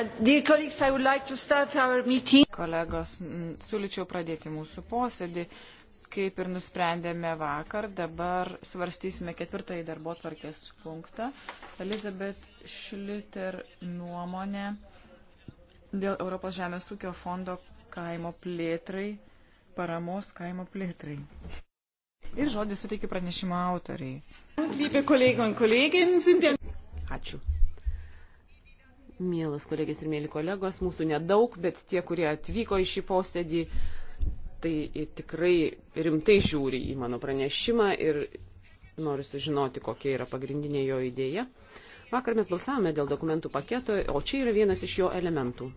Uh, like Kolegos, siūlyčiau pradėti mūsų posėdį. Kaip ir nusprendėme vakar, dabar svarstysime ketvirtąjį darbo tvarkės punktą. Elizabeth Schlitter nuomonė dėl Europos žemės ūkio fondo kaimo plėtrai, paramos kaimo plėtrai. Ir žodį suteikiu pranešimo autoriai. Ačiū. Mielas kolegės ir mėly kolegos, mūsų nedaug, bet tie, kurie atvyko į šį posėdį, tai tikrai rimtai žiūri į mano pranešimą ir noriu sužinoti, kokia yra pagrindinė jo idėja. Vakar mes balsavome dėl dokumentų paketo, o čia yra vienas iš jo elementų.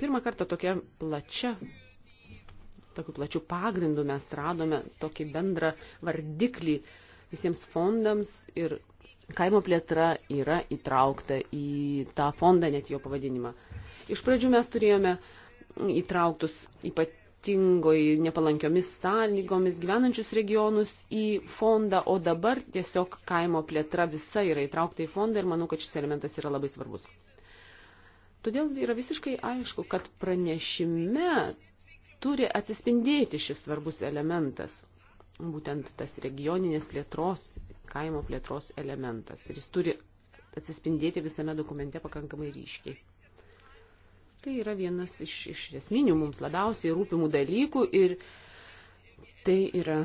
Pirmą kartą tokia plačia, tokiu plačiu pagrindu mes radome tokį bendrą vardiklį visiems fondams ir kaimo plėtra yra įtraukta į tą fondą, net jo pavadinimą. Iš pradžių mes turėjome įtrauktus ypatingoji nepalankiomis sąlygomis gyvenančius regionus į fondą, o dabar tiesiog kaimo plėtra visa yra įtraukta į fondą ir manau, kad šis elementas yra labai svarbus. Todėl yra visiškai aišku, kad pranešime turi atsispindėti šis svarbus elementas būtent tas regioninės plėtros, kaimo plėtros elementas. Ir jis turi atsispindėti visame dokumente pakankamai ryškiai. Tai yra vienas iš, iš esminių mums labiausiai rūpimų dalykų ir tai yra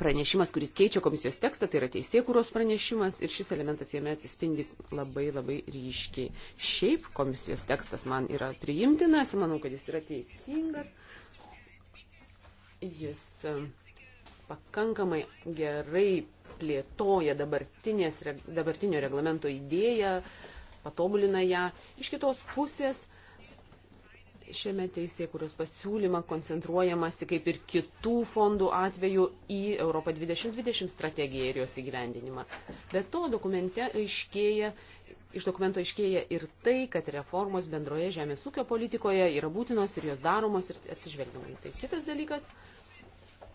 pranešimas, kuris keičia komisijos tekstą, tai yra teisėkūros pranešimas ir šis elementas jame atsispindi labai labai ryškiai. Šiaip komisijos tekstas man yra priimtinas, manau, kad jis yra teisingas. Mm Jis e, pakankamai gerai plėtoja dabartinio reglamento idėją, patobulina ją. Iš kitos pusės šiame teisė, kurios pasiūlyma koncentruojamasi kaip ir kitų fondų atveju į Europą 2020 strategiją ir jos įgyvendinimą. Be to dokumente aiškėja, Iš dokumento iškėja ir tai, kad reformos bendroje žemės ūkio politikoje yra būtinos ir jos daromos ir atsižvelgiamai. Tai kitas dalykas,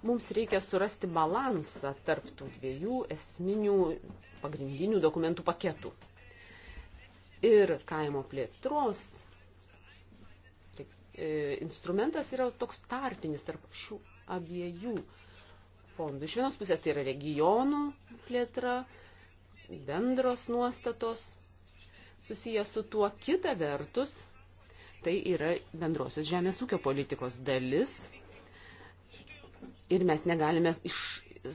mums reikia surasti balansą tarp tų dviejų esminių pagrindinių dokumentų paketų. Ir kaimo plėtros tai, e, instrumentas yra toks tarpinis tarp šių abiejų fondų. Iš vienos pusės tai yra regionų plėtra, bendros nuostatos susijęs su tuo kita vertus, tai yra bendrosios žemės ūkio politikos dalis ir mes negalime iš,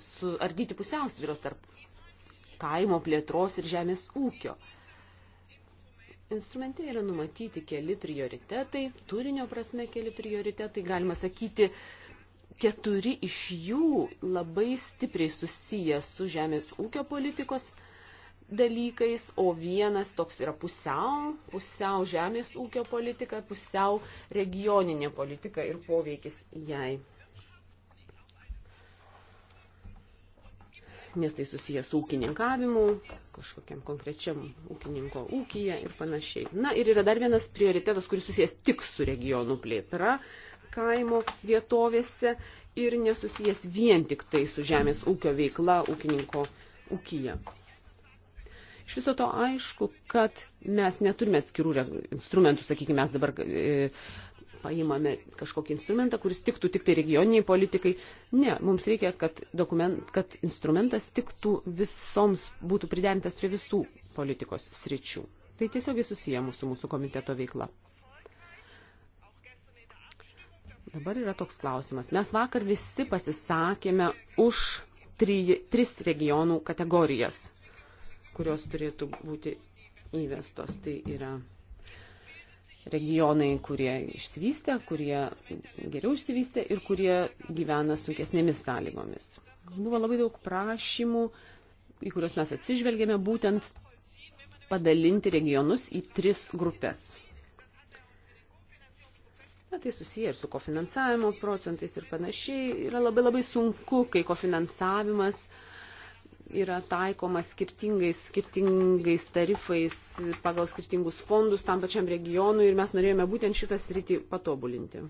suardyti pusiausvyros tarp kaimo plėtros ir žemės ūkio. Instrumente yra numatyti keli prioritetai, turinio prasme keli prioritetai, galima sakyti, keturi iš jų labai stipriai susiję su žemės ūkio politikos dalykais, o vienas toks yra pusiau, pusiau žemės ūkio politika, pusiau regioninė politika ir poveikis jai. Nes tai susijęs su ūkininkavimu, kažkokiam konkrečiam ūkininko ūkija ir panašiai. Na ir yra dar vienas prioritetas, kuris susijęs tik su regionų plėtra kaimo vietovėse ir nesusijęs vien tik tai su žemės ūkio veikla ūkininko ūkija. Iš viso to aišku, kad mes neturime atskirų instrumentų, sakykime, mes dabar e, paimame kažkokį instrumentą, kuris tiktų tik tai regioniniai politikai. Ne, mums reikia, kad, dokument, kad instrumentas tiktų visoms, būtų priderintas prie visų politikos sričių. Tai tiesiogiai susiję mūsų, mūsų komiteto veikla. Dabar yra toks klausimas. Mes vakar visi pasisakėme už tri, tris regionų kategorijas kurios turėtų būti įvestos. Tai yra regionai, kurie išsivystė, kurie geriau išsivystė ir kurie gyvena sunkesnėmis sąlygomis. Buvo labai daug prašymų, į kuriuos mes atsižvelgėme, būtent padalinti regionus į tris grupės. Na, tai susiję ir su kofinansavimo procentais ir panašiai. Yra labai labai sunku, kai kofinansavimas uh, yra taikoma skirtingais, skirtingais tarifais pagal skirtingus fondus tam pačiam regionui ir mes norėjome būtent šitą sritį patobulinti.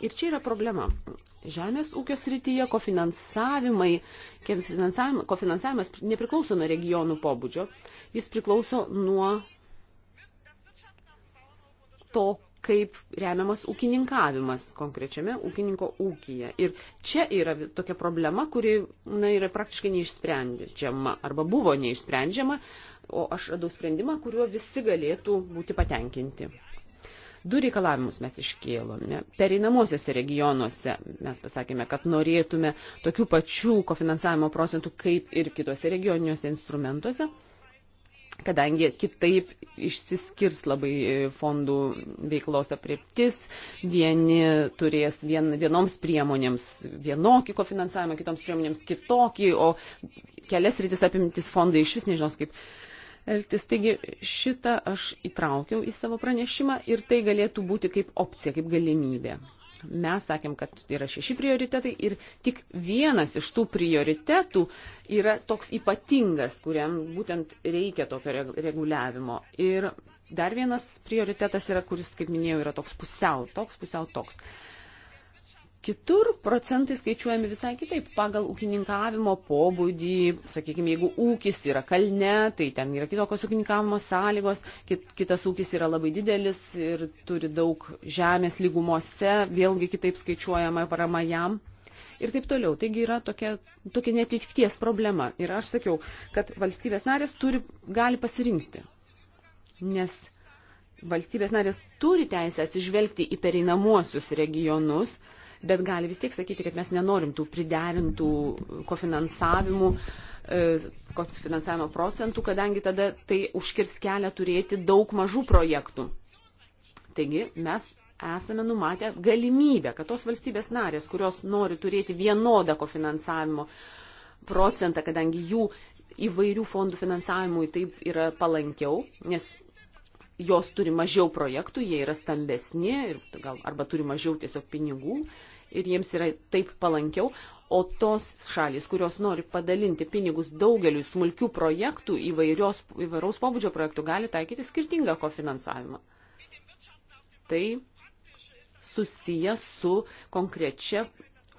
Ir čia yra problema. Žemės ūkio srityje kofinansavimai, kofinansavimas nepriklauso nuo regionų pobūdžio, jis priklauso nuo to, kaip remiamas ūkininkavimas konkrečiame ūkininko ūkyje. Ir čia yra tokia problema, kuri na, yra praktiškai neišsprendžiama arba buvo neišsprendžiama, o aš radau sprendimą, kuriuo visi galėtų būti patenkinti. Du reikalavimus mes iškėlome. Pereinamosiuose regionuose mes pasakėme, kad norėtume tokių pačių kofinansavimo procentų kaip ir kitose regioniniuose instrumentuose kadangi kitaip išsiskirs labai e, fondų veiklos apriptis, vieni turės vien, vienoms priemonėms vienokį kofinansavimą, kitoms priemonėms kitokį, o kelias rytis apimtis fondai iš vis nežinos kaip. Elgtis. Taigi šitą aš įtraukiau į savo pranešimą ir tai galėtų būti kaip opcija, kaip galimybė. Mes sakėm, kad yra šeši prioritetai ir tik vienas iš tų prioritetų yra toks ypatingas, kuriam būtent reikia tokio reguliavimo. Ir dar vienas prioritetas yra, kuris, kaip minėjau, yra toks pusiau, toks pusiau toks. Kitur procentai skaičiuojami visai kitaip pagal ūkininkavimo pobūdį. Sakykime, jeigu ūkis yra kalne, tai ten yra kitokios ūkininkavimo sąlygos, kit, kitas ūkis yra labai didelis ir turi daug žemės lygumose, vėlgi kitaip skaičiuojama parama jam. Ir taip toliau. Taigi yra tokia, tokia netitikties problema. Ir aš sakiau, kad valstybės narės turi, gali pasirinkti. Nes valstybės narės turi teisę atsižvelgti į pereinamuosius regionus bet gali vis tiek sakyti, kad mes nenorim tų priderintų kofinansavimų e, finansavimo procentų, kadangi tada tai užkirs kelią turėti daug mažų projektų. Taigi mes esame numatę galimybę, kad tos valstybės narės, kurios nori turėti vienodą kofinansavimo procentą, kadangi jų įvairių fondų finansavimui taip yra palankiau, nes jos turi mažiau projektų, jie yra stambesni ir, gal, arba turi mažiau tiesiog pinigų ir jiems yra taip palankiau. O tos šalis, kurios nori padalinti pinigus daugeliu smulkių projektų, įvairios, įvairaus pobūdžio projektų, gali taikyti skirtingą kofinansavimą. Tai susiję su konkrečia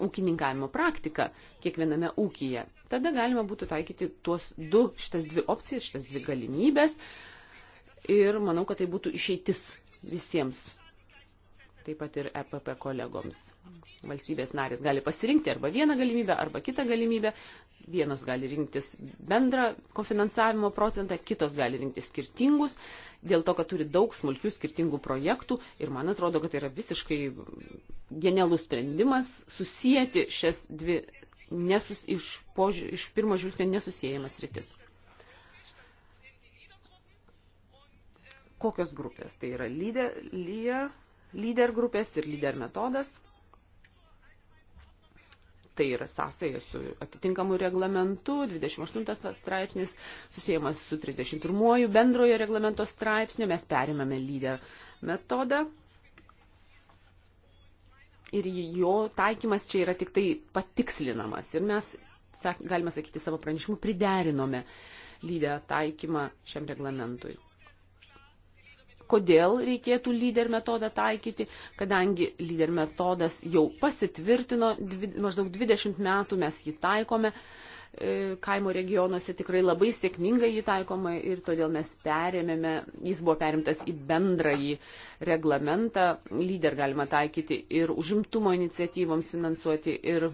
ūkininkavimo praktika kiekviename ūkyje. Tada galima būtų taikyti tuos du, šitas dvi opcijas, šitas dvi galimybės. Uh, ir manau, kad tai būtų išeitis visiems, taip pat ir EPP kolegoms. Valstybės narės gali pasirinkti arba vieną galimybę, arba kitą galimybę. Vienos gali rinktis bendrą kofinansavimo procentą, kitos gali rinktis skirtingus, dėl to, kad turi daug smulkių skirtingų projektų. Ir man atrodo, kad tai yra visiškai genialus sprendimas susijęti šias dvi nesus, iš, požiūrį, iš pirmo žvilgsnio nesusijėjimas rytis. kokios grupės. Tai yra lyder, lyja, lyder grupės ir lyder metodas. Tai yra sąsaja su atitinkamu reglamentu, 28 straipsnis susijęs su 31 bendrojo reglamento straipsniu, mes perimame lyder metodą. Ir jo taikymas čia yra tik tai patikslinamas. Ir mes, galime sakyti, savo pranešimu priderinome lydę taikymą šiam reglamentui kodėl reikėtų lyder metodą taikyti, kadangi lyder metodas jau pasitvirtino, dvi, maždaug 20 metų mes jį taikome, e, kaimo regionuose tikrai labai sėkmingai jį taikoma ir todėl mes perėmėme, jis buvo perimtas į bendrąjį reglamentą, lyder galima taikyti ir užimtumo iniciatyvoms finansuoti ir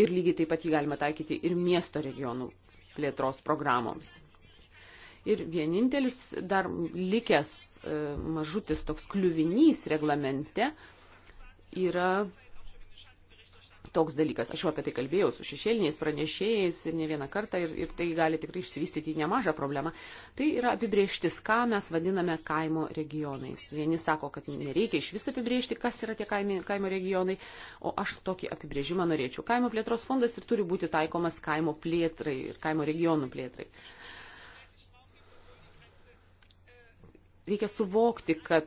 ir lygiai taip pat jį galima taikyti ir miesto regionų plėtros programoms. Ir vienintelis dar likęs e, mažutis toks kliuvinys reglamente yra toks dalykas. Aš jau apie tai kalbėjau su šešėliniais pranešėjais ir ne vieną kartą ir, ir tai gali tikrai išsivystyti į nemažą problemą. Tai yra apibrieštis, ką mes vadiname kaimo regionais. Vieni sako, kad nereikia iš vis apibriežti, kas yra tie kaimi, kaimo regionai, o aš tokį apibrėžimą norėčiau. Kaimo plėtros fondas ir turi būti taikomas kaimo plėtrai ir kaimo regionų plėtrai. Uh, reikia suvokti, kad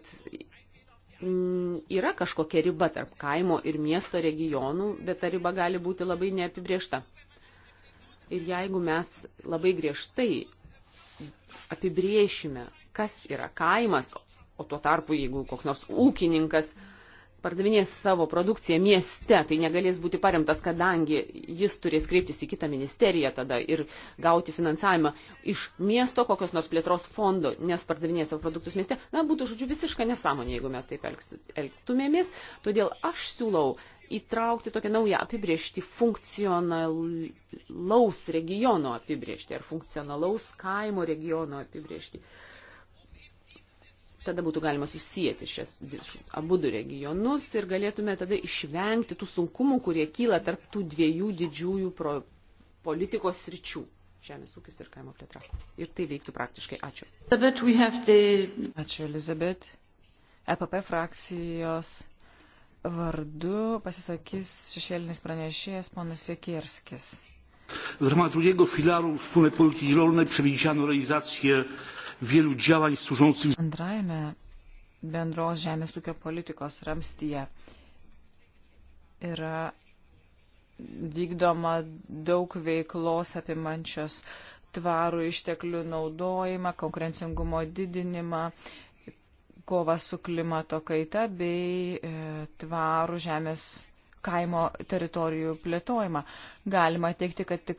mm, yra kažkokia riba tarp kaimo ir miesto regionų, bet ta riba gali būti labai neapibriešta. Ir jeigu mes labai griežtai apibriešime, kas yra kaimas, o tuo tarpu, jeigu koks nors ūkininkas pardavinės savo produkciją mieste, tai negalės būti paremtas, kadangi jis turės kreiptis į kitą ministeriją tada ir gauti finansavimą iš miesto kokios nors plėtros fondo, nes pardavinės savo produktus mieste. Na, būtų, žodžiu, visiška nesąmonė, jeigu mes taip elgtumėmės. Todėl aš siūlau įtraukti tokią naują apibriežtį funkcionalaus regiono apibriežtį ar funkcionalaus kaimo regiono apibriežtį. Uh, tada būtų galima susijęti šias abu du regionus ir galėtume tada išvengti tų sunkumų, kurie kyla tarp tų dviejų didžiųjų pro, politikos sričių - žemės ūkis ir kaimo plėtra. Ir tai veiktų praktiškai. Ačiū. Ačiū, Elizabet. EPP frakcijos vardu pasisakys šešėlinis pranešėjas ponas Jekierskis. W ramach drugiego filaru wspólnej polityki rolnej przewidziano realizację wielu działań służących. Antrajame bendros žemės ūkio politikos ramstyje yra vykdoma daug veiklos apimančios tvarų išteklių naudojimą, konkurencingumo didinimą, kovą su klimato kaita bei e, tvarų žemės kaimo teritorijų plėtojimą. Galima teikti, kad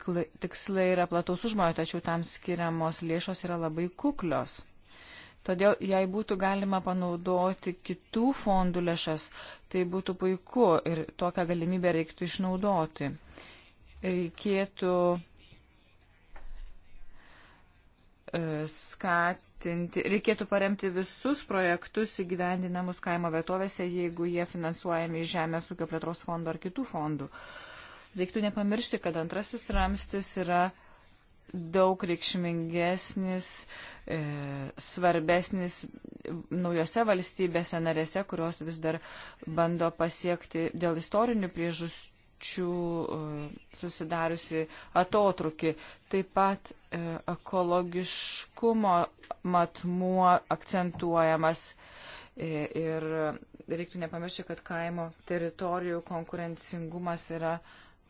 tikslai yra plataus užmojo, tačiau tam skiriamos lėšos yra labai kuklios. Todėl, jei būtų galima panaudoti kitų fondų lėšas, tai būtų puiku ir tokią galimybę reiktų išnaudoti. Reikėtų E, skatinti, reikėtų paremti visus projektus įgyvendinamus kaimo vietovėse, jeigu jie finansuojami iš Žemės ūkio plėtros fondo ar kitų fondų. Reiktų nepamiršti, kad antrasis ramstis yra daug reikšmingesnis, e, svarbesnis naujose valstybėse narėse, kurios vis dar bando pasiekti dėl istorinių priežasčių sričių e, susidariusi atotrukį. Taip pat e, ekologiškumo matmuo akcentuojamas e, ir reiktų nepamiršti, kad kaimo teritorijų konkurencingumas yra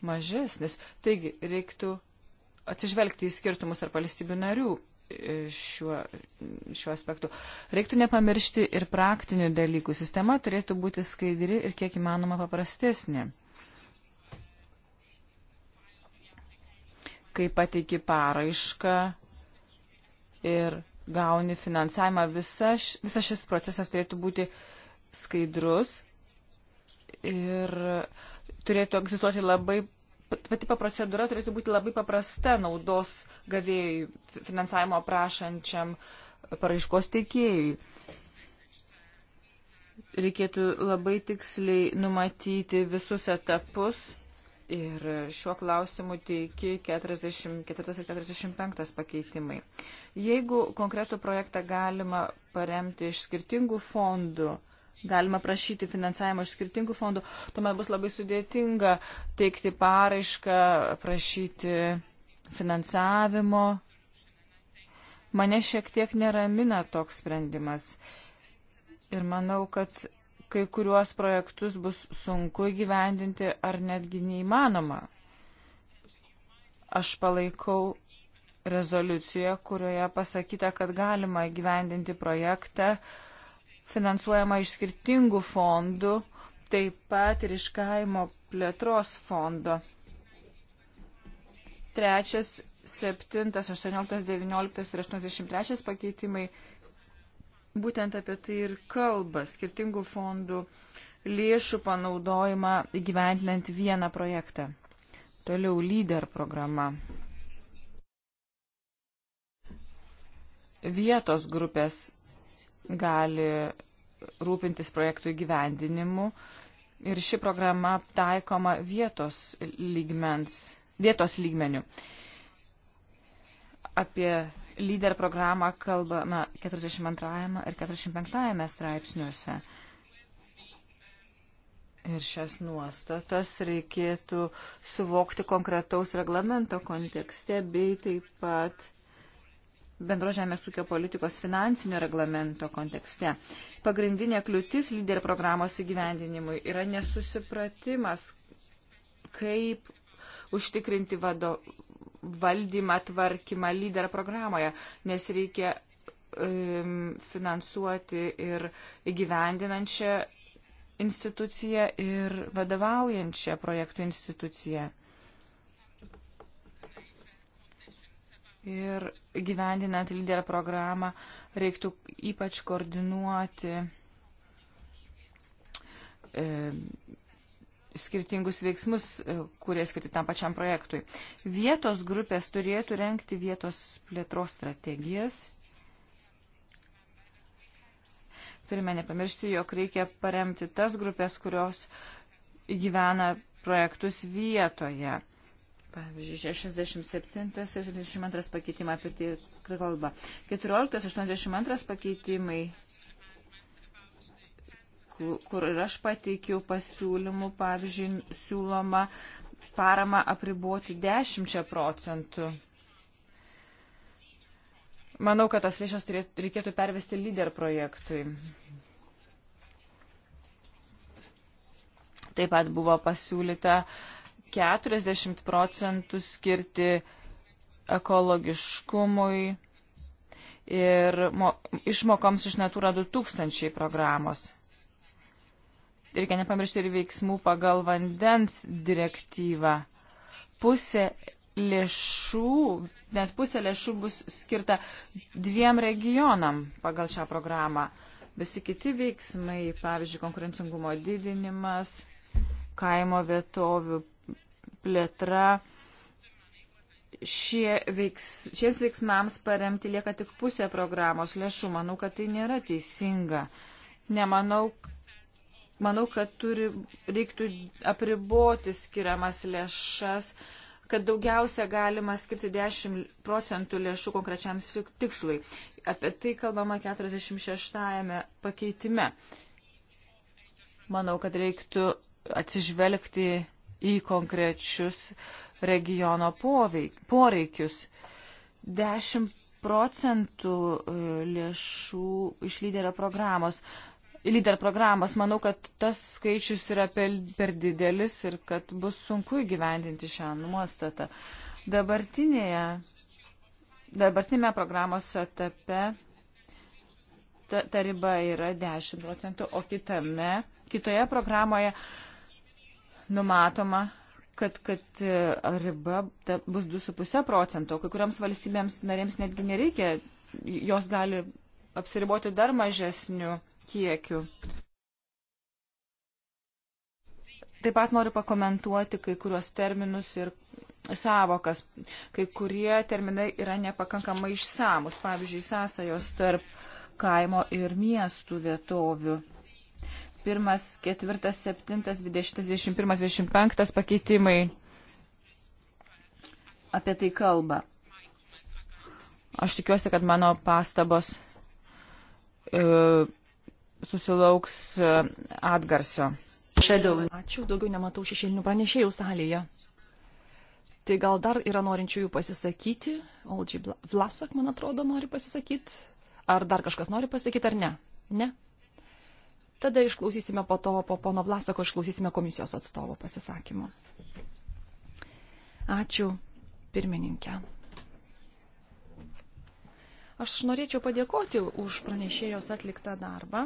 mažesnis. Taigi reiktų atsižvelgti į skirtumus tarp valstybių narių šiuo, šiuo aspektu. Reiktų nepamiršti ir praktinių dalykų. Sistema turėtų būti skaidri ir kiek įmanoma paprastesnė. kai pateiki paraišką ir gauni finansavimą, visas visa šis procesas turėtų būti skaidrus ir turėtų egzistuoti labai, pati procedūra turėtų būti labai paprasta naudos gavėjui, finansavimo prašančiam paraiškos teikėjui. Reikėtų labai tiksliai numatyti visus etapus Ir šiuo klausimu teiki 44 ir 45 pakeitimai. Jeigu konkretų projektą galima paremti iš skirtingų fondų, galima prašyti finansavimo iš skirtingų fondų, tuomet bus labai sudėtinga teikti paraišką, prašyti finansavimo. Mane šiek tiek neramina toks sprendimas. Ir manau, kad kai kuriuos projektus bus sunku įgyvendinti ar netgi neįmanoma. Aš palaikau rezoliuciją, kurioje pasakyta, kad galima įgyvendinti projektą finansuojama iš skirtingų fondų, taip pat ir iš kaimo plėtros fondo. Trečias, septintas, aštuonioliktas, devynioliktas ir aštuoniasdešimt trečias pakeitimai būtent apie tai ir kalba skirtingų fondų lėšų panaudojimą įgyventinant vieną projektą. Toliau lyder programa. Vietos grupės gali rūpintis projektų įgyvendinimu ir ši programa taikoma vietos, lygmens, vietos lygmenių. Apie lyder programą kalbama 42 ir 45 straipsniuose. Ir šias nuostatas reikėtų suvokti konkretaus reglamento kontekste bei taip pat bendro žemės ūkio politikos finansinio reglamento kontekste. Pagrindinė kliūtis lyderio programos įgyvendinimui yra nesusipratimas, kaip užtikrinti vado, valdymą, tvarkymą lyderio programoje, nes reikia um, finansuoti ir įgyvendinančią instituciją ir vadovaujančią projektų instituciją. Ir gyvendinant lyderio programą reiktų ypač koordinuoti um, skirtingus veiksmus, e, kurie skirti tam pačiam projektui. Vietos grupės turėtų renkti vietos plėtros strategijas. Turime nepamiršti, jog reikia paremti tas grupės, kurios gyvena projektus vietoje. Pavyzdžiui, 67 ir 72 pakeitimai apie tai kalba. 14, 82 pakeitimai kur ir aš pateikiau pasiūlymų, pavyzdžiui, siūloma parama apriboti 10 procentų. Manau, kad tas lėšas reikėtų pervesti lyder projektui. Taip pat buvo pasiūlyta 40 procentų skirti ekologiškumui ir išmokoms iš Natura 2000 programos reikia nepamiršti ir veiksmų pagal vandens direktyvą. Pusė lėšų, net pusė lėšų bus skirta dviem regionam pagal šią programą. Visi kiti veiksmai, pavyzdžiui, konkurencingumo didinimas, kaimo vietovių plėtra, šie veiks, šiems veiksmams paremti lieka tik pusė programos lėšų. Manau, kad tai nėra teisinga. Nemanau, manau, kad turi, reiktų apriboti skiriamas lėšas, kad daugiausia galima skirti 10 procentų lėšų konkrečiam tikslui. Apie tai kalbama 46 pakeitime. Manau, kad reiktų atsižvelgti į konkrečius regiono poveik, poreikius. 10 procentų e, lėšų iš lyderio programos lyder programos. Manau, kad tas skaičius yra per, per didelis ir kad bus sunku įgyvendinti šią nuostatą. Dabartinėje, dabartinėme programos etape ta, ta riba yra 10 procentų, o kitame, kitoje programoje numatoma, kad, kad e, riba ta, bus 2,5 procento, kai kuriams valstybėms narėms netgi nereikia, jos gali apsiriboti dar mažesniu kiekiu. Taip pat noriu pakomentuoti kai kuriuos terminus ir savokas. Kai kurie terminai yra nepakankamai išsamus, pavyzdžiui, sąsajos tarp kaimo ir miestų vietovių. 1, 4, 7, 20, 21, 25 pakeitimai apie tai kalba. Aš tikiuosi, kad mano pastabos. E, susilauks e, atgarsio. Ačiū, daugiau nematau šešėlinių pranešėjų salėje. Tai gal dar yra norinčiųjų pasisakyti? Oldžiai Vlasak, man atrodo, nori pasisakyti. Ar dar kažkas nori pasakyti, ar ne? Ne? Tada išklausysime po to, po pono Vlasako išklausysime komisijos atstovo pasisakymo. Ačiū, pirmininkė. Aš norėčiau padėkoti už pranešėjos atliktą darbą,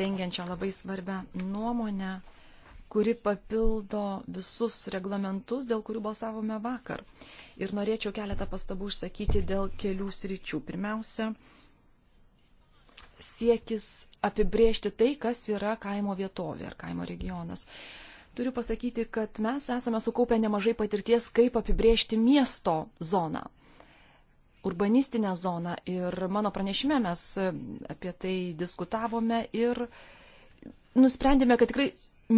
rengiančią labai svarbę nuomonę, kuri papildo visus reglamentus, dėl kurių balsavome vakar. Ir norėčiau keletą pastabų užsakyti dėl kelių sričių. Pirmiausia, siekis apibrėžti tai, kas yra kaimo vietovė ar kaimo regionas. Turiu pasakyti, kad mes esame sukaupę nemažai patirties, kaip apibrėžti miesto zoną urbanistinę zoną ir mano pranešime mes apie tai diskutavome ir nusprendėme, kad tikrai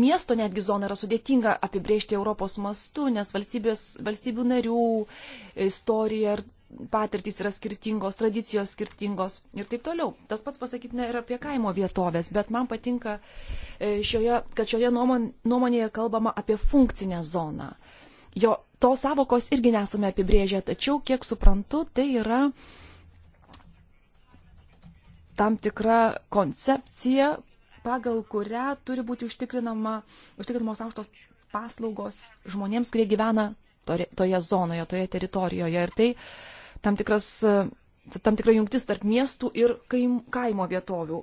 miesto netgi zoną yra sudėtinga apibrėžti Europos mastu, nes valstybės, valstybių narių istorija ir patirtys yra skirtingos, tradicijos skirtingos ir taip toliau. Tas pats pasakytina ir apie kaimo vietovės, bet man patinka, e, šioje, kad šioje nuomonėje kalbama apie funkcinę zoną jo, tos savokos irgi nesame apibrėžę, tačiau, kiek suprantu, tai yra tam tikra koncepcija, pagal kurią turi būti užtikrinamos aukštos paslaugos žmonėms, kurie gyvena toje, toje zonoje, toje teritorijoje. Ir tai tam, tikras, tam tikra jungtis tarp miestų ir kaim, kaimo vietovių.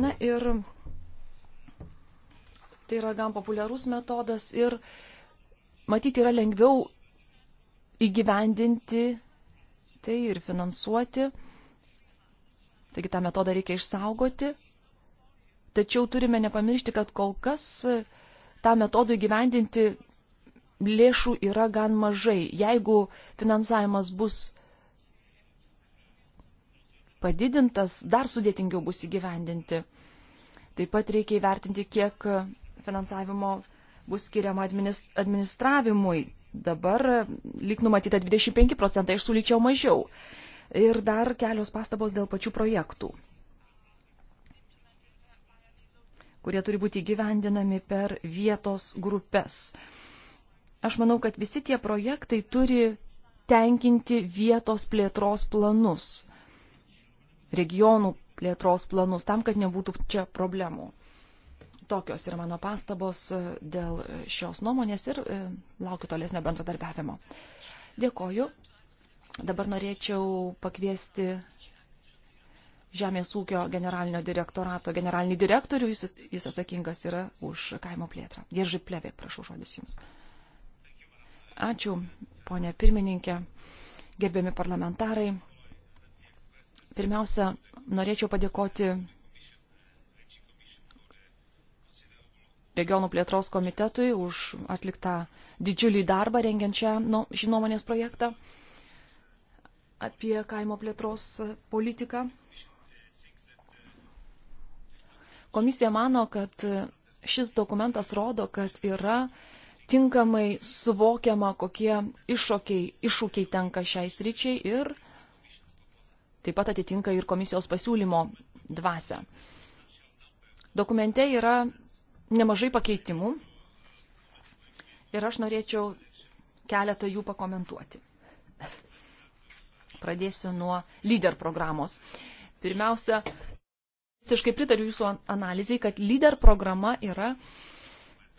Na ir tai yra gan populiarus metodas ir uh, matyti yra lengviau įgyvendinti tai ir finansuoti. Taigi tą metodą reikia išsaugoti. Tačiau turime nepamiršti, kad kol kas tą metodą įgyvendinti lėšų yra gan mažai. Jeigu finansavimas bus padidintas, dar sudėtingiau bus įgyvendinti. Taip pat reikia įvertinti, kiek finansavimo bus skiriama administravimui. Dabar e, lyg numatyta 25 procentai, aš sulyčiau mažiau. Ir dar kelios pastabos dėl pačių projektų, kurie turi būti gyvendinami per vietos grupės. Aš manau, kad visi tie projektai turi tenkinti vietos plėtros planus, regionų plėtros planus, tam, kad nebūtų čia problemų. Tokios yra mano pastabos e, dėl šios nuomonės ir e, laukiu tolesnio bendradarbiavimo. Dėkoju. Dabar norėčiau pakviesti Žemės ūkio generalinio direktorato generalinį direktorių, jis, jis atsakingas yra už kaimo plėtrą. Jeržy Plevėk, prašau žodis jums. Ačiū, ponė pirmininkė, gerbiami parlamentarai. Pirmiausia, norėčiau padėkoti regionų plėtros komitetui už atliktą didžiulį darbą rengiančią nu, šį nuomonės projektą apie kaimo plėtros politiką. Komisija mano, kad šis dokumentas rodo, kad yra tinkamai suvokiama, kokie iššūkiai, iššūkiai tenka šiai sričiai ir taip pat atitinka ir komisijos pasiūlymo dvasę. Dokumente yra nemažai pakeitimų ir aš norėčiau keletą jų pakomentuoti. Pradėsiu nuo lyder programos. Pirmiausia, visiškai pritariu jūsų analizai, kad lyder programa yra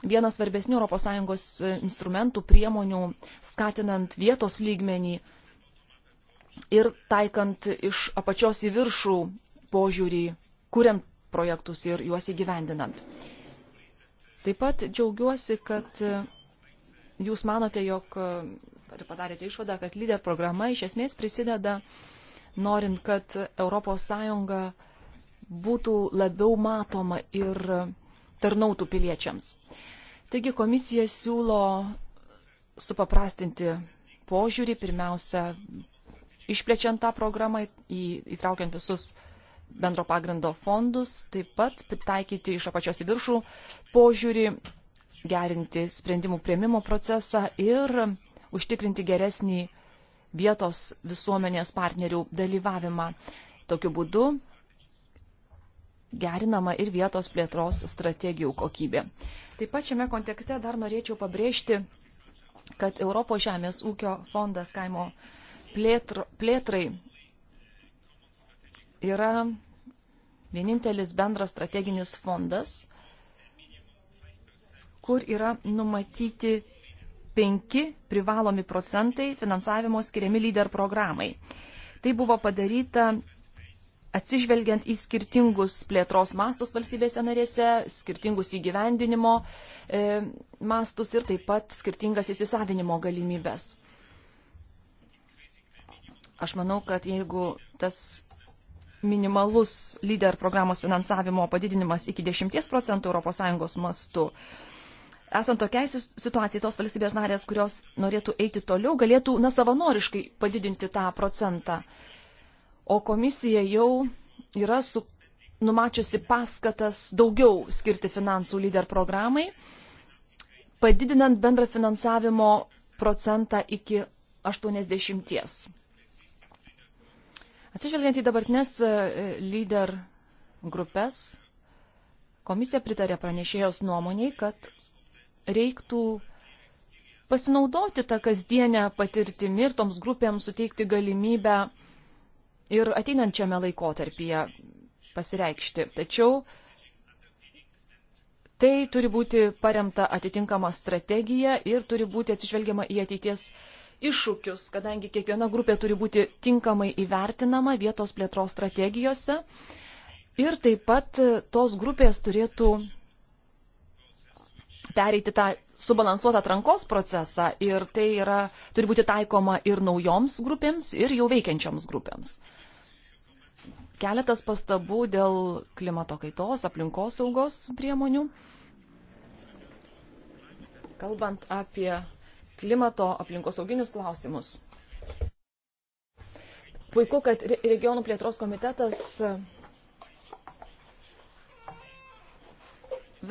vienas svarbesnių ES e, instrumentų priemonių skatinant vietos lygmenį ir taikant iš apačios į viršų požiūrį, kuriant projektus ir juos įgyvendinant. Taip pat džiaugiuosi, kad e, jūs manote, jog e, padarėte išvadą, kad lyder programa iš esmės prisideda norint, kad ES būtų labiau matoma ir tarnautų piliečiams. Taigi komisija siūlo supaprastinti požiūrį, pirmiausia, išplečiant tą programą, į, įtraukiant visus bendro pagrindo fondus, taip pat pritaikyti iš apačios į viršų požiūrį, gerinti sprendimų prieimimo procesą ir užtikrinti geresnį vietos visuomenės partnerių dalyvavimą. Tokiu būdu gerinama ir vietos plėtros strategijų kokybė. Taip pat šiame kontekste dar norėčiau pabrėžti, kad Europos žemės ūkio fondas kaimo plėtr, plėtrai yra vienintelis bendras strateginis fondas, kur yra numatyti penki privalomi procentai finansavimo skiriami lyder programai. Tai buvo padaryta atsižvelgiant į skirtingus plėtros mastus valstybėse narėse, skirtingus įgyvendinimo e, mastus ir taip pat skirtingas įsisavinimo galimybės. Aš manau, kad jeigu tas minimalus lyder programos finansavimo padidinimas iki 10 procentų ES mastu. Esant tokiai situacijai, tos valstybės narės, kurios norėtų eiti toliau, galėtų na, savanoriškai padidinti tą procentą. O komisija jau yra su, numačiusi paskatas daugiau skirti finansų lyder programai, padidinant bendrą finansavimo procentą iki 80. Atsižvelgiant į dabartinės e, lyder grupės, komisija pritarė pranešėjos nuomoniai, kad reiktų pasinaudoti tą kasdienę patirtimį ir toms grupėms suteikti galimybę ir ateinančiame laikotarpyje pasireikšti. Tačiau tai turi būti paremta atitinkama strategija ir turi būti atsižvelgiama į ateities iššūkius, kadangi kiekviena grupė turi būti tinkamai įvertinama vietos plėtros strategijose. Ir taip pat e, tos grupės turėtų pereiti tą subalansuotą atrankos procesą ir tai yra, turi būti taikoma ir naujoms grupėms, ir jau veikiančioms grupėms. Keletas pastabų dėl klimato kaitos, aplinkosaugos priemonių. Kalbant apie klimato aplinkosauginius klausimus. Puiku, kad regionų plėtros komitetas e,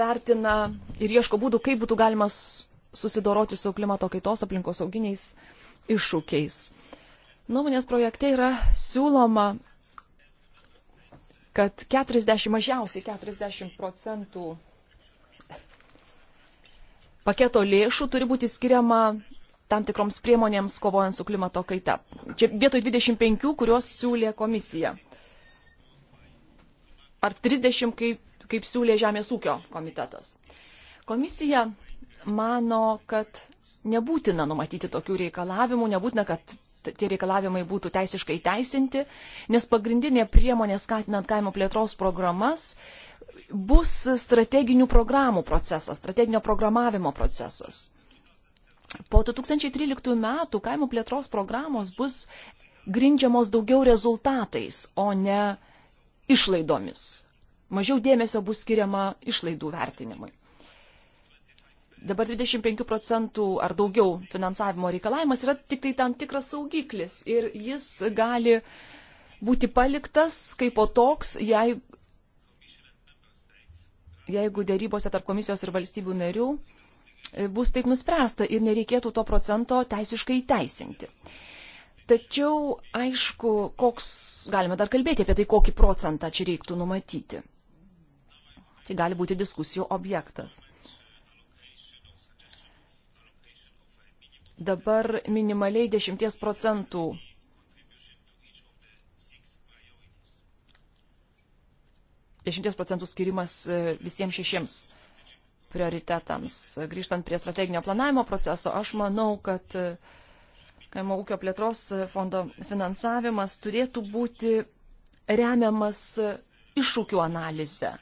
vertina ir ieško būdų, kaip būtų galima susidoroti su klimato kaitos aplinkosauginiais iššūkiais. Nuomonės projekte yra siūloma, kad 40, mažiausiai 40 procentų paketo lėšų turi būti skiriama tam tikroms priemonėms kovojant su klimato kaita. Čia vietoj 25, kuriuos siūlė komisija. Ar 30, kaip, kaip siūlė Žemės ūkio komitetas. Komisija mano, kad nebūtina numatyti tokių reikalavimų, nebūtina, kad tie reikalavimai būtų teisiškai teisinti, nes pagrindinė priemonė skatinant kaimo plėtros programas bus strateginių programų procesas, strateginio programavimo procesas. Po 2013 metų kaimo plėtros programos bus grindžiamos daugiau rezultatais, o ne išlaidomis. Mažiau dėmesio bus skiriama išlaidų vertinimui. Dabar 25 procentų ar daugiau finansavimo reikalavimas yra tik tai tam tikras saugiklis ir jis gali būti paliktas kaip po toks, jei jeigu dėrybose tarp komisijos ir valstybių narių e, bus taip nuspręsta ir nereikėtų to procento teisiškai įteisinti. Tačiau, aišku, koks, galime dar kalbėti apie tai, kokį procentą čia reiktų numatyti. Tai gali būti diskusijų objektas. Dabar minimaliai 10 procentų 10 procentų skirimas e, visiems šešiems prioritetams. Grįžtant prie strateginio planavimo proceso, aš manau, kad e, kaimo ūkio plėtros fondo finansavimas turėtų būti remiamas e, iššūkių analizę,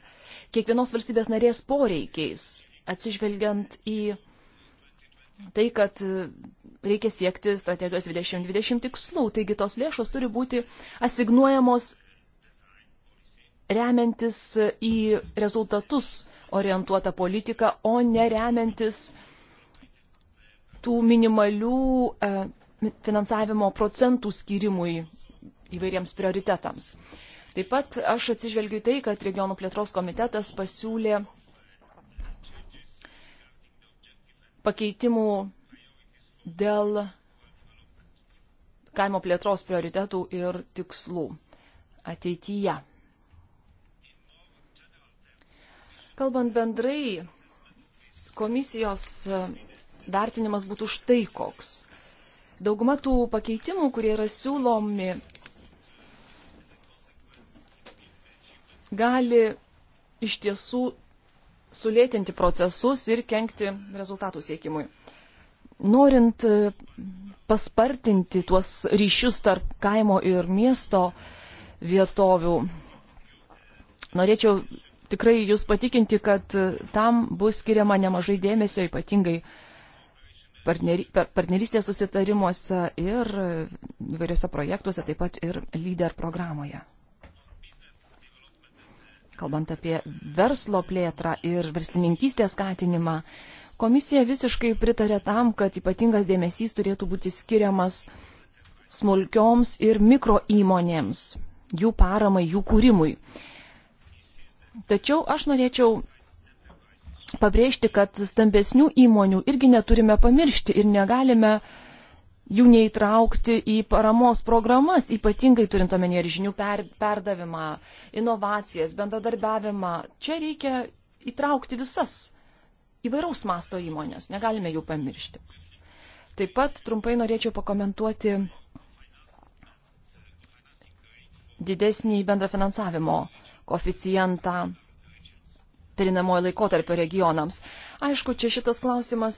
kiekvienos valstybės narės poreikiais, atsižvelgiant į tai, kad reikia siekti strategijos 2020 tikslų. Taigi tos lėšos turi būti asignuojamos remiantis į rezultatus orientuotą politiką, o ne remiantis tų minimalių e, finansavimo procentų skirimui įvairiems prioritetams. Taip pat aš atsižvelgiu į tai, kad regionų plėtros komitetas pasiūlė pakeitimų dėl kaimo plėtros prioritetų ir tikslų ateityje. Kalbant bendrai, komisijos e, vertinimas būtų štai koks. Dauguma tų pakeitimų, kurie yra siūlomi, gali iš tiesų sulėtinti procesus ir kenkti rezultatų siekimui. Norint e, paspartinti tuos ryšius tarp kaimo ir miesto vietovių, norėčiau tikrai jūs patikinti, kad e, tam bus skiriama nemažai dėmesio, ypatingai partneri, partnerystės susitarimuose ir e, įvairiose projektuose, taip pat ir lyder programoje. Kalbant apie verslo plėtrą ir verslininkystės skatinimą, komisija visiškai pritarė tam, kad ypatingas dėmesys turėtų būti skiriamas smulkioms ir mikro įmonėms, jų paramai, jų kūrimui. Tačiau aš norėčiau pabrėžti, kad stambesnių įmonių irgi neturime pamiršti ir negalime jų neįtraukti į paramos programas, ypatingai turint omenyje ir žinių per, perdavimą, inovacijas, bendradarbiavimą. Čia reikia įtraukti visas įvairaus masto įmonės, negalime jų pamiršti. Taip pat trumpai norėčiau pakomentuoti didesnį bendrafinansavimo koficijantą perinamojo laikotarpio regionams. Aišku, čia šitas klausimas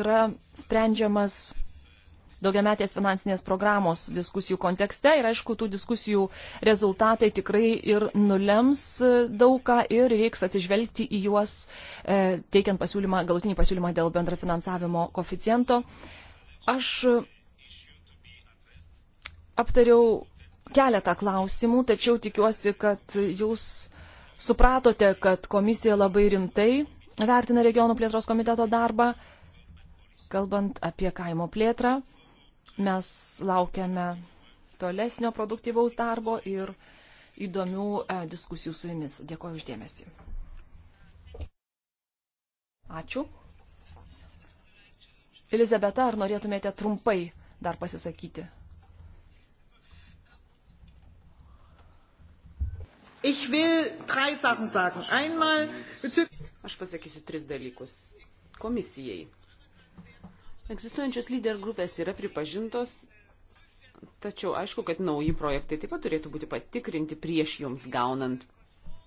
yra sprendžiamas daugiametės finansinės programos diskusijų kontekste ir aišku, tų diskusijų rezultatai tikrai ir nulems e, daugą ir reiks atsižvelgti į juos, e, teikiant pasiūlymą, galutinį pasiūlymą dėl bendrafinansavimo koficiento. Aš e, aptariau keletą klausimų, tačiau tikiuosi, kad jūs supratote, kad komisija labai rimtai vertina regionų plėtros komiteto darbą. Kalbant apie kaimo plėtrą, mes laukiame tolesnio produktyvaus darbo ir įdomių e, diskusijų su jumis. Dėkuoju uždėmesi. Ačiū. Elizabeta, ar norėtumėte trumpai dar pasisakyti? Ich will drei Sachen sagen. Einmal bezüglich. Aš pasakysiu tris dalykus. Komisijai. Egzistuojančios lyder grupės yra pripažintos, tačiau aišku, kad nauji projektai taip pat turėtų būti patikrinti prieš joms gaunant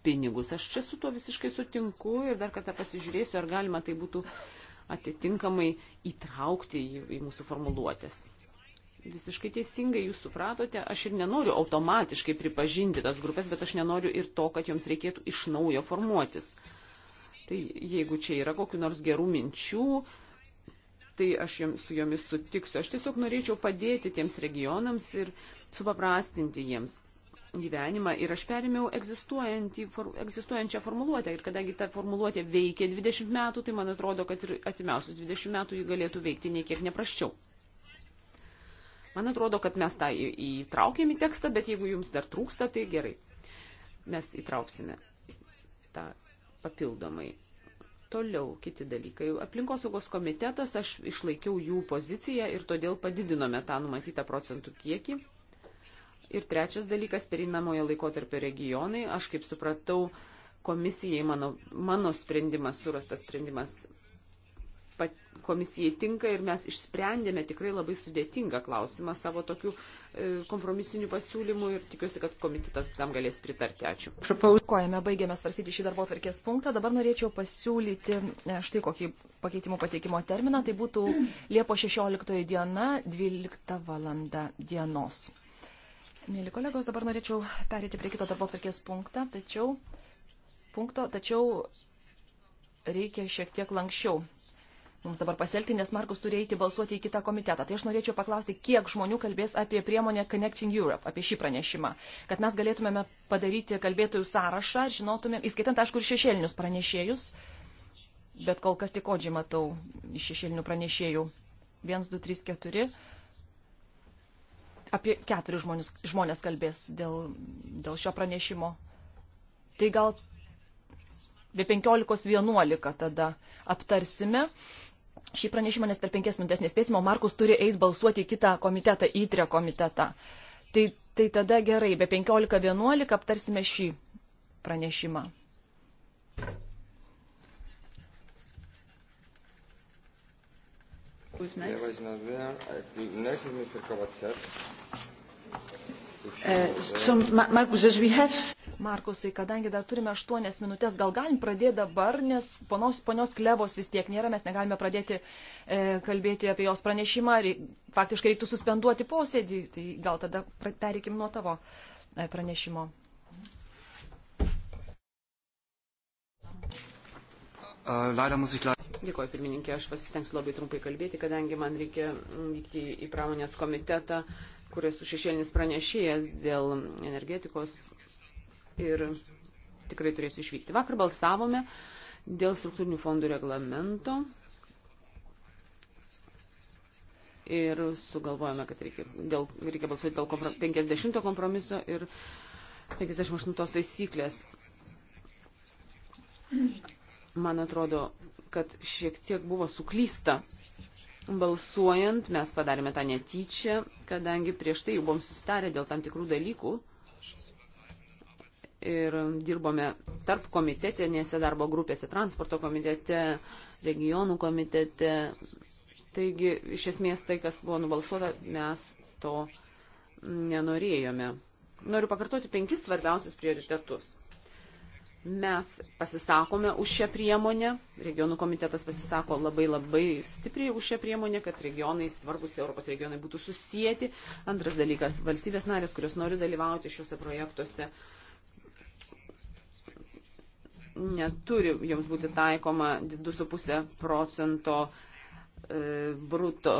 pinigus. Aš čia su tuo visiškai sutinku ir dar kartą pasižiūrėsiu, ar galima tai būtų atitinkamai įtraukti į, į mūsų formuluotės. Visiškai teisingai jūs supratote, aš ir nenoriu automatiškai pripažinti tas grupės, bet aš nenoriu ir to, kad joms reikėtų iš naujo formuotis. Tai jeigu čia yra kokiu nors gerų minčių, tai aš jums, su jomis sutiksiu. Aš tiesiog norėčiau padėti tiems regionams ir supaprastinti jiems gyvenimą. Ir aš perėmiau for, egzistuojančią formuluotę. Ir kadangi ta formuluotė veikia 20 metų, tai man atrodo, kad ir atimiausius 20 metų ji galėtų veikti niekiek neprasčiau. Man atrodo, kad mes tą įtraukėm į tekstą, bet jeigu jums dar trūksta, tai gerai. Mes įtrauksime tą papildomai. Toliau kiti dalykai. Aplinkosaugos komitetas, aš išlaikiau jų poziciją ir todėl padidinome tą numatytą procentų kiekį. Ir trečias dalykas - pereinamojo laikotarpio regionai. Aš kaip supratau, komisijai mano, mano sprendimas, surastas sprendimas komisijai tinka ir mes išsprendėme tikrai labai sudėtingą klausimą savo tokių e, kompromisinių pasiūlymų ir tikiuosi, kad komitetas tam galės pritarti. Ačiū. Kojame baigėme svarstyti šį darbo tvarkės punktą. Dabar norėčiau pasiūlyti e, štai kokį pakeitimų pateikimo terminą. Tai būtų Liepo 16 diena, 12 valanda dienos. Mėly kolegos, dabar norėčiau perėti prie kito darbo tvarkės punktą, tačiau, punkto, tačiau reikia šiek tiek lankščiau mums dabar pasielgti, nes Markus turi eiti balsuoti į kitą komitetą. Tai aš norėčiau paklausti, kiek žmonių kalbės apie priemonę Connecting Europe, apie šį pranešimą, kad mes galėtumėme padaryti kalbėtojų sąrašą, žinotumėm, įskaitant, aišku, ir šešėlinius pranešėjus, bet kol kas tik odžiai matau iš šešėlinių pranešėjų. 1, 2, 3, 4. Apie keturis žmonės, žmonės kalbės dėl, dėl šio pranešimo. Tai gal be 15.11 tada aptarsime šį pranešimą, nes per penkias minutės nespėsime, o Markus turi eiti balsuoti į kitą komitetą, įtrę komitetą. Tai, tai tada gerai, be 15.11 aptarsime šį pranešimą. Who's next? There is not there. The next is Mr. Kovacev. Uh, so, Markus, as we have Markusai, kadangi dar turime 8 minutės, gal galim pradėti dabar, nes ponos, ponios klevos vis tiek nėra, mes negalime pradėti e, kalbėti apie jos pranešimą, reik, faktiškai reiktų suspenduoti posėdį, tai gal tada pereikim nuo tavo e, pranešimo. Leider muss ich leider. Dėkuoju, pirmininkė, aš pasistengsiu labai trumpai kalbėti, kadangi man reikia vykti į pramonės komitetą, kuris su šešėlinis pranešėjas dėl energetikos ir tikrai turėsiu išvykti. Vakar balsavome dėl struktūrinių fondų reglamento ir sugalvojame, kad reikia, dėl, reikia balsuoti dėl komprom, 50 kompromiso ir 58 taisyklės. Man atrodo, kad šiek tiek buvo suklysta balsuojant, mes padarėme tą netyčią, kadangi prieš tai jau buvom susitarę dėl tam tikrų dalykų ir dirbome tarp komitetinėse darbo grupėse, transporto komitete, regionų komitete. Taigi, iš esmės, tai, kas buvo nubalsuota, mes to nenorėjome. Noriu pakartoti penkis svarbiausius prioritetus. Mes pasisakome už šią priemonę, regionų komitetas pasisako labai labai stipriai už šią priemonę, kad regionai, svarbus Europos regionai būtų susijęti. Antras dalykas, valstybės narės, kurios nori dalyvauti šiuose projektuose, uh, neturi jiems būti taikoma 2,5 procento e, bruto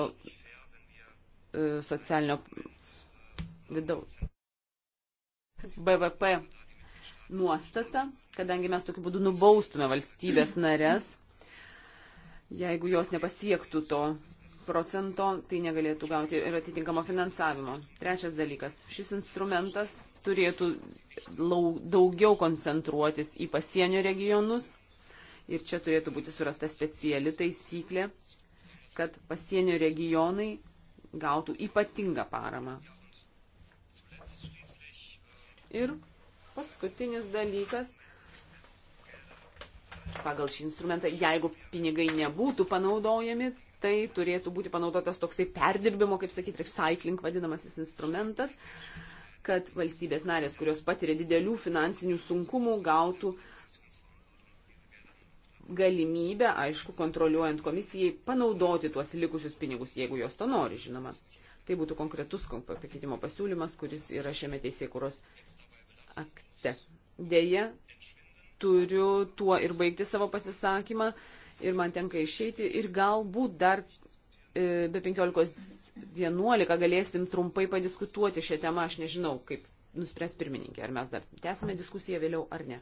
e, socialinio vidaus BVP nuostata, kadangi mes tokiu būdu nubaustume valstybės narės, jeigu jos nepasiektų to procento, tai negalėtų gauti ir atitinkamo finansavimo. Trečias dalykas. Šis instrumentas turėtų daugiau koncentruotis į pasienio regionus. Ir čia turėtų būti surasta speciali taisyklė, kad pasienio regionai gautų ypatingą paramą. Ir paskutinis dalykas, pagal šį instrumentą, jeigu pinigai nebūtų panaudojami, tai turėtų būti panaudotas toksai perdirbimo, kaip sakyti, recycling vadinamasis instrumentas. Uh, kad valstybės narės, kurios patiria didelių finansinių sunkumų, gautų galimybę, aišku, kontroliuojant komisijai, panaudoti tuos likusius pinigus, jeigu jos to nori, žinoma. Tai būtų konkretus pakeitimo pasiūlymas, kuris yra šiame teisėkuros akte. Deja, turiu tuo ir baigti savo pasisakymą ir man tenka išeiti ir galbūt dar e, be 15 11 galėsim trumpai padiskutuoti šią temą, aš nežinau, kaip nuspręs pirmininkė, ar mes dar tęsime diskusiją vėliau ar ne.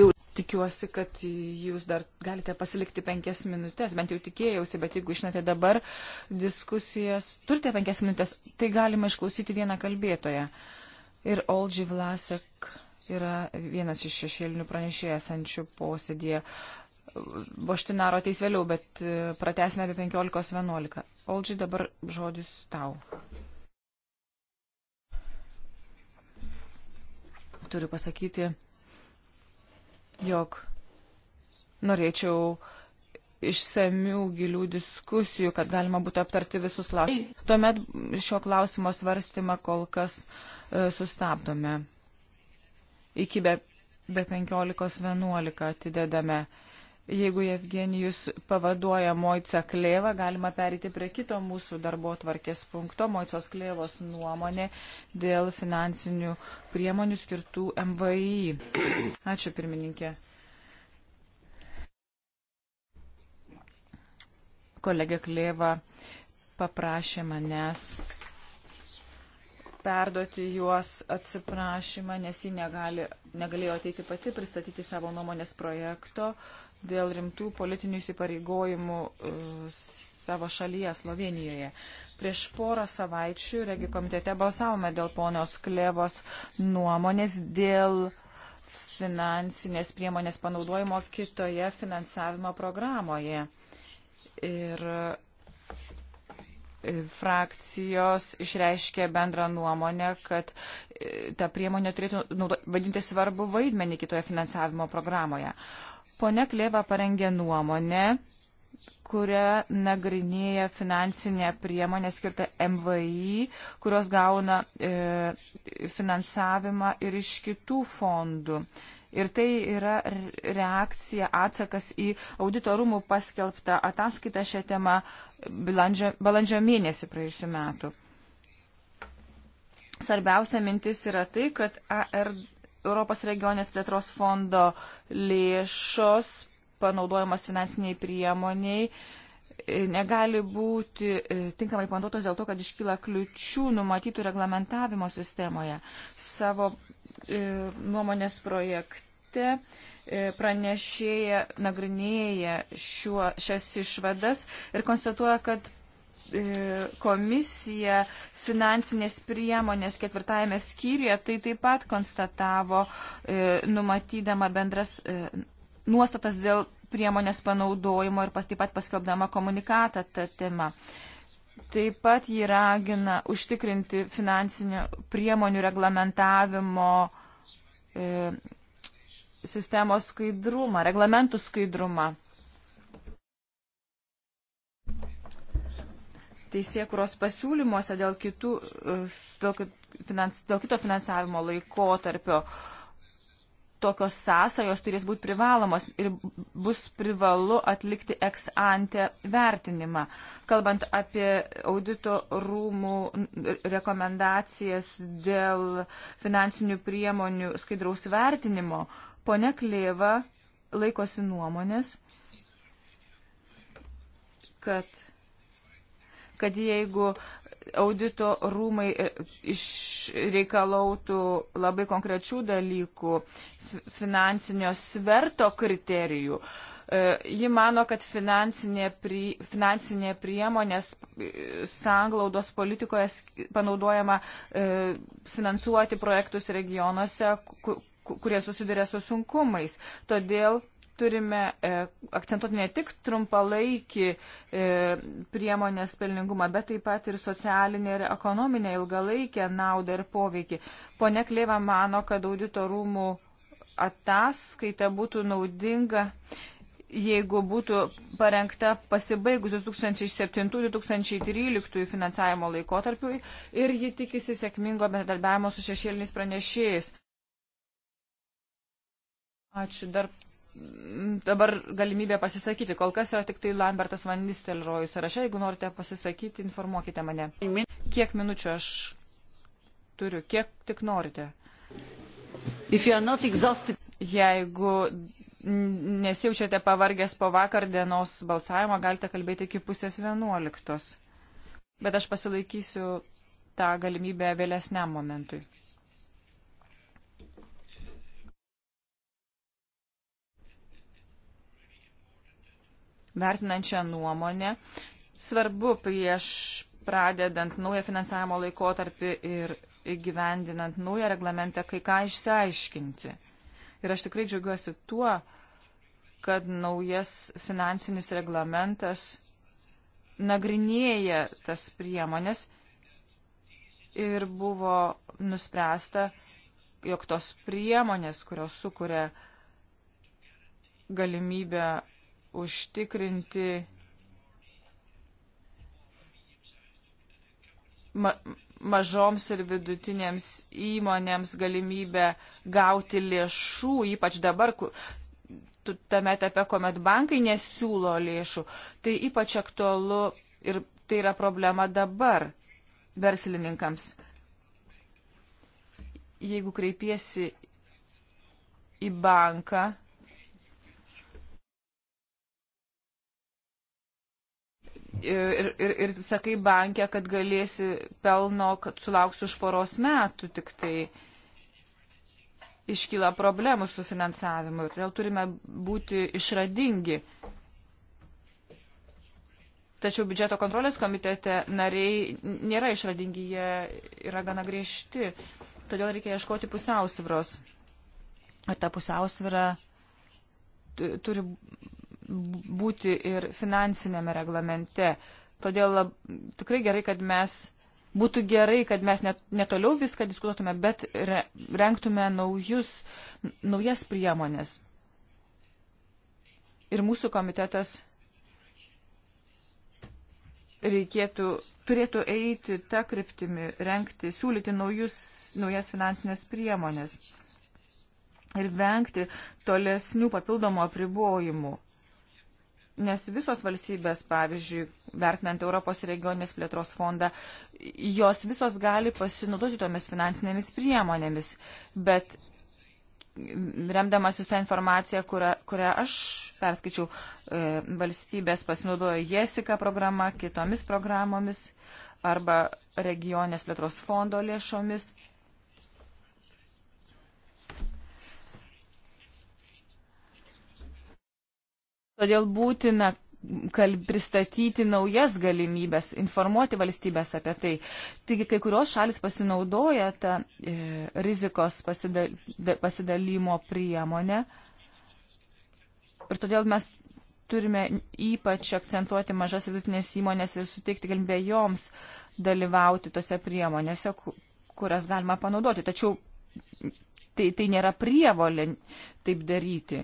You... Tikiuosi, kad jūs dar galite pasilikti penkias minutės, bent jau tikėjausi, bet jeigu išnate dabar diskusijas, turite penkias minutės, tai galima išklausyti vieną kalbėtoją. Ir Olži Vlasek yra vienas iš šešėlinių pranešėjęs ančių posėdėje. Boštinaro ateis vėliau, bet e, pratesime apie 15.11. Oldži, dabar žodis tau. Turiu pasakyti, jog norėčiau išsamių gilių diskusijų, kad galima būtų aptarti visus klausimus. Tuomet šio klausimo svarstymą kol kas e, sustabdome. Iki be, be 15.11 atidedame. Jeigu Evgenijus pavaduoja Moica Klėvą, galima perėti prie kito mūsų darbo tvarkės punkto, Moicos Klėvos nuomonė dėl finansinių priemonių skirtų MVI. Ačiū pirmininkė. Kolegė Klėva paprašė manęs perduoti juos atsiprašymą, nes ji negali, negalėjo ateiti pati pristatyti savo nuomonės projekto. Uh, dėl rimtų politinių įsipareigojimų e, savo šalyje, Slovenijoje. Prieš porą savaičių regi komitete balsavome dėl ponios Klevos nuomonės dėl finansinės priemonės panaudojimo kitoje finansavimo programoje. Ir frakcijos išreiškė bendrą nuomonę, kad e, ta priemonė turėtų vadinti svarbu vaidmenį kitoje finansavimo programoje. Pone Klėva parengė nuomonę, kuria nagrinėja finansinę priemonę skirtą MVI, kurios gauna e, finansavimą ir iš kitų fondų. E, Ir tai yra reakcija, atsakas į auditorumų paskelbtą ataskaitą šią temą balandžio, balandžio mėnesį praėjusiu metu. Svarbiausia mintis yra tai, kad AR, Europos regionės plėtros fondo lėšos panaudojamos finansiniai priemoniai e, negali būti e, tinkamai panaudotos dėl to, kad iškyla kliučių numatytų reglamentavimo sistemoje. Savo E, nuomonės projekte e, pranešėja nagrinėja šiuo, šias išvadas ir konstatuoja, kad e, komisija finansinės priemonės ketvirtajame skyriuje tai taip pat konstatavo, numatydama bendras nuostatas dėl priemonės panaudojimo ir pas, taip pat paskelbdama komunikatą tą temą. Ta Taip pat jį ragina užtikrinti finansinių priemonių reglamentavimo e, sistemos skaidrumą, reglamentų skaidrumą. Teisėkuros pasiūlymuose dėl, kitų, e, dėl, finans, dėl kito finansavimo laiko tarpio e, tokios sąsajos turės būti privalomos ir bus privalu atlikti ex ante vertinimą. Kalbant apie audito rūmų rekomendacijas dėl finansinių priemonių skaidraus vertinimo, ponia Klėva laikosi nuomonės, kad, kad jeigu audito rūmai e, išreikalautų labai konkrečių dalykų, finansinio sverto kriterijų. E, ji mano, kad finansinė, pri, finansinė priemonės e, sanglaudos politikoje panaudojama finansuoti projektus regionuose, kurie susiduria su sunkumais. Todėl turime e, akcentuoti ne tik trumpalaikį e, priemonės pelningumą, bet taip pat ir socialinę ir ekonominę ilgalaikę naudą ir poveikį. Pone Kleiva mano, kad auditorumų ataskaita būtų naudinga jeigu būtų parengta pasibaigus 2007-2013 finansavimo laikotarpiui ir ji tikisi sėkmingo bendradarbiavimo su šešėliniais pranešėjais. Ačiū dar dabar galimybė pasisakyti. Kol kas yra tik tai Lambertas Van Nistelrojus sąraše. Jeigu norite pasisakyti, informuokite mane. Kiek minučių aš turiu, kiek tik norite. Jeigu nesijaučiate pavargęs po vakar dienos balsavimo, galite kalbėti iki pusės vienuoliktos. Bet aš pasilaikysiu tą galimybę vėlesniam momentui. vertinančią nuomonę. Svarbu prieš pradedant naują finansavimo laikotarpį ir įgyvendinant naują reglamentą kai ką išsiaiškinti. Ir aš tikrai džiaugiuosi tuo, kad naujas finansinis reglamentas nagrinėja tas priemonės ir buvo nuspręsta, jog tos priemonės, kurios sukuria galimybę užtikrinti ma mažoms ir vidutinėms įmonėms galimybę gauti lėšų, ypač dabar, tame etape, kuomet bankai nesiūlo lėšų. Tai ypač aktualu ir tai yra problema dabar verslininkams. Jeigu kreipiesi į banką, ir, ir, ir sakai bankė, kad galėsi pelno, kad sulauks už poros metų tik tai iškyla problemų su finansavimu ir todėl turime būti išradingi. Tačiau biudžeto kontrolės komitete nariai nėra išradingi, jie yra gana griežti. Todėl reikia ieškoti pusiausvyros. Ar ta pusiausvyra turi būti ir finansinėme reglamente. Todėl lab, tikrai gerai, kad mes, būtų gerai, kad mes net, netoliau viską diskutuotume, bet re, renktume naujus, naujas priemonės. Ir mūsų komitetas reikėtų, turėtų eiti tą kryptimį, renkti, siūlyti naujus, naujas finansinės priemonės ir vengti tolesnių papildomų apribojimų nes visos valstybės, pavyzdžiui, vertinant Europos regioninės plėtros fondą, jos visos gali pasinaudoti tomis finansinėmis priemonėmis, bet remdamasis tą informaciją, kurią, kurią aš perskaičiau, e, valstybės pasinaudojo Jessica programa, kitomis programomis arba regionės plėtros fondo lėšomis. Todėl būtina kalb, pristatyti naujas galimybės, informuoti valstybės apie tai. Taigi kai kurios šalis pasinaudoja tą e, rizikos pasidal, pasidalymo priemonę. Ir todėl mes turime ypač akcentuoti mažas vidutinės įmonės ir suteikti galimybę joms dalyvauti tose priemonėse, kurias galima panaudoti. Tačiau tai, tai nėra prievolė taip daryti.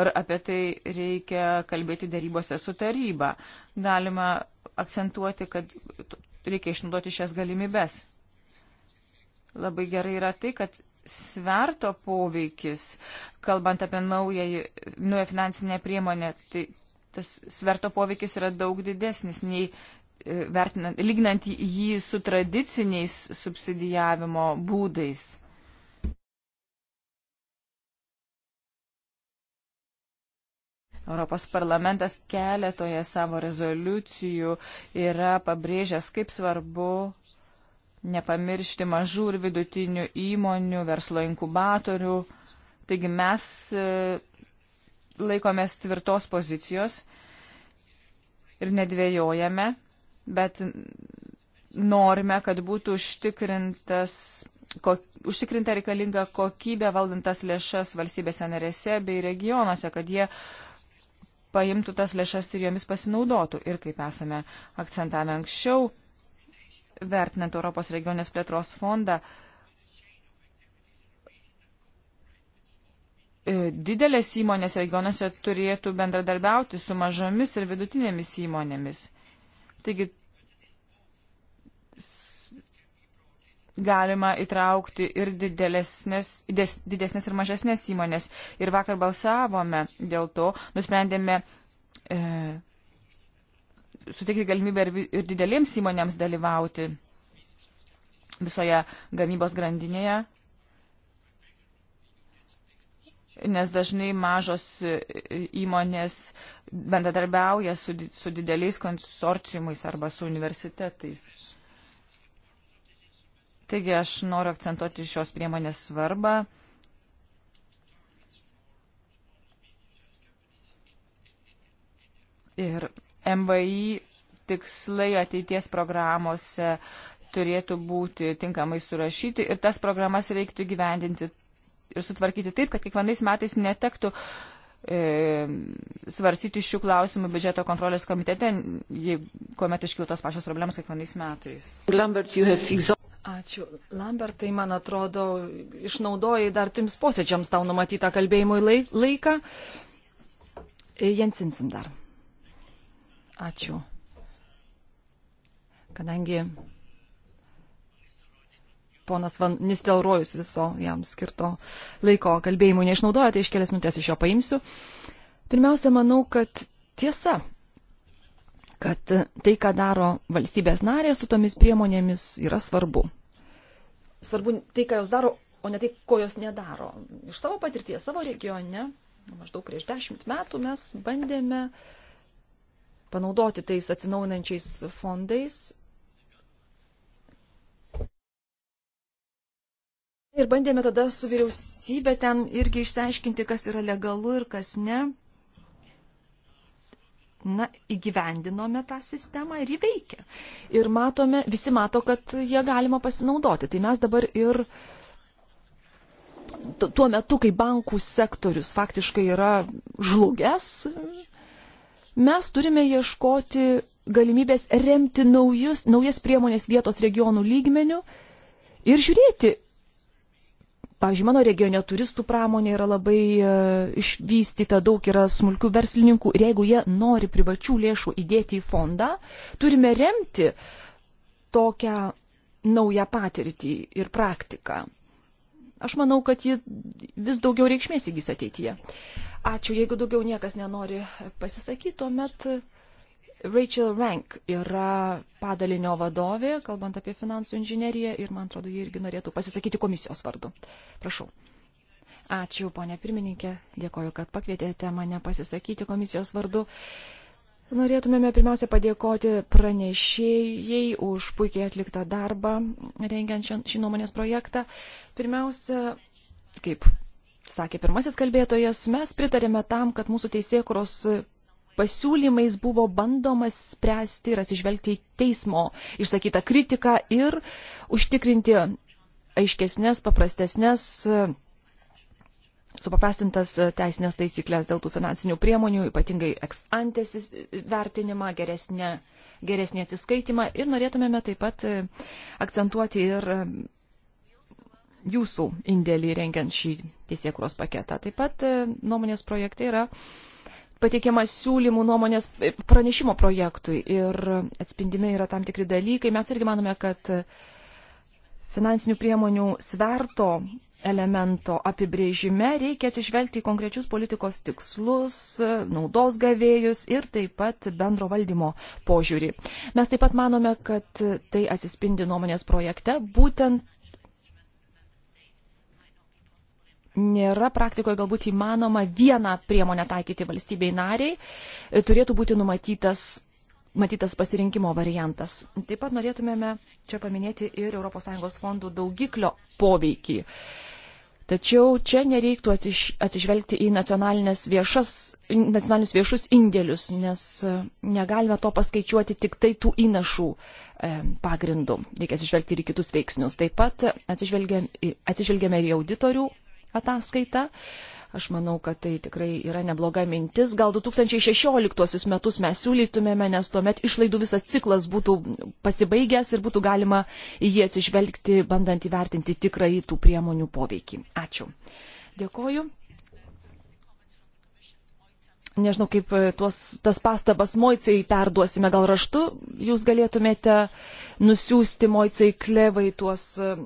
ar apie tai reikia kalbėti darybose su taryba. Galima akcentuoti, kad reikia išnaudoti šias galimybes. Labai gerai yra tai, kad sverto poveikis, kalbant apie naują, naują finansinę priemonę, tai tas sverto poveikis yra daug didesnis nei e, vertinant, lygnant jį su tradiciniais subsidijavimo būdais. Europos parlamentas keletoje savo rezoliucijų yra pabrėžęs, kaip svarbu nepamiršti mažų ir vidutinių įmonių, verslo inkubatorių. Taigi mes e, laikomės tvirtos pozicijos ir nedvėjojame, bet norime, kad būtų užtikrintas ko, užtikrinta reikalinga kokybė valdantas lėšas valstybėse narėse bei regionuose, kad jie uh, paimtų tas lėšas ir jomis pasinaudotų. Ir kaip esame akcentavę anksčiau, vertinant Europos regionės plėtros fondą, e, didelės įmonės regionuose turėtų bendradarbiauti su mažomis ir vidutinėmis įmonėmis. Taigi galima įtraukti ir didesnės, didesnės ir mažesnės įmonės. Ir vakar balsavome dėl to, nusprendėme e, suteikti galimybę ir, ir didelėms įmonėms dalyvauti visoje gamybos grandinėje, nes dažnai mažos įmonės bendradarbiauja su, su dideliais konsorciumais arba su universitetais. Taigi aš noriu akcentuoti šios priemonės svarbą. Ir MVI tikslai ateities programuose turėtų būti tinkamai surašyti ir tas programas reiktų gyvendinti ir sutvarkyti taip, kad kiekvienais metais netektų e, svarstyti šių klausimų biudžeto kontrolės komitete, jei, kuomet iškiltos pačios problemos kiekvienais metais. Lambert, Ačiū. Lambertai, man atrodo, išnaudojai dar trims posėdžiams tau numatytą kalbėjimui laiką. Jensinsim dar. Ačiū. Kadangi ponas Van Nistelrojus viso jam skirto laiko kalbėjimų neišnaudojo, tai iš kelias minutės iš jo paimsiu. Pirmiausia, manau, kad tiesa, kad tai, ką daro valstybės narės su tomis priemonėmis, yra svarbu. Svarbu tai, ką jos daro, o ne tai, ko jos nedaro. Iš savo patirties, savo regione, maždaug prieš dešimt metų mes bandėme panaudoti tais atsinaunančiais fondais Ir bandėme tada su vyriausybė ten irgi išsiaiškinti, kas yra legalu ir kas ne na, įgyvendinome tą sistemą ir jį veikia. Ir matome, visi mato, kad jie galima pasinaudoti. Tai mes dabar ir tuo metu, kai bankų sektorius faktiškai yra žlugęs, mes turime ieškoti galimybės remti naujus, naujas priemonės vietos regionų lygmenių ir žiūrėti, Pavyzdžiui, mano regione turistų pramonė yra labai e, išvystyta, daug yra smulkių verslininkų ir jeigu jie nori privačių lėšų įdėti į fondą, turime remti tokią naują patirtį ir praktiką. Aš manau, kad ji vis daugiau reikšmės įgys ateityje. Ačiū, jeigu daugiau niekas nenori pasisakyti, tuomet. Met... Rachel Rank yra padalinio vadovė, kalbant apie finansų inžineriją, ir man atrodo, jie irgi norėtų pasisakyti komisijos vardu. Prašau. Ačiū, ponė pirmininkė, dėkoju, kad pakvietėte mane pasisakyti komisijos vardu. Norėtumėme pirmiausia padėkoti pranešėjai už puikiai atliktą darbą rengiant šį nuomonės projektą. Pirmiausia, kaip sakė pirmasis kalbėtojas, mes pritarėme tam, kad mūsų teisėkuros pasiūlymais buvo bandomas spręsti ir atsižvelgti į teismo išsakytą kritiką ir užtikrinti aiškesnės, paprastesnės, supaprastintas teisinės taisyklės dėl tų finansinių priemonių, ypatingai ex-antes vertinimą, geresnė, geresnį atsiskaitimą ir norėtumėme taip pat e, akcentuoti ir e, jūsų indėlį rengiant šį teisėkuros paketą. Taip pat e, nuomonės projekte yra pateikiama siūlymų nuomonės pranešimo projektui ir atspindimi yra tam tikri dalykai. Mes irgi manome, kad finansinių priemonių sverto elemento apibrėžime reikia atsižvelgti į konkrečius politikos tikslus, naudos gavėjus ir taip pat bendro valdymo požiūrį. Mes taip pat manome, kad tai atsispindi nuomonės projekte, būtent nėra praktikoje galbūt įmanoma vieną priemonę taikyti valstybei nariai, e, turėtų būti numatytas matytas pasirinkimo variantas. Taip pat norėtumėme čia paminėti ir ES fondų daugiklio poveikį. Tačiau čia nereiktų atsiž, atsižvelgti į viešas, nacionalinius viešus indėlius, nes e, negalime to paskaičiuoti tik tai tų įnašų e, pagrindų. Reikia atsižvelgti ir į kitus veiksnius. Taip pat atsižvelgiame, atsižvelgiame ir į auditorių ataskaitą. Aš manau, kad tai tikrai yra nebloga mintis. Gal 2016 metus mes siūlytumėme, nes tuomet išlaidų visas ciklas būtų pasibaigęs ir būtų galima į jį atsižvelgti, bandant įvertinti tikrąjį tų priemonių poveikį. Ačiū. Dėkoju. Nežinau, kaip e, tuos, tas pastabas Moicai perduosime, gal raštu jūs galėtumėte nusiųsti Moicai Klevai tuos e,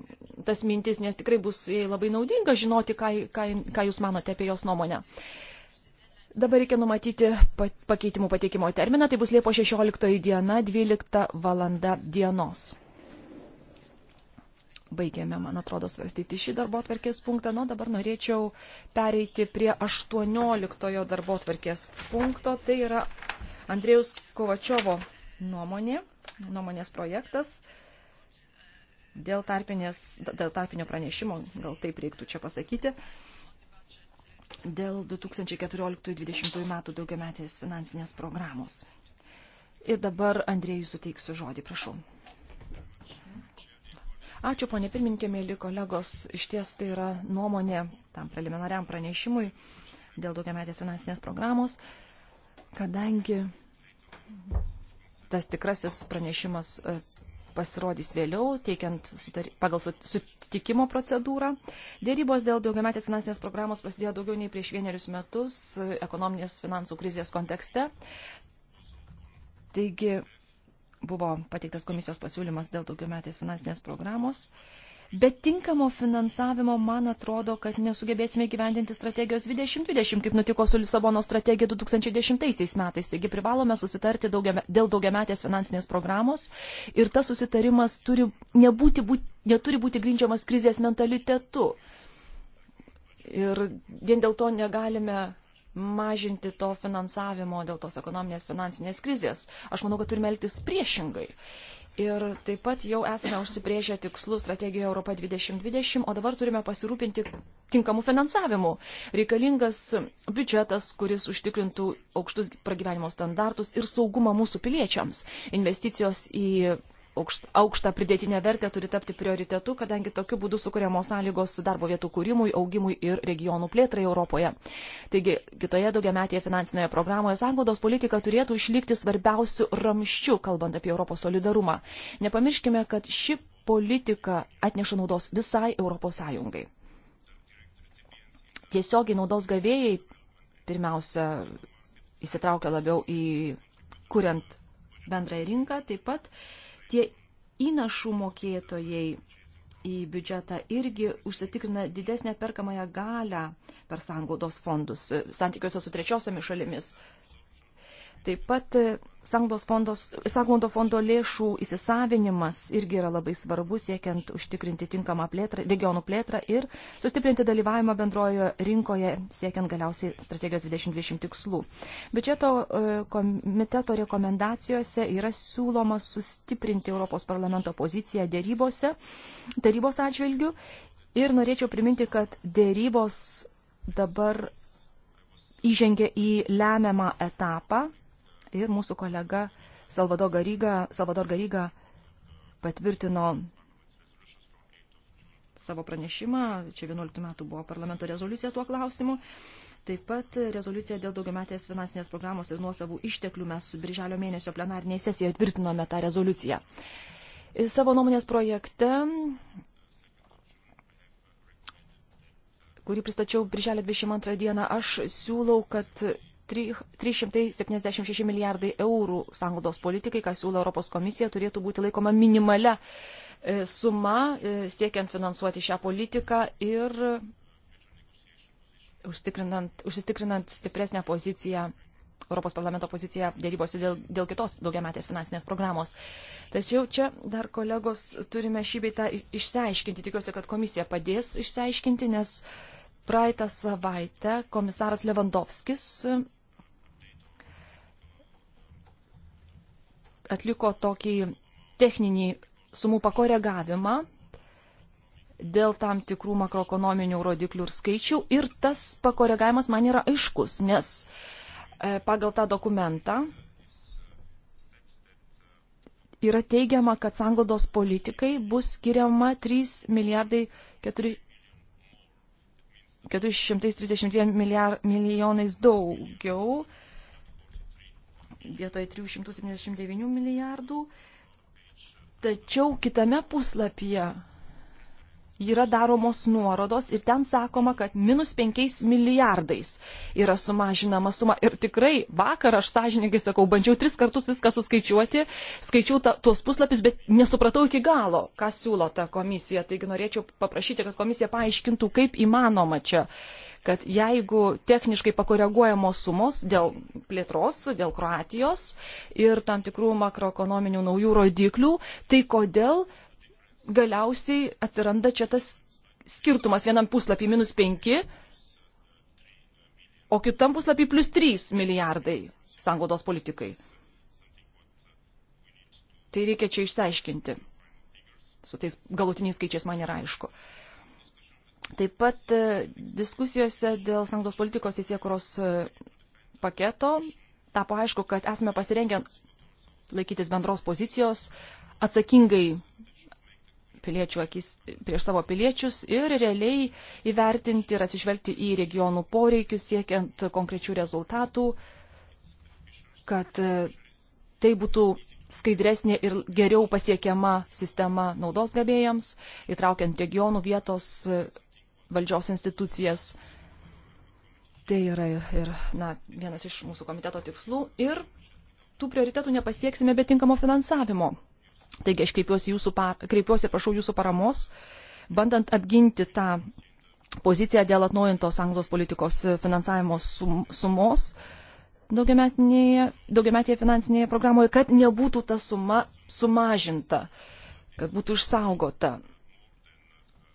tas mintis, nes tikrai bus labai naudinga žinoti, ką, ką, ką Jūs manote apie jos nuomonę. Dabar reikia numatyti pakeitimų pateikimo terminą, tai bus Liepo 16 diena, 12 valanda dienos. Baigėme, man atrodo, svarstyti šį darbo atvarkės punktą. Nu, dabar norėčiau pereiti prie 18 darbo atvarkės punkto. Tai yra Andrėjus Kovačiovo nuomonė, nuomonės projektas. Uh, dėl, tarpinės, dėl tarpinio pranešimo, gal taip reiktų čia pasakyti, dėl 2014-2020 metų daugiametės finansinės programos. Ir dabar Andrėjų suteiksiu žodį, prašau. Ačiū, ponė pirmininkė, mėly kolegos. Iš ties tai yra nuomonė tam preliminariam pranešimui dėl daugiametės finansinės programos, kadangi tas tikrasis pranešimas pasirodys vėliau, teikiant sutar, pagal sutikimo procedūrą. Dėrybos dėl daugiametės finansinės programos prasidėjo daugiau nei prieš vienerius metus e, ekonominės finansų krizės kontekste. Taigi buvo pateiktas komisijos pasiūlymas dėl daugiametės finansinės programos Be tinkamo finansavimo, man atrodo, kad nesugebėsime gyvendinti strategijos 2020, kaip nutiko su Lisabono strategija 2010 metais. Taigi privalome susitarti daugiame, dėl daugiametės finansinės programos ir tas susitarimas turi, nebūti, būt, neturi būti grindžiamas krizės mentalitetu. Ir vien dėl to negalime mažinti to finansavimo dėl tos ekonominės finansinės krizės. Aš manau, kad turime elgtis priešingai. Uh, Ir taip pat jau esame užsibrėžę tikslus strategijoje Europa 2020, o dabar turime pasirūpinti tinkamu finansavimu. Reikalingas biudžetas, kuris užtikrintų aukštus pragyvenimo standartus ir saugumą mūsų piliečiams. Investicijos į aukštą pridėtinę vertę turi tapti prioritetu, kadangi tokiu būdu sukūrėmos sąlygos darbo vietų kūrimui, augimui ir regionų plėtrai Europoje. Taigi, kitoje daugiametėje finansinėje programoje sąngodos politika turėtų išlikti svarbiausių ramščių, kalbant apie Europos solidarumą. Nepamirškime, kad ši politika atneša naudos visai Europos Sąjungai. Tiesiogiai naudos gavėjai pirmiausia įsitraukia labiau į kuriant bendrąją rinką, taip pat uh, tie įnašų mokėtojai į biudžetą irgi užsitikrina didesnę perkamąją galę per sanglaudos fondus santykiuose su trečiosiomis šalimis. Taip pat e, Sanglaundo fondo lėšų įsisavinimas irgi yra labai svarbus, siekiant užtikrinti tinkamą plėtrą, regionų plėtrą ir sustiprinti dalyvavimą bendrojo rinkoje, siekiant galiausiai strategijos 2020 tikslų. Biudžeto e, komiteto rekomendacijose yra siūloma sustiprinti Europos parlamento poziciją dėrybose, tarybos atžvilgių ir norėčiau priminti, kad dėrybos dabar įžengė į lemiamą etapą ir mūsų kolega Salvador Garyga, Salvador Garyga patvirtino savo pranešimą, čia 11 metų buvo parlamento rezoliucija tuo klausimu. Taip pat rezoliucija dėl daugiametės finansinės programos ir nuosavų išteklių mes birželio mėnesio plenarinėje sesijoje tvirtinome tą rezoliuciją. Savo nuomonės projekte, kurį pristačiau birželio 22 dieną, aš siūlau, kad 376 milijardai eurų sąnaudos politikai, ką siūlo Europos komisija, turėtų būti laikoma minimale suma e, siekiant finansuoti šią politiką ir užsitikrinant stipresnę poziciją Europos parlamento poziciją dėrybose dėl, dėl kitos daugiametės finansinės programos. Tačiau čia dar kolegos turime šį beitą išsiaiškinti. Tikiuosi, kad komisija padės išsiaiškinti, nes uh, praeitą savaitę komisaras Levandovskis e, atliko tokį techninį sumų pakoregavimą dėl tam tikrų makroekonominių rodiklių ir skaičių ir tas pakoregavimas man yra aiškus, nes e, pagal tą dokumentą yra teigiama, kad sangodos politikai bus skiriama 3 milijardai 400 432 milijar, milijonais daugiau vietoje 379 milijardų. Tačiau kitame puslapyje yra daromos nuorodos ir ten sakoma, kad minus 5 milijardais yra sumažinama suma. Ir tikrai vakar aš sąžininkai sakau, bandžiau tris kartus viską suskaičiuoti, skaičiau ta, tuos puslapius, bet nesupratau iki galo, ką siūlo ta komisija. Taigi norėčiau paprašyti, kad komisija paaiškintų, kaip įmanoma čia kad jeigu techniškai pakoreguojamos sumos dėl plėtros, dėl Kroatijos ir tam tikrų makroekonominių naujų rodiklių, tai kodėl uh, galiausiai atsiranda čia tas skirtumas vienam puslapį minus 5, o kitam puslapį plus 3 milijardai sangodos politikai. Tai reikia čia išsiaiškinti. Su tais galutiniais skaičiais man yra aišku. Taip pat e, diskusijose dėl sangodos politikos teisėkuros e, paketo tapo aišku, kad esame pasirengę laikytis bendros pozicijos, atsakingai piliečių akis, prieš savo piliečius ir realiai įvertinti ir atsižvelgti į regionų poreikius siekiant konkrečių rezultatų, kad e, tai būtų skaidresnė ir geriau pasiekiama sistema naudos gavėjams, įtraukiant regionų vietos e, valdžios institucijas. Tai yra ir, na, vienas iš mūsų komiteto tikslų ir tų prioritetų nepasieksime be tinkamo finansavimo. Taigi aš kreipiuosi, jūsų par, kreipiuosi prašau jūsų paramos, bandant apginti tą poziciją dėl atnaujintos anglos politikos finansavimo sum, sumos daugiametinėje, daugiametinėje finansinėje programoje, kad nebūtų ta suma sumažinta, kad būtų išsaugota.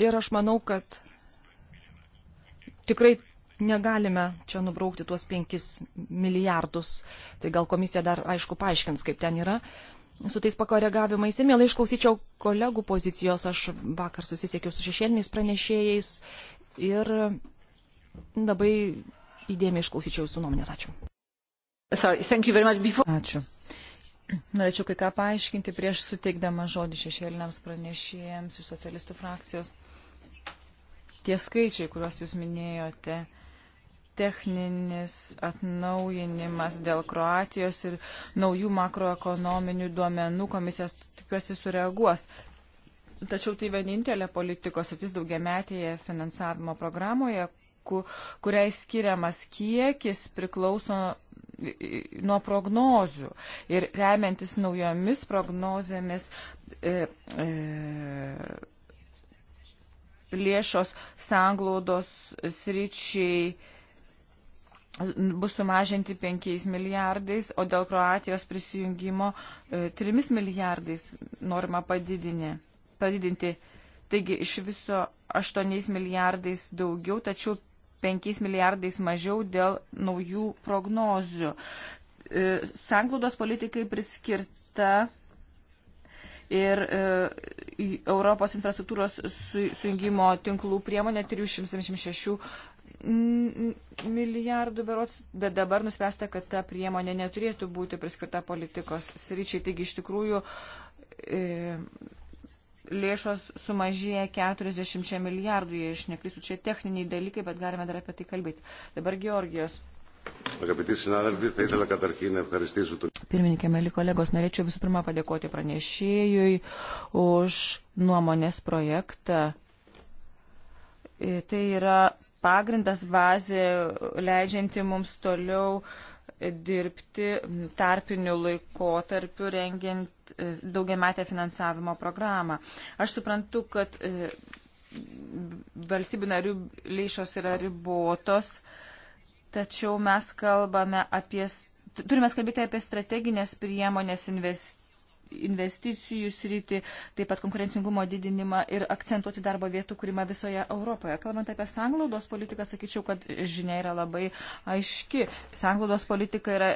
Ir aš manau, kad tikrai negalime čia nubraukti tuos 5 milijardus. Tai gal komisija dar aišku paaiškins, kaip ten yra. Uh, su tais pakoregavimais. Ir mielai išklausyčiau kolegų pozicijos. Aš vakar susisiekiau su šešėliniais pranešėjais ir labai įdėmiai išklausyčiau jūsų nuomonės. Ačiū. Sorry, Before... Ačiū. Norėčiau kai ką paaiškinti prieš suteikdama žodį šešėliniams pranešėjams iš socialistų frakcijos. Tie skaičiai, kuriuos jūs minėjote, techninis atnaujinimas dėl Kroatijos ir naujų makroekonominių duomenų komisijas tikiuosi sureaguos. Tačiau tai vienintelė politikos sritis daugiametėje finansavimo programoje, ku, kuriai skiriamas kiekis priklauso nuo prognozių ir remiantis naujomis prognozėmis. E, e, lėšos sanglaudos sričiai bus sumažinti 5 milijardais, o dėl Kroatijos prisijungimo 3 e, milijardais norima padidinė, padidinti. Taigi iš viso 8 milijardais daugiau, tačiau 5 milijardais mažiau dėl naujų prognozių. E, sanglaudos politikai priskirta ir e, Europos infrastruktūros sujungimo tinklų priemonė 376 milijardų berots, bet dabar nuspręsta, kad ta priemonė neturėtų būti priskirta politikos sričiai. Taigi iš tikrųjų e, lėšos sumažėja 40 milijardų, jei iš neklysiu, čia techniniai dalykai, bet galime dar apie tai kalbėti. Dabar Georgijos. Pirmininkė, mėly kolegos, norėčiau visų pirma padėkoti pranešėjui už nuomonės projektą. E, tai yra pagrindas, bazė, leidžianti mums toliau dirbti tarpiniu laikotarpiu rengiant e, daugiametę finansavimo programą. Aš suprantu, kad e, valstybių narių lėšos yra ribotos, tačiau mes kalbame apie, turime kalbėti apie strateginės priemonės investicijų investicijų sritį, taip pat konkurencingumo didinimą ir akcentuoti darbo vietų kūrimą visoje Europoje. Kalbant apie sanglaudos politiką, sakyčiau, kad žinia yra labai aiški. Sanglaudos politika yra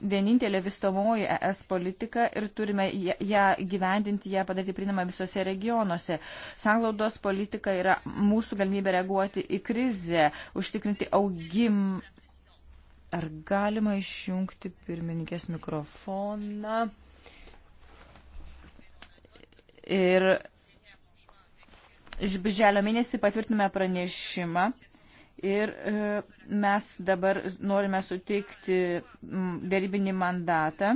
vienintelė vystomoji ES politika ir turime ją gyvendinti, ją padaryti prieinamą visose regionuose. Sanglaudos politika yra mūsų galimybė reaguoti į krizę, užtikrinti augimą. Ar galima išjungti pirmininkės mikrofoną? Ir iš birželio mėnesį patvirtiname pranešimą ir e, mes dabar norime suteikti darybinį mandatą.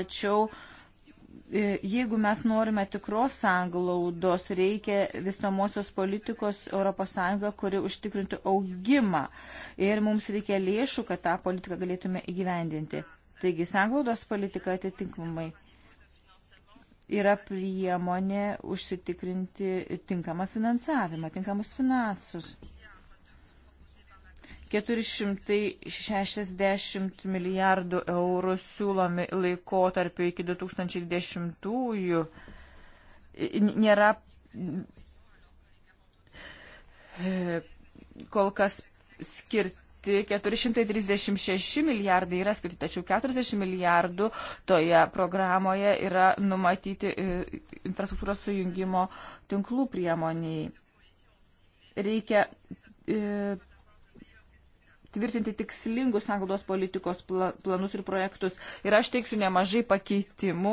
Tačiau e, jeigu mes norime tikros sąnglaudos, reikia visomosios politikos ES, kuri užtikrintų augimą. Ir mums reikia lėšų, kad tą politiką galėtume įgyvendinti. Taigi sąnglaudos politika atitinkamai yra priemonė užsitikrinti tinkamą finansavimą, tinkamus finansus. 460 milijardų eurų siūlomi laikotarpiu iki 2010-ųjų nėra e, kol kas skirti skirti 436 milijardai yra skirti, tačiau 40 milijardų toje programoje yra numatyti e, infrastruktūros sujungimo tinklų priemoniai. Reikia e, tvirtinti tikslingus anglodos politikos pla, planus ir projektus. Ir aš teiksiu nemažai pakeitimų,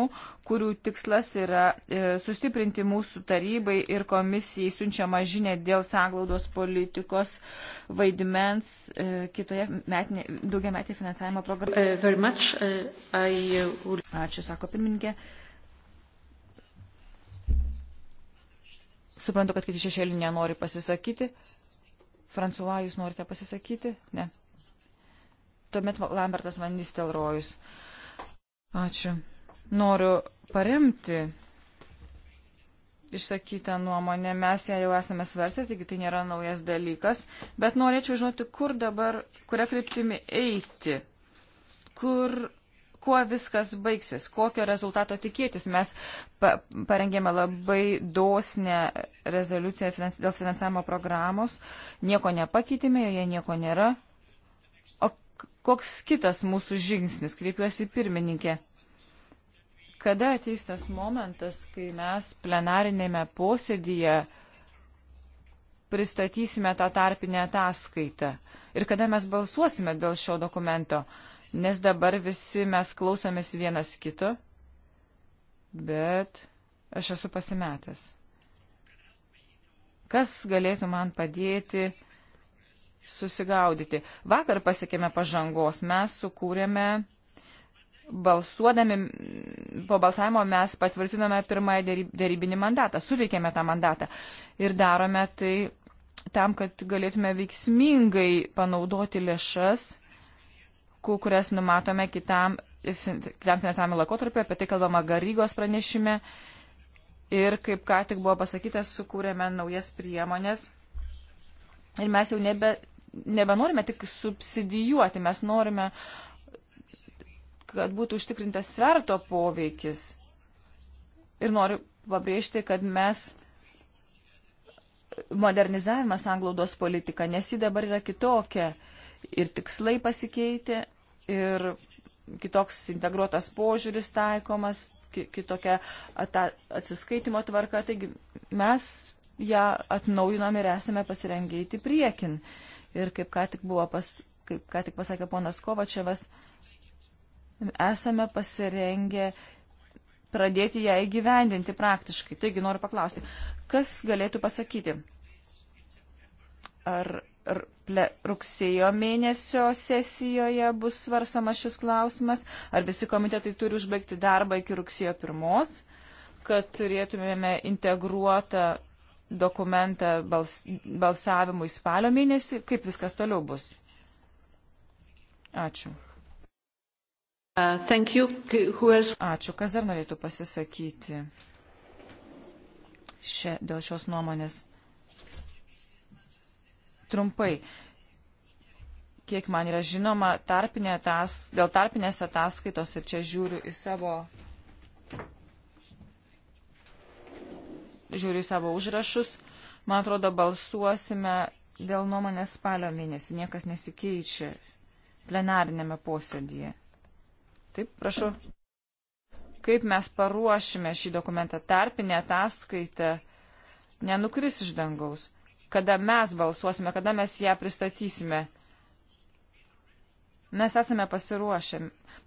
kurių tikslas yra e, sustiprinti mūsų tarybai ir komisijai siunčiamą žinę dėl anglodos politikos vaidmens e, kitoje metinė, daugiametėje finansavimo programoje. Uh, uh, uh Ačiū, sako pirmininkė. Suprantu, kad kiti šešėlį nenori pasisakyti. Fransuva, jūs norite pasisakyti? Ne. Tuomet Lambertas Vandys Telrojus. Ačiū. Noriu paremti išsakytą nuomonę. Mes ją jau esame svarstę, taigi tai nėra naujas dalykas. Bet norėčiau žinoti, kur dabar, kuria kryptimi eiti. Kur kuo viskas baigsis, kokio rezultato tikėtis. Mes pa parengėme labai dosnę rezoliuciją finans dėl finansavimo programos, nieko nepakeitėme, joje nieko nėra. O koks kitas mūsų žingsnis, kreipiuosi pirmininkė. Kada ateis tas momentas, kai mes plenarinėme posėdyje pristatysime tą tarpinę ataskaitą ir kada mes balsuosime dėl šio dokumento? nes dabar visi mes klausomės vienas kito, bet aš esu pasimetęs. Kas galėtų man padėti susigaudyti? Vakar pasiekėme pažangos, mes sukūrėme balsuodami po balsavimo mes patvirtinome pirmąjį dėrybinį mandatą, suveikėme tą mandatą ir darome tai tam, kad galėtume veiksmingai panaudoti lėšas kurias numatome kitam, kitam finansavimo laikotarpiu, apie tai kalbama Garygos pranešime. Ir kaip ką tik buvo pasakyta, sukūrėme naujas priemonės. Ir mes jau nebe, nebenorime tik subsidijuoti, mes norime, kad būtų užtikrintas sverto poveikis. Ir noriu pabrėžti, kad mes modernizavimą sanglaudos politiką, nes ji dabar yra kitokia ir tikslai pasikeitė, ir kitoks integruotas požiūris taikomas, kitokia atsiskaitimo tvarka, taigi mes ją atnaujinam ir esame pasirengę įti priekin. Ir kaip ką tik, buvo pas, kaip ką tik pasakė ponas Kovačevas, esame pasirengę pradėti ją įgyvendinti praktiškai. Taigi noriu paklausti, kas galėtų pasakyti, ar rugsėjo mėnesio sesijoje bus svarstamas šis klausimas, ar visi komitetai turi užbaigti darbą iki rugsėjo pirmos, kad turėtumėme integruotą dokumentą bals, balsavimui spalio mėnesį, kaip viskas toliau bus. Ačiū. Uh, Ačiū. Kas dar norėtų pasisakyti šia, dėl šios nuomonės? trumpai. Kiek man yra žinoma, tarpinė tas, dėl tarpinės ataskaitos ir čia žiūriu į savo, žiūriu į savo užrašus, man atrodo, balsuosime dėl nuomonės spalio mėnesį, niekas nesikeičia plenarinėme posėdėje. Taip, prašau. Kaip mes paruošime šį dokumentą tarpinę ataskaitą, nenukris iš dangaus kada mes balsuosime, kada mes ją pristatysime. Mes esame pasiruošę.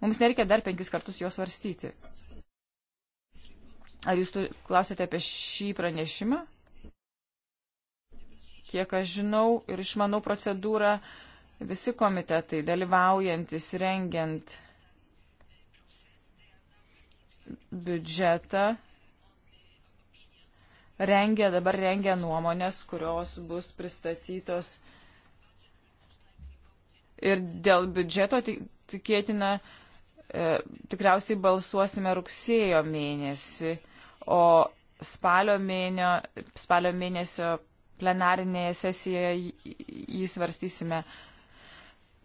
Mums nereikia dar penkis kartus jos svarstyti. Ar jūs klausėte apie šį pranešimą? Kiek aš žinau ir išmanau procedūrą, visi komitetai dalyvaujantis rengiant biudžetą rengia, dabar rengia nuomonės, kurios bus pristatytos ir dėl biudžeto tikėtina, e, tikriausiai balsuosime rugsėjo mėnesį, o spalio, mėnio, spalio mėnesio plenarinėje sesijoje jį svarstysime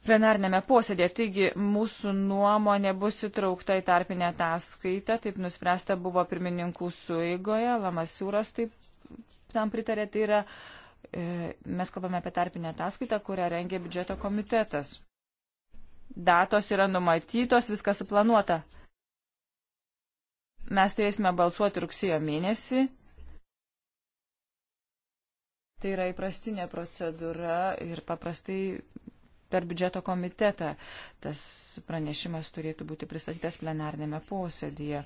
plenarnėme posėdėje. Taigi mūsų nuomonė bus įtraukta į tarpinę ataskaitą, taip nuspręsta buvo pirmininkų suigoje, Lamasiūras taip tam pritarė, tai yra, e, mes kalbame apie tarpinę ataskaitą, kurią rengia biudžeto komitetas. Datos yra numatytos, viskas suplanuota. Mes turėsime balsuoti rugsėjo mėnesį, Tai yra įprastinė procedūra ir paprastai per biudžeto komitetą. Tas pranešimas turėtų būti pristatytas plenarnėme posėdėje.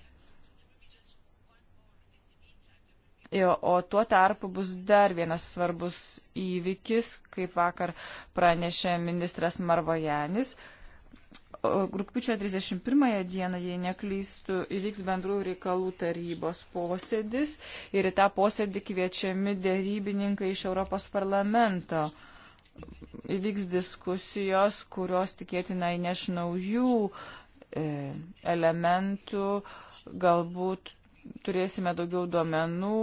O tuo tarpu bus dar vienas svarbus įvykis, kaip vakar pranešė ministras Marvojanis. Rūpiučio 31 dieną, jei neklystų, įvyks bendrų reikalų tarybos posėdis ir į tą posėdį kviečiami dėrybininkai iš Europos parlamento. Uh, įvyks diskusijos, kurios tikėtina įneš naujų e, elementų, galbūt turėsime daugiau duomenų,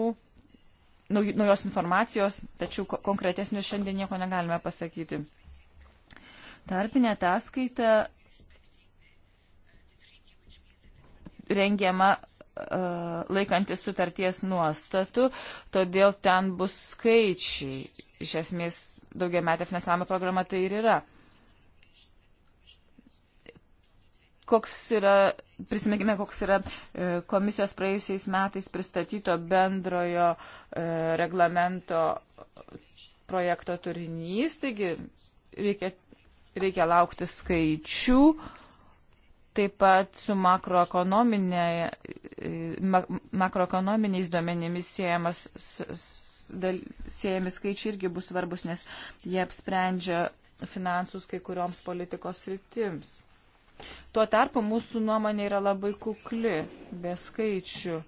naujos informacijos, tačiau konkretesnio šiandien nieko negalime pasakyti. Tarpinė ataskaita rengiama uh, laikantis sutarties nuostatų, todėl ten bus skaičiai. Iš esmės daugiametė finansavimo programa tai ir yra. Koks yra, prisimėgime, koks yra e, komisijos praėjusiais metais pristatyto bendrojo e, reglamento projekto turinys, taigi reikia, reikia laukti skaičių, taip pat su e, makroekonominiais duomenimis siejamas dal, siejami skaičiai irgi bus svarbus, nes jie apsprendžia finansus kai kurioms politikos sritims. Tuo tarpu mūsų nuomonė yra labai kukli, be skaičių.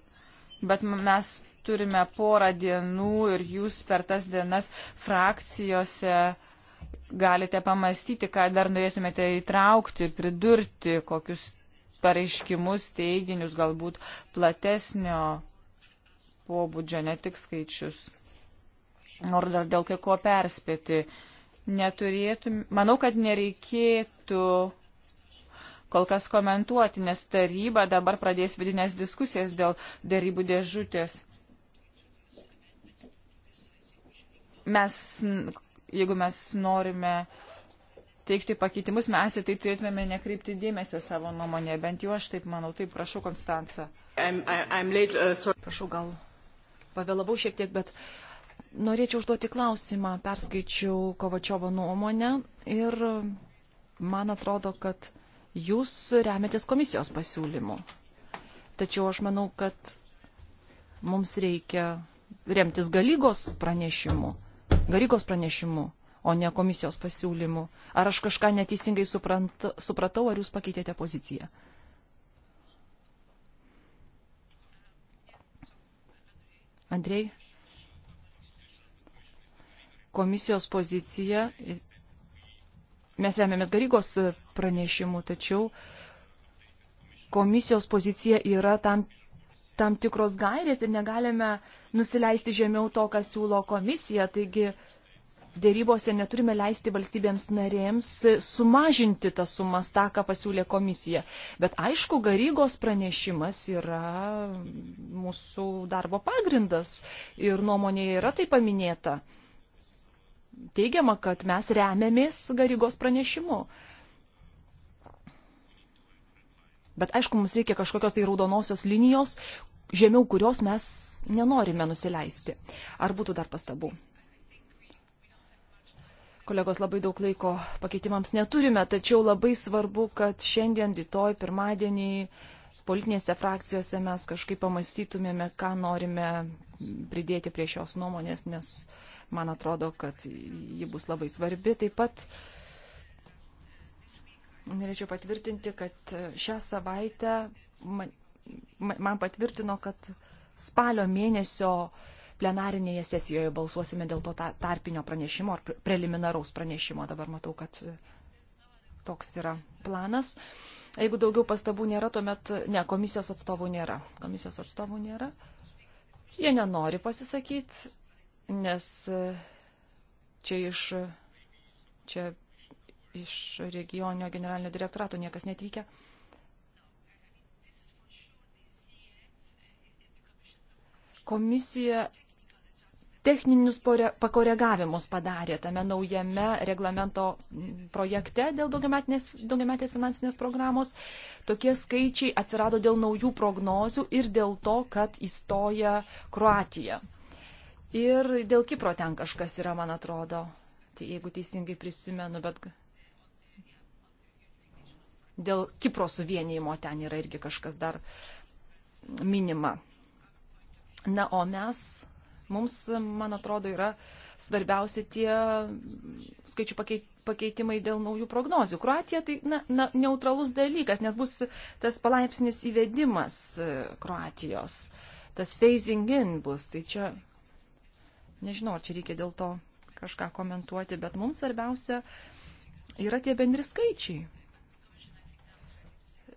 Bet mes turime porą dienų ir jūs per tas dienas frakcijose galite pamastyti, ką dar norėtumėte įtraukti, pridurti, kokius pareiškimus, teiginius, galbūt platesnio pobūdžio, ne tik skaičius noriu dar dėl kai ko perspėti. Neturėtum, manau, kad nereikėtų kol kas komentuoti, nes taryba dabar pradės vidinės diskusijas dėl dėrybų dėžutės. Mes, jeigu mes norime teikti pakeitimus, mes į tai turėtume nekreipti dėmesio savo nuomonėje, bent jau aš taip manau, taip prašau, Konstanca. I'm, I'm late, uh, prašau, gal pavėlavau šiek tiek, bet uh, norėčiau užduoti klausimą. Perskaičiau Kovačiovo nuomonę ir man atrodo, kad jūs remiatės komisijos pasiūlymu. Tačiau aš manau, kad mums reikia remtis galygos pranešimu, galygos pranešimu, o ne komisijos pasiūlymu. Ar aš kažką neteisingai suprant, supratau, ar jūs pakeitėte poziciją? Andrei? komisijos pozicija, mes remiamės Garygos pranešimu, tačiau komisijos pozicija yra tam, tam tikros gairės ir negalime nusileisti žemiau to, ką siūlo komisija. Taigi dėrybose neturime leisti valstybėms narėms sumažinti tas sumas tą, ką pasiūlė komisija. Bet aišku, Garygos pranešimas yra mūsų darbo pagrindas ir nuomonėje yra tai paminėta teigiama, kad mes remiamės Garygos pranešimu. Bet aišku, mums reikia kažkokios tai raudonosios linijos, žemiau kurios mes nenorime nusileisti. Ar būtų dar pastabų? Kolegos, labai daug laiko pakeitimams neturime, tačiau labai svarbu, kad šiandien, rytoj, pirmadienį politinėse frakcijose mes kažkaip pamastytumėme, ką norime pridėti prie šios nuomonės, nes uh, Man atrodo, kad ji bus labai svarbi. Taip pat norėčiau patvirtinti, kad šią savaitę man, man patvirtino, kad spalio mėnesio plenarinėje sesijoje balsuosime dėl to tarpinio pranešimo ar preliminaraus pranešimo. Dabar matau, kad toks yra planas. Jeigu daugiau pastabų nėra, tuomet ne, komisijos atstovų nėra. Komisijos atstovų nėra. Jie nenori pasisakyti nes e, čia iš, čia iš regioninio generalinio direktorato niekas netvykia. Komisija techninius pakoregavimus padarė tame naujame reglamento projekte dėl daugiametės, daugiametės finansinės programos. Tokie skaičiai atsirado dėl naujų prognozių ir dėl to, kad įstoja Kroatija. Ir dėl Kipro ten kažkas yra, man atrodo, tai jeigu teisingai prisimenu, bet dėl Kipro suvienijimo ten yra irgi kažkas dar minima. Na, o mes, mums, man atrodo, yra svarbiausia tie skaičių pakeitimai dėl naujų prognozių. Kroatija tai na, na, neutralus dalykas, nes bus tas palaipsnis įvedimas e, Kroatijos, tas phasing in bus. Tai čia Nežinau, ar čia reikia dėl to kažką komentuoti, bet mums svarbiausia yra tie bendri skaičiai.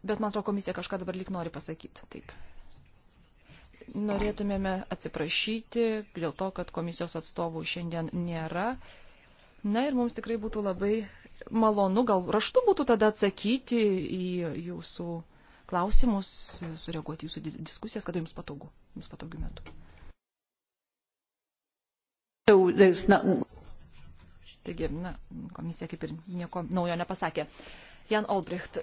Bet man atrodo, komisija kažką dabar lik nori pasakyti. Taip. Norėtumėme atsiprašyti dėl to, kad komisijos atstovų šiandien nėra. Na ir mums tikrai būtų labai malonu, gal raštu būtų tada atsakyti į jūsų klausimus, sureaguoti jūsų diskusijas, kada jums patogu, jums patogiu metu. So Taigi, na, komisija kaip ir nieko naujo nepasakė. Jan Olbricht,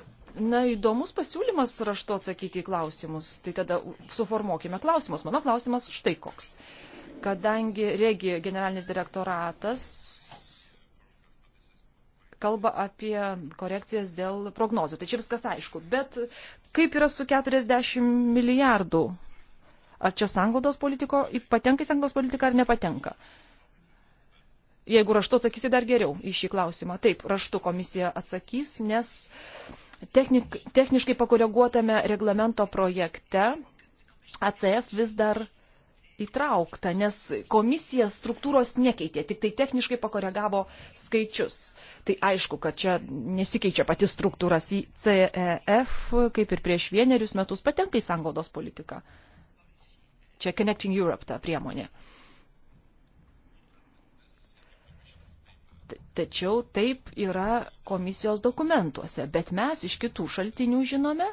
na, įdomus pasiūlymas raštu atsakyti į klausimus. Tai tada suformuokime klausimus. Mano klausimas štai koks. Kadangi regi generalinis direktoratas kalba apie korekcijas dėl prognozių. Tai čia viskas aišku. Bet kaip yra su 40 milijardų? Ar čia sanglaudos politiko patenka į sanglaudos politiką ar nepatenka? Uh, Jeigu raštu atsakysi dar geriau į šį klausimą. Taip, raštu komisija atsakys, nes technik, techniškai pakoreguotame reglamento projekte ACF vis dar įtraukta, nes komisija struktūros nekeitė, tik tai techniškai pakoregavo skaičius. Tai aišku, kad čia nesikeičia pati struktūra į CEF, kaip ir prieš vienerius metus patenka į sanglaudos politiką. Čia Connecting Europe ta priemonė. Uh, Tačiau taip yra komisijos dokumentuose, bet mes iš kitų šaltinių žinome,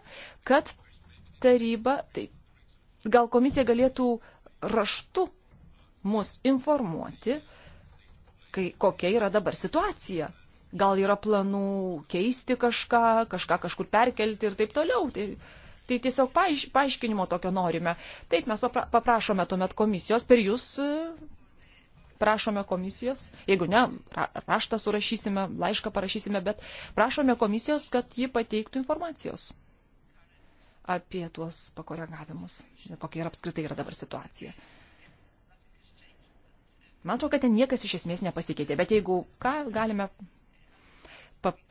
kad taryba, taip, gal komisija galėtų raštu mus informuoti, kai, kokia yra dabar situacija. Gal yra planų keisti kažką, kažką kažkur perkelti ir taip toliau. Tai, tai tiesiog paaiš, paaiškinimo tokio norime. Taip mes papra, paprašome tuomet komisijos per jūs prašome komisijos, jeigu ne, raštą surašysime, laišką parašysime, bet prašome komisijos, kad ji pateiktų informacijos apie tuos pakoregavimus, kokia ir apskritai yra dabar situacija. Man atrodo, kad ten niekas iš esmės nepasikeitė, bet jeigu ką, galime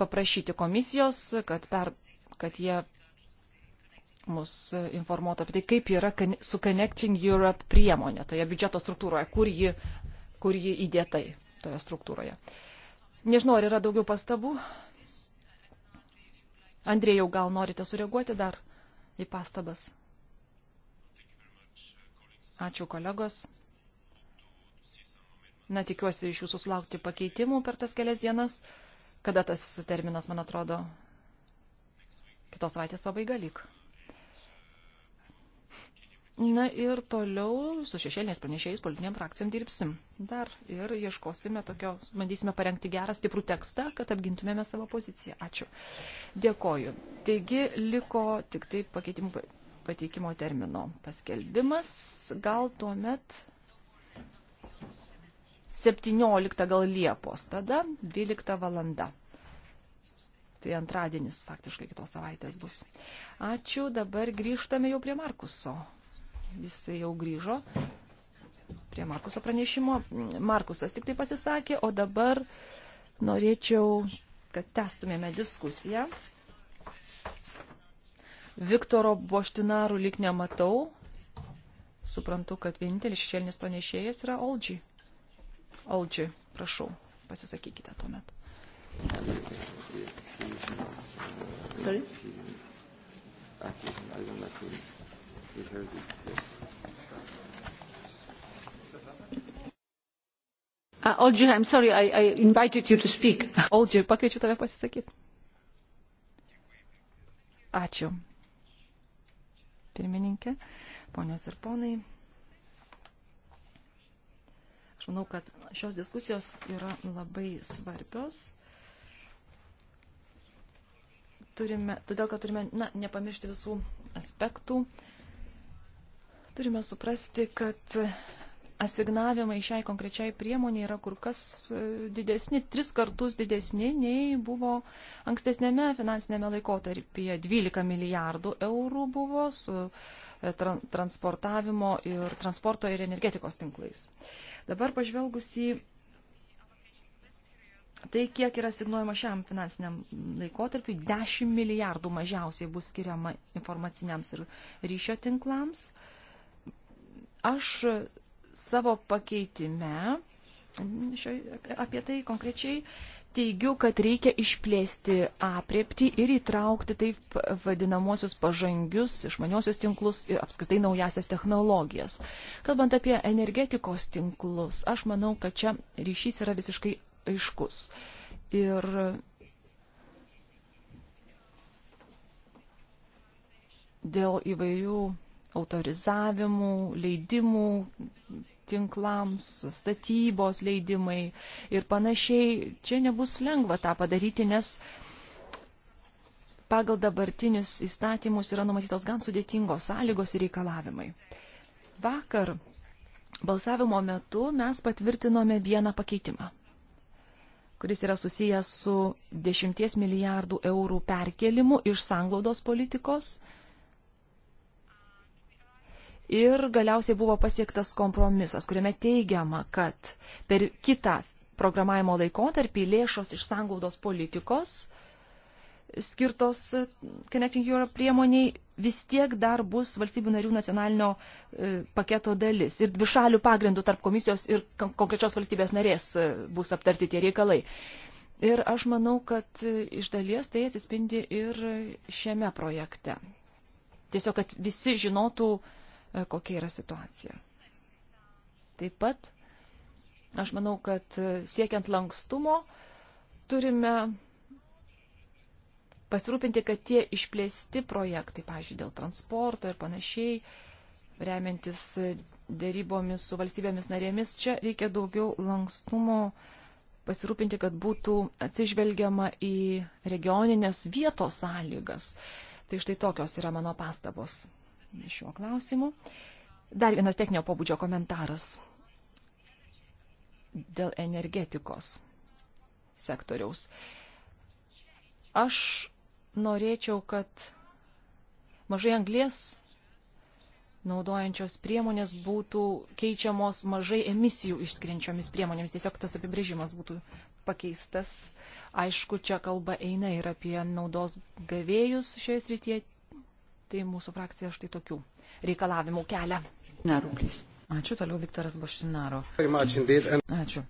paprašyti komisijos, kad, per, kad jie mus informuotų apie tai, kaip yra su Connecting Europe priemonė toje biudžeto struktūroje, kur ji kur jį įdėtai toje struktūroje. Nežinau, ar yra daugiau pastabų. Andrėjau, gal norite sureaguoti dar į pastabas? Ačiū kolegos. Na, tikiuosi iš jūsų sulaukti pakeitimų per tas kelias dienas. Kada tas terminas, man atrodo, kitos savaitės pabaiga lyg. Na ir toliau su šešėliniais pranešėjais politiniam frakcijom dirbsim. Dar ir ieškosime tokio, bandysime parengti gerą stiprų tekstą, kad apgintumėme savo poziciją. Ačiū. Dėkoju. Taigi liko tik tai pakeitimų pateikimo termino paskelbimas. Gal tuomet 17 gal Liepos, tada 12 valanda. Tai antradienis faktiškai kitos savaitės bus. Ačiū, dabar grįžtame jau prie Markuso jis jau grįžo prie Markuso pranešimo. Markusas tik tai pasisakė, o dabar norėčiau, kad testumėme diskusiją. Viktoro Boštinarų lik nematau. Suprantu, kad vienintelis šešėlinis pranešėjas yra Aldži. Aldži, prašau, pasisakykite tuomet. Sorry? be heard. Yes. Uh, Olgi, I'm sorry, I, I invited you to speak. Olgi, pakviečiu tave pasisakyti. Ačiū. Pirmininkė, ponios ir ponai. Aš manau, kad šios diskusijos yra labai svarbios. Turime, todėl, kad turime na, nepamiršti visų aspektų. Uh, Turime suprasti, kad asignavimai šiai konkrečiai priemonė yra kur kas e, didesni, tris kartus didesni nei buvo ankstesnėme finansinėme laikotarpyje. 12 milijardų eurų buvo su e, transportavimo ir transporto ir energetikos tinklais. Dabar pažvelgus į tai, kiek yra signuojama šiam finansiniam laikotarpiu, 10 milijardų mažiausiai bus skiriama informaciniams ir ryšio tinklams. Aš savo pakeitime, šio, apie tai konkrečiai, teigiu, kad reikia išplėsti apriepti ir įtraukti taip vadinamosius pažangius, išmaniosius tinklus ir apskritai naujasias technologijas. Kalbant apie energetikos tinklus, aš manau, kad čia ryšys yra visiškai aiškus. Ir dėl įvairių autorizavimų, leidimų tinklams, statybos leidimai ir panašiai. Čia nebus lengva tą padaryti, nes pagal dabartinius įstatymus yra numatytos gan sudėtingos sąlygos ir reikalavimai. Vakar balsavimo metu mes patvirtinome vieną pakeitimą, kuris yra susijęs su 10 milijardų eurų perkelimu iš sanglaudos politikos ir galiausiai buvo pasiektas kompromisas, kuriame teigiama, kad per kitą programavimo laikotarpį lėšos iš sanglaudos politikos skirtos Connecting Europe priemoniai vis tiek dar bus valstybių narių nacionalinio e, paketo dalis. Ir dvišalių pagrindų tarp komisijos ir konkrečios valstybės narės e, bus aptarti tie reikalai. Ir aš manau, kad e, iš dalies tai atsispindi ir šiame projekte. Tiesiog, kad visi žinotų, uh, E, kokia yra situacija. Taip pat aš manau, kad e, siekiant lankstumo turime pasirūpinti, kad tie išplėsti projektai, pažiūrėjau, dėl transporto ir panašiai, remiantis e, dėrybomis su valstybėmis narėmis, čia reikia daugiau lankstumo pasirūpinti, kad būtų atsižvelgiama į regioninės vietos sąlygas. Tai štai tokios yra mano pastabos šiuo klausimu. Dar vienas techninio pobūdžio komentaras dėl energetikos sektoriaus. Aš norėčiau, kad mažai anglės naudojančios priemonės būtų keičiamos mažai emisijų išskrinčiomis priemonėmis. Tiesiog tas apibrėžimas būtų pakeistas. Aišku, čia kalba eina ir apie naudos gavėjus šioje srityje tai mūsų frakcija štai tokių reikalavimų kelia. Nerūklys. Ačiū, toliau Viktoras Bošinaro. Ačiū.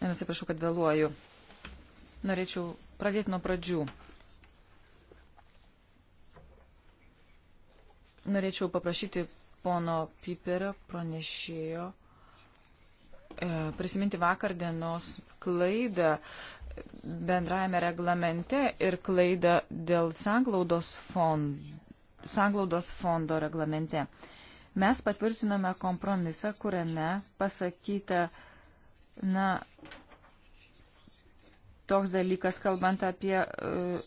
Ir atsiprašau, kad vėluoju. Norėčiau pradėti nuo pradžių. Norėčiau paprašyti pono Piperio pranešėjo e, prisiminti vakar dienos klaidą bendrajame reglamente ir klaidą dėl sanglaudos fondų sanglaudos fondo reglamente. Mes patvirtinome kompromisą, kuriame pasakyta, na, toks dalykas, kalbant apie uh,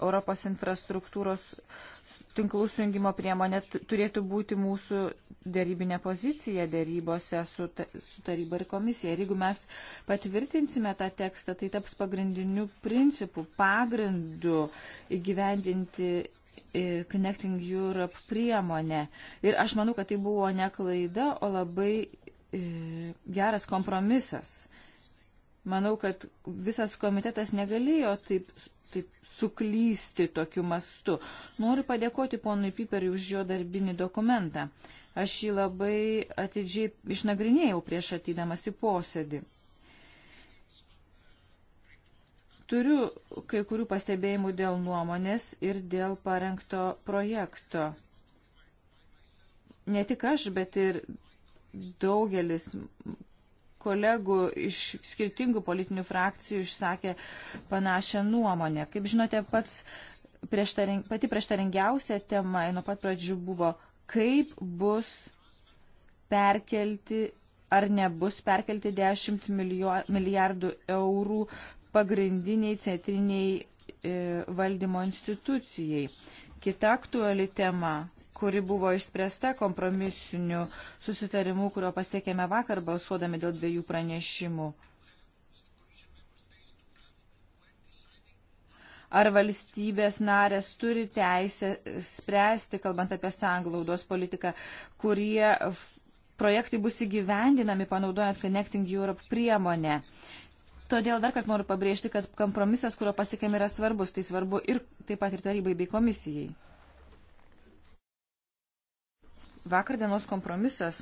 Europos infrastruktūros tinklų sujungimo priemonė, turėtų būti mūsų dėrybinė pozicija dėrybose su, ta, su taryba ir komisija. Ir jeigu mes patvirtinsime tą tekstą, tai taps pagrindiniu principu, pagrindu įgyvendinti Connecting Europe priemonė. Ir aš manau, kad tai buvo ne klaida, o labai e, geras kompromisas. Manau, kad visas komitetas negalėjo taip, taip suklysti tokiu mastu. Noriu padėkoti ponui Piperiui už jo darbinį dokumentą. Aš jį labai atidžiai išnagrinėjau prieš atydamas į posėdį. Turiu kai kurių pastebėjimų dėl nuomonės ir dėl parengto projekto. Ne tik aš, bet ir daugelis kolegų iš skirtingų politinių frakcijų išsakė panašią nuomonę. Kaip žinote, pats prieštaring, pati prieštaringiausia tema nuo pat pradžių buvo, kaip bus perkelti ar nebus perkelti 10 milijo, milijardų eurų pagrindiniai centriniai e, valdymo institucijai. Kita aktuali tema, kuri buvo išspręsta kompromisiniu susitarimu, kurio pasiekėme vakar balsuodami dėl dviejų pranešimų. Ar valstybės narės turi teisę spręsti, kalbant apie sanglaudos politiką, kurie projektai bus įgyvendinami panaudojant Connecting Europe priemonę. Todėl dar kartą noriu pabrėžti, kad kompromisas, kurio pasiekėme, yra svarbus. Tai svarbu ir taip pat ir tarybai bei komisijai. Vakar dienos kompromisas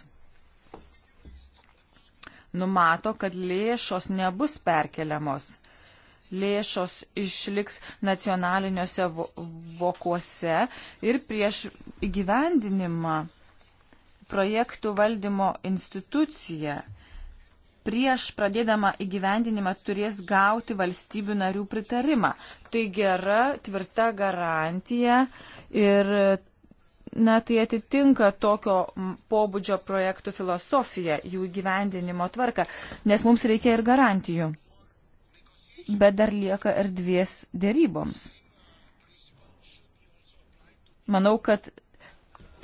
numato, kad lėšos nebus perkeliamos. Lėšos išliks nacionaliniuose vokuose ir prieš įgyvendinimą projektų valdymo institucija prieš pradėdama įgyvendinimą turės gauti valstybių narių pritarimą. Tai gera, tvirta garantija ir na, tai atitinka tokio pobūdžio projektų filosofiją, jų gyvendinimo tvarką, nes mums reikia ir garantijų. Bet dar lieka erdvės dėryboms. Manau, kad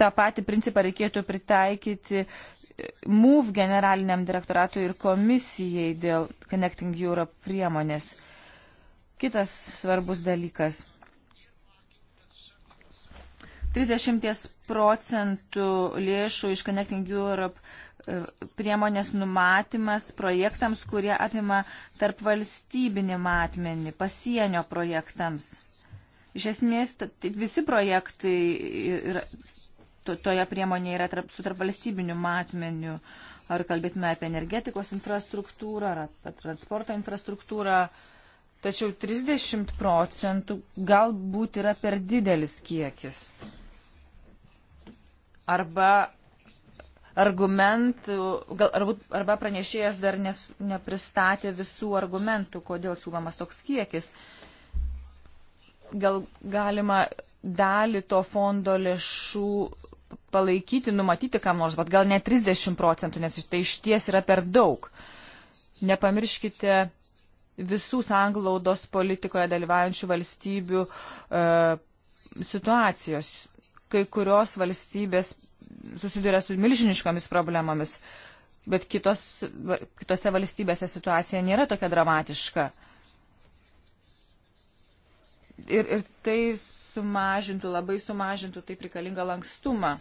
tą patį principą reikėtų pritaikyti MUV generaliniam direktoratui ir komisijai dėl Connecting Europe priemonės. Kitas svarbus dalykas. 30 procentų lėšų iš Connecting Europe e, priemonės numatymas projektams, kurie apima tarp valstybinį matmenį, pasienio projektams. Iš esmės, tai visi projektai toje priemonėje yra tarp, su tarpvalstybiniu matmeniu. Ar kalbėtume apie energetikos infrastruktūrą, ar apie transporto infrastruktūrą. Tačiau 30 procentų galbūt yra per didelis kiekis. Arba argumentų, gal, arba, arba pranešėjas dar nes, nepristatė visų argumentų, kodėl siūlomas toks kiekis. Gal galima dalį to fondo lėšų palaikyti, numatyti kam nors, bet gal ne 30 procentų, nes tai iš ties yra per daug. Nepamirškite visų sanglaudos politikoje dalyvaujančių valstybių e, situacijos. Kai kurios valstybės susiduria su milžiniškomis problemomis, bet kitos, kitose valstybėse situacija nėra tokia dramatiška. Ir, ir tai sumažintų, labai sumažintų taip reikalingą lankstumą.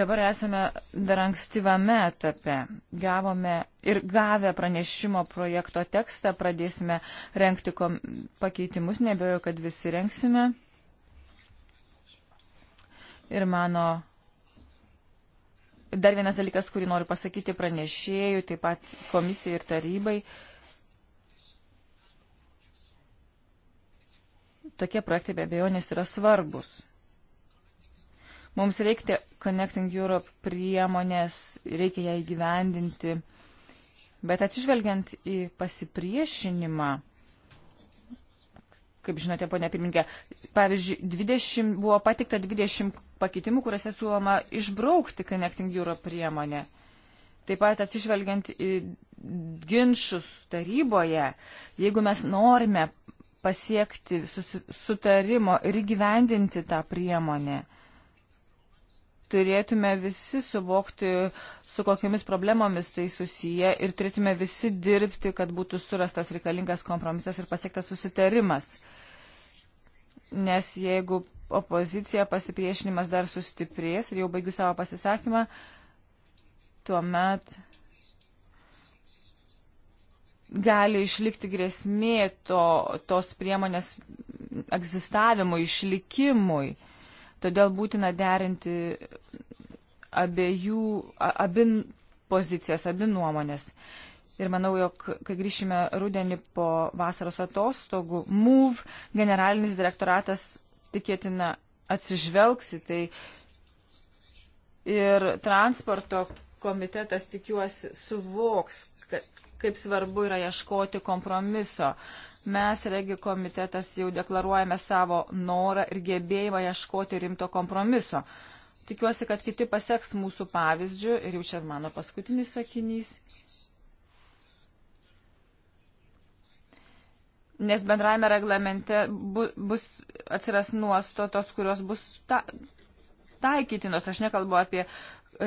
Dabar esame dar ankstyvame etape. Gavome ir gavę pranešimo projekto tekstą, pradėsime renkti pakeitimus, nebejoju, kad visi renksime. Ir mano dar vienas dalykas, kurį noriu pasakyti pranešėjui, taip pat komisijai ir tarybai. Uh, tokie projektai be abejonės yra svarbus. Mums reikia Connecting Europe priemonės, reikia ją įgyvendinti, bet atsižvelgiant į pasipriešinimą, kaip žinote, ponia pirmininkė, pavyzdžiui, 20, buvo patikta 20 pakeitimų, kuriuose siūloma išbraukti Connecting Europe priemonę. Taip pat atsižvelgiant į ginčius taryboje, jeigu mes norime pasiekti sutarimo ir gyvendinti tą priemonę. Turėtume visi suvokti, su kokiamis problemomis tai susiję ir turėtume visi dirbti, kad būtų surastas reikalingas kompromisas ir pasiektas susitarimas. Nes jeigu opozicija pasipriešinimas dar sustiprės ir jau baigiu savo pasisakymą, tuomet gali išlikti grėsmė to, tos priemonės egzistavimui, išlikimui. Todėl būtina derinti abiejų, abi pozicijas, abi nuomonės. Ir manau, jog kai grįšime rudenį po vasaros atostogų, MUV generalinis direktoratas tikėtina atsižvelgsi, tai ir transporto komitetas tikiuosi suvoks, kad kaip svarbu yra ieškoti kompromiso. Mes, regi komitetas, jau deklaruojame savo norą ir gebėjimą ieškoti rimto kompromiso. Tikiuosi, kad kiti paseks mūsų pavyzdžių ir jau čia mano paskutinis sakinys. Nes bendraime reglamente bu, bus atsiras nuostatos, kurios bus ta, taikytinos. Aš nekalbu apie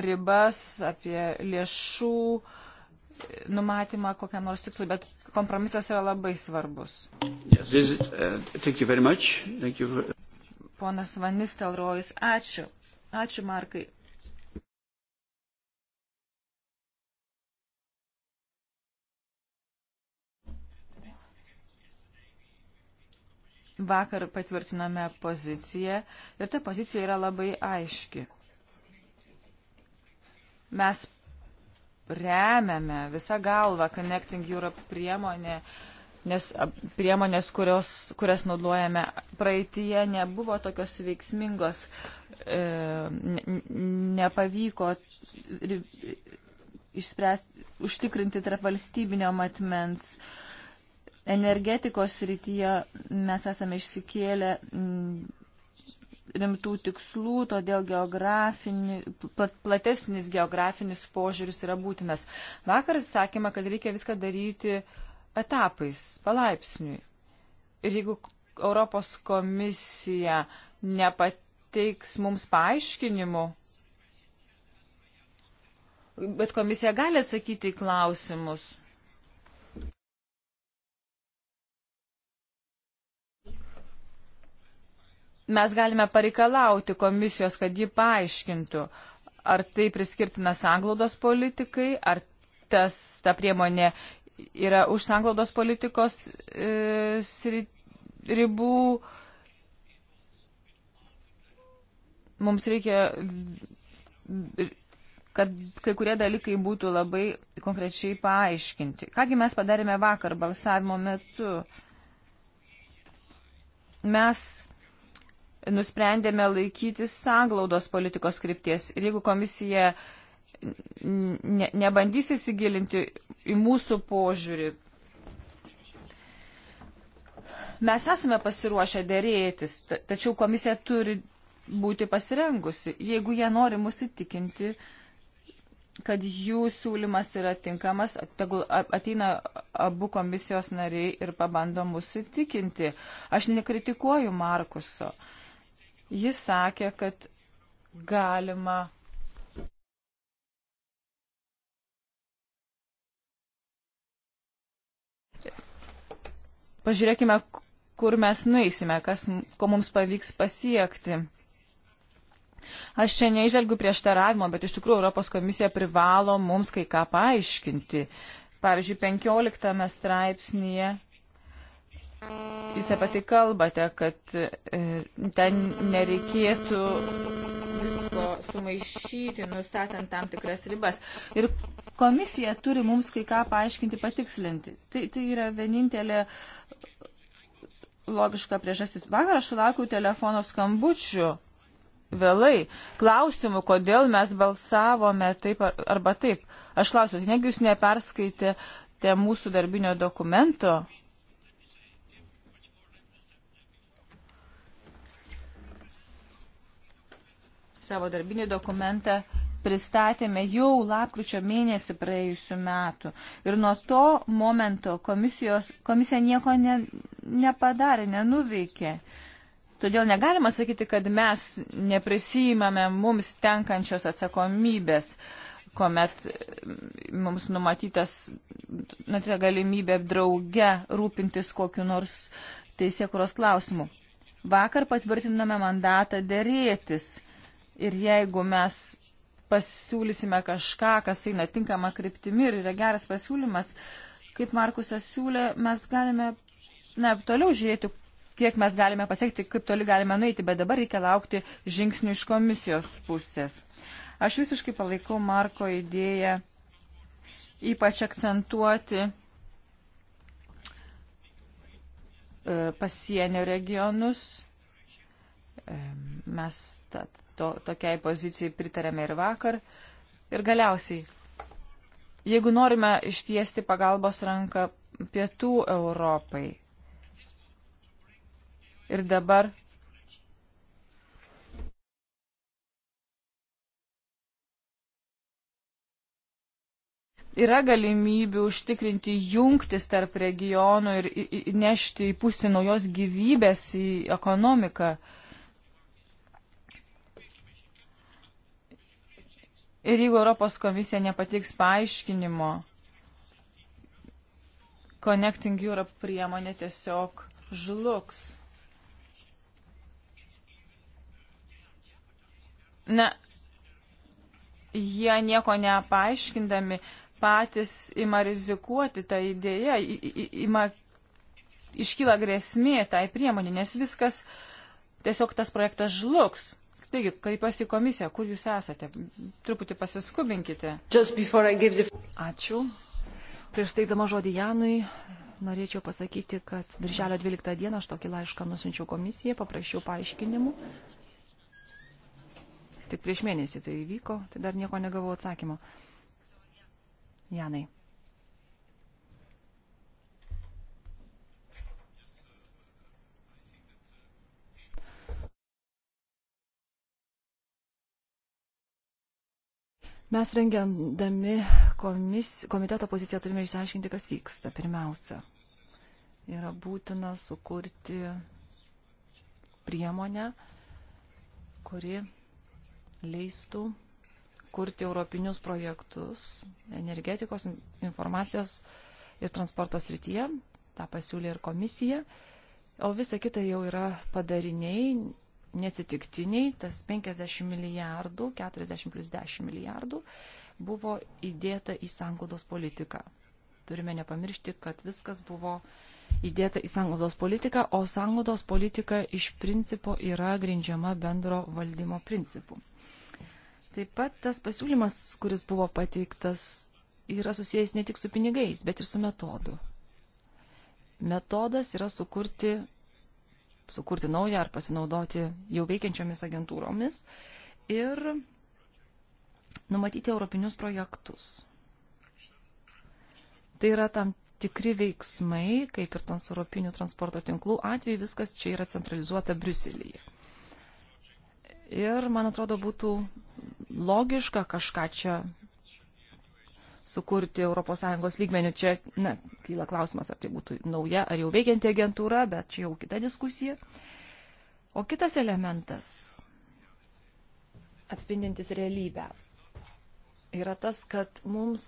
ribas, apie lėšų uh, numatymą kokiam nors tikslui, bet kompromisas yra labai svarbus. Yes, is, uh, for... Ponas Vanis Telrojus, ačiū. Ačiū, Markai. Vakar patvirtiname poziciją ir ta pozicija yra labai aiški. Mes remiame visą galvą Connecting Europe priemonė, nes priemonės, kurios, kurias naudojame praeitie, nebuvo tokios veiksmingos, e, nepavyko išspręsti, užtikrinti tarp valstybinio matmens. Energetikos rytyje mes esame išsikėlę. M, rimtų tikslų, todėl geografini, platesnis geografinis požiūris yra būtinas. Vakar sakėme, kad reikia viską daryti etapais, palaipsniui. Ir jeigu Europos komisija nepateiks mums paaiškinimų, bet komisija gali atsakyti į klausimus mes galime pareikalauti komisijos, kad ji paaiškintų, ar tai priskirtina sanglaudos politikai, ar tas, ta priemonė yra už sanglaudos politikos e, ribų. Mums reikia, kad kai kurie dalykai būtų labai konkrečiai paaiškinti. Kągi mes padarėme vakar balsavimo metu? Mes nusprendėme laikytis sanglaudos politikos krypties. Ir jeigu komisija ne, nebandys įsigilinti į mūsų požiūrį, mes esame pasiruošę dėrėtis, tačiau komisija turi būti pasirengusi, jeigu jie nori mus įtikinti, kad jų siūlymas yra tinkamas, tegul ateina abu komisijos nariai ir pabando mus įtikinti. Aš nekritikuoju Markuso. Uh, Jis sakė, kad galima. Pažiūrėkime, kur mes nueisime, kas, ko mums pavyks pasiekti. Aš čia neižvelgiu prieštaravimo, bet iš tikrųjų Europos komisija privalo mums kai ką paaiškinti. Pavyzdžiui, 15 straipsnėje jūs apie tai kalbate, kad e, ten nereikėtų visko sumaišyti, nustatant tam tikras ribas. Ir komisija turi mums kai ką paaiškinti, patikslinti. Tai, tai yra vienintelė logiška priežastis. Vakar aš sulaukiau telefono skambučių vėlai klausimų, kodėl mes balsavome taip arba taip. Aš klausiu, tai negi jūs neperskaitėte mūsų darbinio dokumento? savo darbinį dokumentą pristatėme jau lapkričio mėnesį praėjusiu metu. Ir nuo to momento komisijos, komisija nieko ne, nepadarė, nenuveikė. Todėl negalima sakyti, kad mes neprisijimame mums tenkančios atsakomybės, kuomet mm, mums numatytas numatyta galimybė drauge rūpintis kokiu nors teisėkuros klausimu. Vakar patvirtinome mandatą dėrėtis Ir jeigu mes pasiūlysime kažką, kas eina tinkama kryptimi ir yra geras pasiūlymas, kaip Markusas siūlė, mes galime na, toliau žiūrėti, kiek mes galime pasiekti, kaip toli galime nueiti, bet dabar reikia laukti žingsnių iš komisijos pusės. Aš visiškai palaikau Marko idėją ypač akcentuoti e, pasienio regionus. E, mes to, tokiai pozicijai pritarėme ir vakar. Ir galiausiai, jeigu norime ištiesti pagalbos ranką pietų Europai ir dabar. Yra galimybių užtikrinti jungtis tarp regionų ir nešti į pusę naujos gyvybės į ekonomiką. Uh, Ir jeigu Europos komisija nepateiks paaiškinimo, Connecting Europe priemonė tiesiog žlugs. Na, jie nieko nepaaiškindami patys ima rizikuoti tą idėją, ima iškyla grėsmė tai priemonė, nes viskas tiesiog tas projektas žlugs. Taigi, kreipiuosi į komisiją, kur jūs esate. Truputį pasiskubinkite. The... Ačiū. Prieš teikdama žodį Janui, norėčiau pasakyti, kad birželio 12 dieną aš tokį laišką nusinčiau komisijai, paprašiau paaiškinimų. Tik prieš mėnesį tai įvyko, tai dar nieko negavau atsakymo. Janai. Mes rengiandami komis, komiteto poziciją turime išsiaiškinti, kas vyksta pirmiausia. Yra būtina sukurti priemonę, kuri leistų kurti europinius projektus energetikos, informacijos ir transporto srityje. Ta pasiūlė ir komisija. O visa kita jau yra padariniai, neatsitiktiniai, tas 50 milijardų, 40 plus 10 milijardų buvo įdėta į sanglaudos politiką. Turime nepamiršti, kad viskas buvo įdėta į sanglaudos politiką, o sanglaudos politika iš principo yra grindžiama bendro valdymo principu. Taip pat tas pasiūlymas, kuris buvo pateiktas, yra susijęs ne tik su pinigais, bet ir su metodu. Metodas yra sukurti sukurti naują ar pasinaudoti jau veikiančiomis agentūromis ir numatyti europinius projektus. Tai yra tam tikri veiksmai, kaip ir transeuropinių transporto tinklų atveju, viskas čia yra centralizuota Briuselyje. Ir, man atrodo, būtų logiška kažką čia sukurti ES lygmenių. Čia, na, kyla klausimas, ar tai būtų nauja ar jau veikianti agentūra, bet čia jau kita diskusija. O kitas elementas, atspindintis realybę, yra tas, kad mums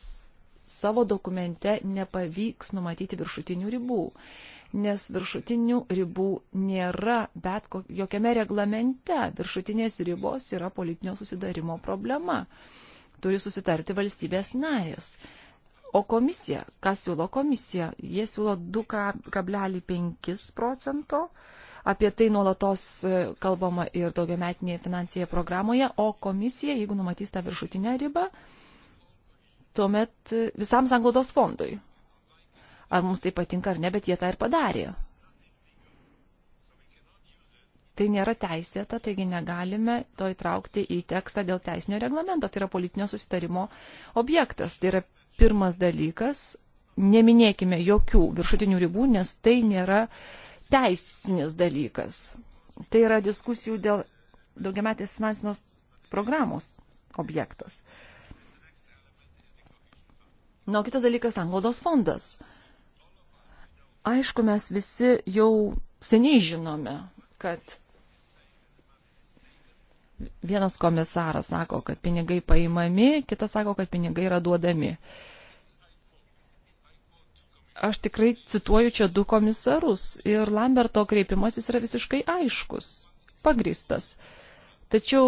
savo dokumente nepavyks numatyti viršutinių ribų, nes viršutinių ribų nėra bet jokiame reglamente. Viršutinės ribos yra politinio susidarimo problema. Turi susitarti valstybės narės. O komisija, ką siūlo komisija? Jie siūlo 2,5 procento. Apie tai nuolatos e, kalbama ir daugiametinėje finansinėje programoje, o komisija, jeigu numatys tą viršutinę ribą, tuomet e, visam sanglaudos fondui. Ar mums tai patinka ar ne, bet jie tą ir padarė. Tai nėra teisėta, taigi negalime to įtraukti į tekstą dėl teisinio reglamento. Tai yra politinio susitarimo objektas. Tai yra Pirmas dalykas - neminėkime jokių viršutinių ribų, nes tai nėra teisinis dalykas. Tai yra diskusijų dėl daugiametės finansinos programos objektas. Na, nu, kitas dalykas - anglodos fondas. Aišku, mes visi jau seniai žinome, kad Vienas komisaras sako, kad pinigai paimami, kitas sako, kad pinigai yra duodami. Aš tikrai cituoju čia du komisarus ir Lamberto kreipimasis yra visiškai aiškus, pagristas. Tačiau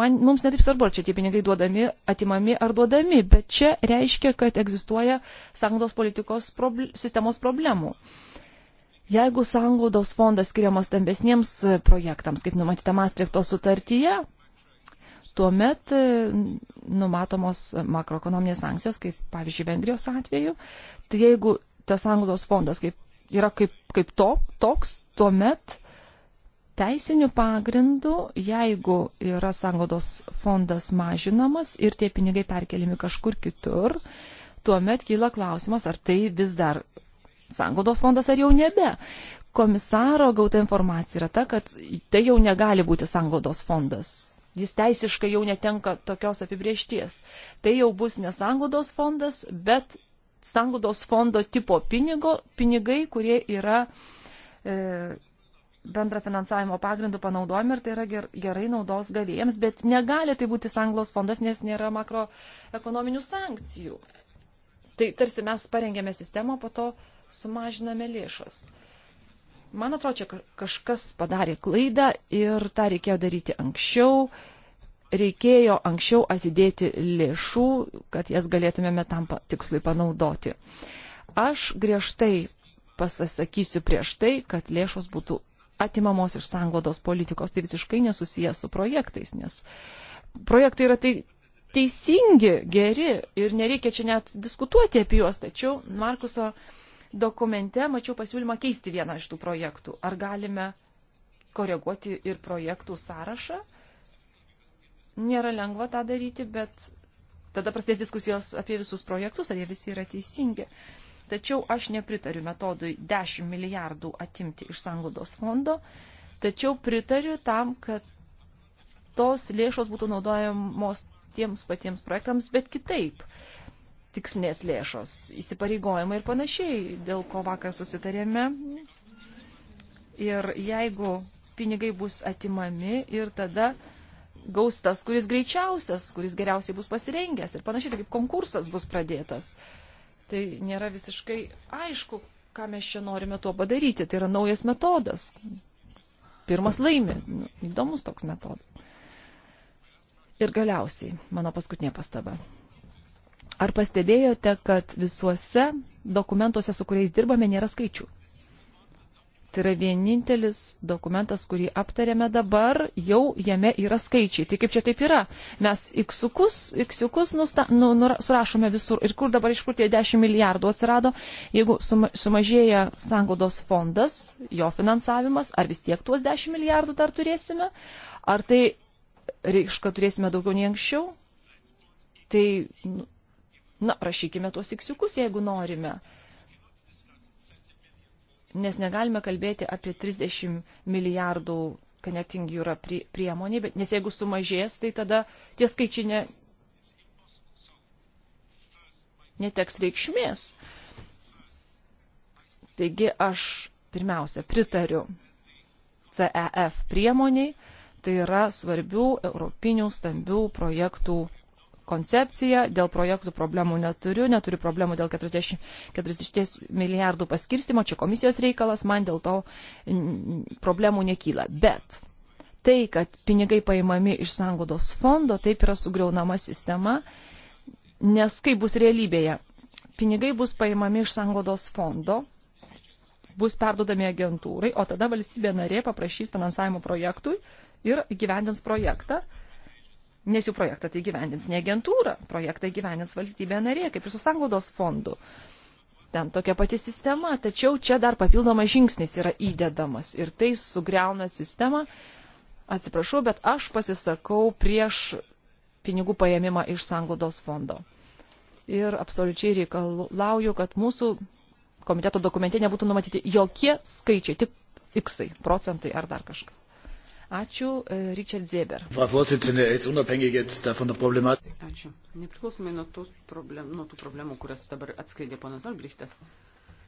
man, mums netaip svarbu, ar čia tie pinigai duodami, atimami ar duodami, bet čia reiškia, kad egzistuoja sąnaudos politikos proble sistemos problemų. Uh, Jeigu sanglaudos fondas skiriamas stambesniems e, projektams, kaip numatyta Maastrichto sutartyje, tuomet e, numatomos makroekonominės sankcijos, kaip pavyzdžiui Vengrijos atveju, tai jeigu tas sanglaudos fondas kaip, yra kaip, kaip to, toks, tuomet teisiniu pagrindu, jeigu yra sanglaudos fondas mažinamas ir tie pinigai perkeliami kažkur kitur, tuomet kyla klausimas, ar tai vis dar sanglaudos fondas ar jau nebe. Komisaro gauta informacija yra ta, kad tai jau negali būti sanglaudos fondas. Jis teisiškai jau netenka tokios apibriešties. Tai jau bus nesanglaudos fondas, bet sanglaudos fondo tipo pinigo, pinigai, kurie yra e, bendra finansavimo pagrindų panaudojami ir tai yra ger, gerai naudos gavėjams, bet negali tai būti sanglos fondas, nes nėra makroekonominių sankcijų. Tai tarsi mes parengėme sistemą, po to sumažiname lėšas. Man atrodo, čia kažkas padarė klaidą ir tą reikėjo daryti anksčiau. Reikėjo anksčiau atidėti lėšų, kad jas galėtumėme tam tikslui panaudoti. Aš griežtai pasisakysiu prieš tai, kad lėšos būtų atimamos iš sanglodos politikos. Tai visiškai nesusijęs su projektais, nes projektai yra tai teisingi, geri ir nereikia čia net diskutuoti apie juos. Tačiau Markuso dokumente mačiau pasiūlymą keisti vieną iš tų projektų. Ar galime koreguoti ir projektų sąrašą? Nėra lengva tą daryti, bet tada prasidės diskusijos apie visus projektus, ar jie visi yra teisingi. Tačiau aš nepritariu metodui 10 milijardų atimti iš sanglaudos fondo, tačiau pritariu tam, kad tos lėšos būtų naudojamos tiems patiems projektams, bet kitaip. Uh, tikslinės lėšos, įsipareigojimai ir panašiai, dėl ko vakar susitarėme. Ir jeigu pinigai bus atimami ir tada gaus tas, kuris greičiausias, kuris geriausiai bus pasirengęs ir panašiai, tai kaip konkursas bus pradėtas. Tai nėra visiškai aišku, ką mes čia norime tuo padaryti. Tai yra naujas metodas. Pirmas laimi. Nu, įdomus toks metodas. Ir galiausiai, mano paskutinė pastaba. Ar pastebėjote, kad visuose dokumentuose, su kuriais dirbame, nėra skaičių? Tai yra vienintelis dokumentas, kurį aptarėme dabar, jau jame yra skaičiai. Tai kaip čia taip yra? Mes iksukus, iksukus nusta, nu, nu, surašome visur. Ir kur dabar iš kur tie 10 milijardų atsirado, jeigu suma, sumažėja sangodos fondas, jo finansavimas, ar vis tiek tuos 10 milijardų dar turėsime? Ar tai reikš, kad turėsime daugiau nei anksčiau? Tai nu, Na, rašykime tuos iksiukus, jeigu norime. Nes negalime kalbėti apie 30 milijardų Connecting Europe priemonį, bet, nes jeigu sumažės, tai tada tie skaičiai ne, neteks reikšmės. Taigi aš pirmiausia pritariu CEF priemoniai, tai yra svarbių europinių stambių projektų koncepciją, dėl projektų problemų neturiu, neturiu problemų dėl 40, 40 milijardų paskirstimo, čia komisijos reikalas, man dėl to problemų nekyla. Bet tai, kad pinigai paimami iš sangodos fondo, taip yra sugriaunama sistema, nes kaip bus realybėje, pinigai bus paimami iš sangodos fondo bus perdodami agentūrai, o tada valstybė narė paprašys finansavimo projektui ir gyvendins projektą nes jų projektą tai gyvendins ne agentūra, projektą gyvendins valstybė narė, kaip ir su sanglaudos fondu. Ten tokia pati sistema, tačiau čia dar papildomas žingsnis yra įdedamas ir tai sugriauna sistemą. Atsiprašau, bet aš pasisakau prieš pinigų paėmimą iš sanglaudos fondo. Ir absoliučiai reikalauju, kad mūsų komiteto dokumente nebūtų numatyti jokie skaičiai, tik iksai, procentai ar dar kažkas. Ačiū, e, Richard Zeber. Ačiū. Nepriklausomai nuo tų, problem, nuo tų problemų, kurias dabar atskleidė ponas Olbrichtas,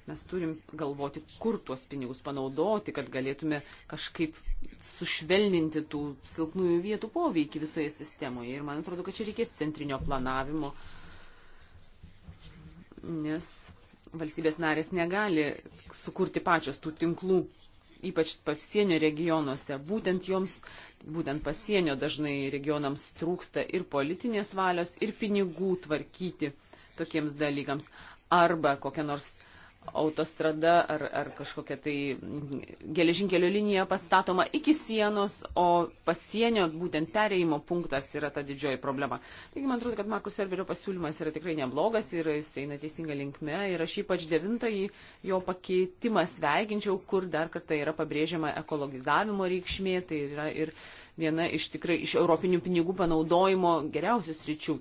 mes turim galvoti, kur tuos pinigus panaudoti, kad galėtume kažkaip sušvelninti tų silpnųjų vietų poveikį visoje sistemoje. Ir man atrodo, kad čia reikės centrinio planavimo, nes valstybės narės negali sukurti pačios tų tinklų ypač pasienio regionuose. Būtent joms, būtent pasienio dažnai regionams trūksta ir politinės valios, ir pinigų tvarkyti tokiems dalykams. Arba kokia nors autostrada ar, ar kažkokia tai geležinkelio linija pastatoma iki sienos, o pasienio būtent pereimo punktas yra ta didžioji problema. Taigi man atrodo, kad Markus Serberio pasiūlymas yra tikrai neblogas ir jis eina teisinga linkme ir aš ypač devintąjį jo pakeitimą sveikinčiau, kur dar kartą yra pabrėžiama ekologizavimo reikšmė, tai yra ir viena iš tikrai iš europinių pinigų panaudojimo geriausių sričių.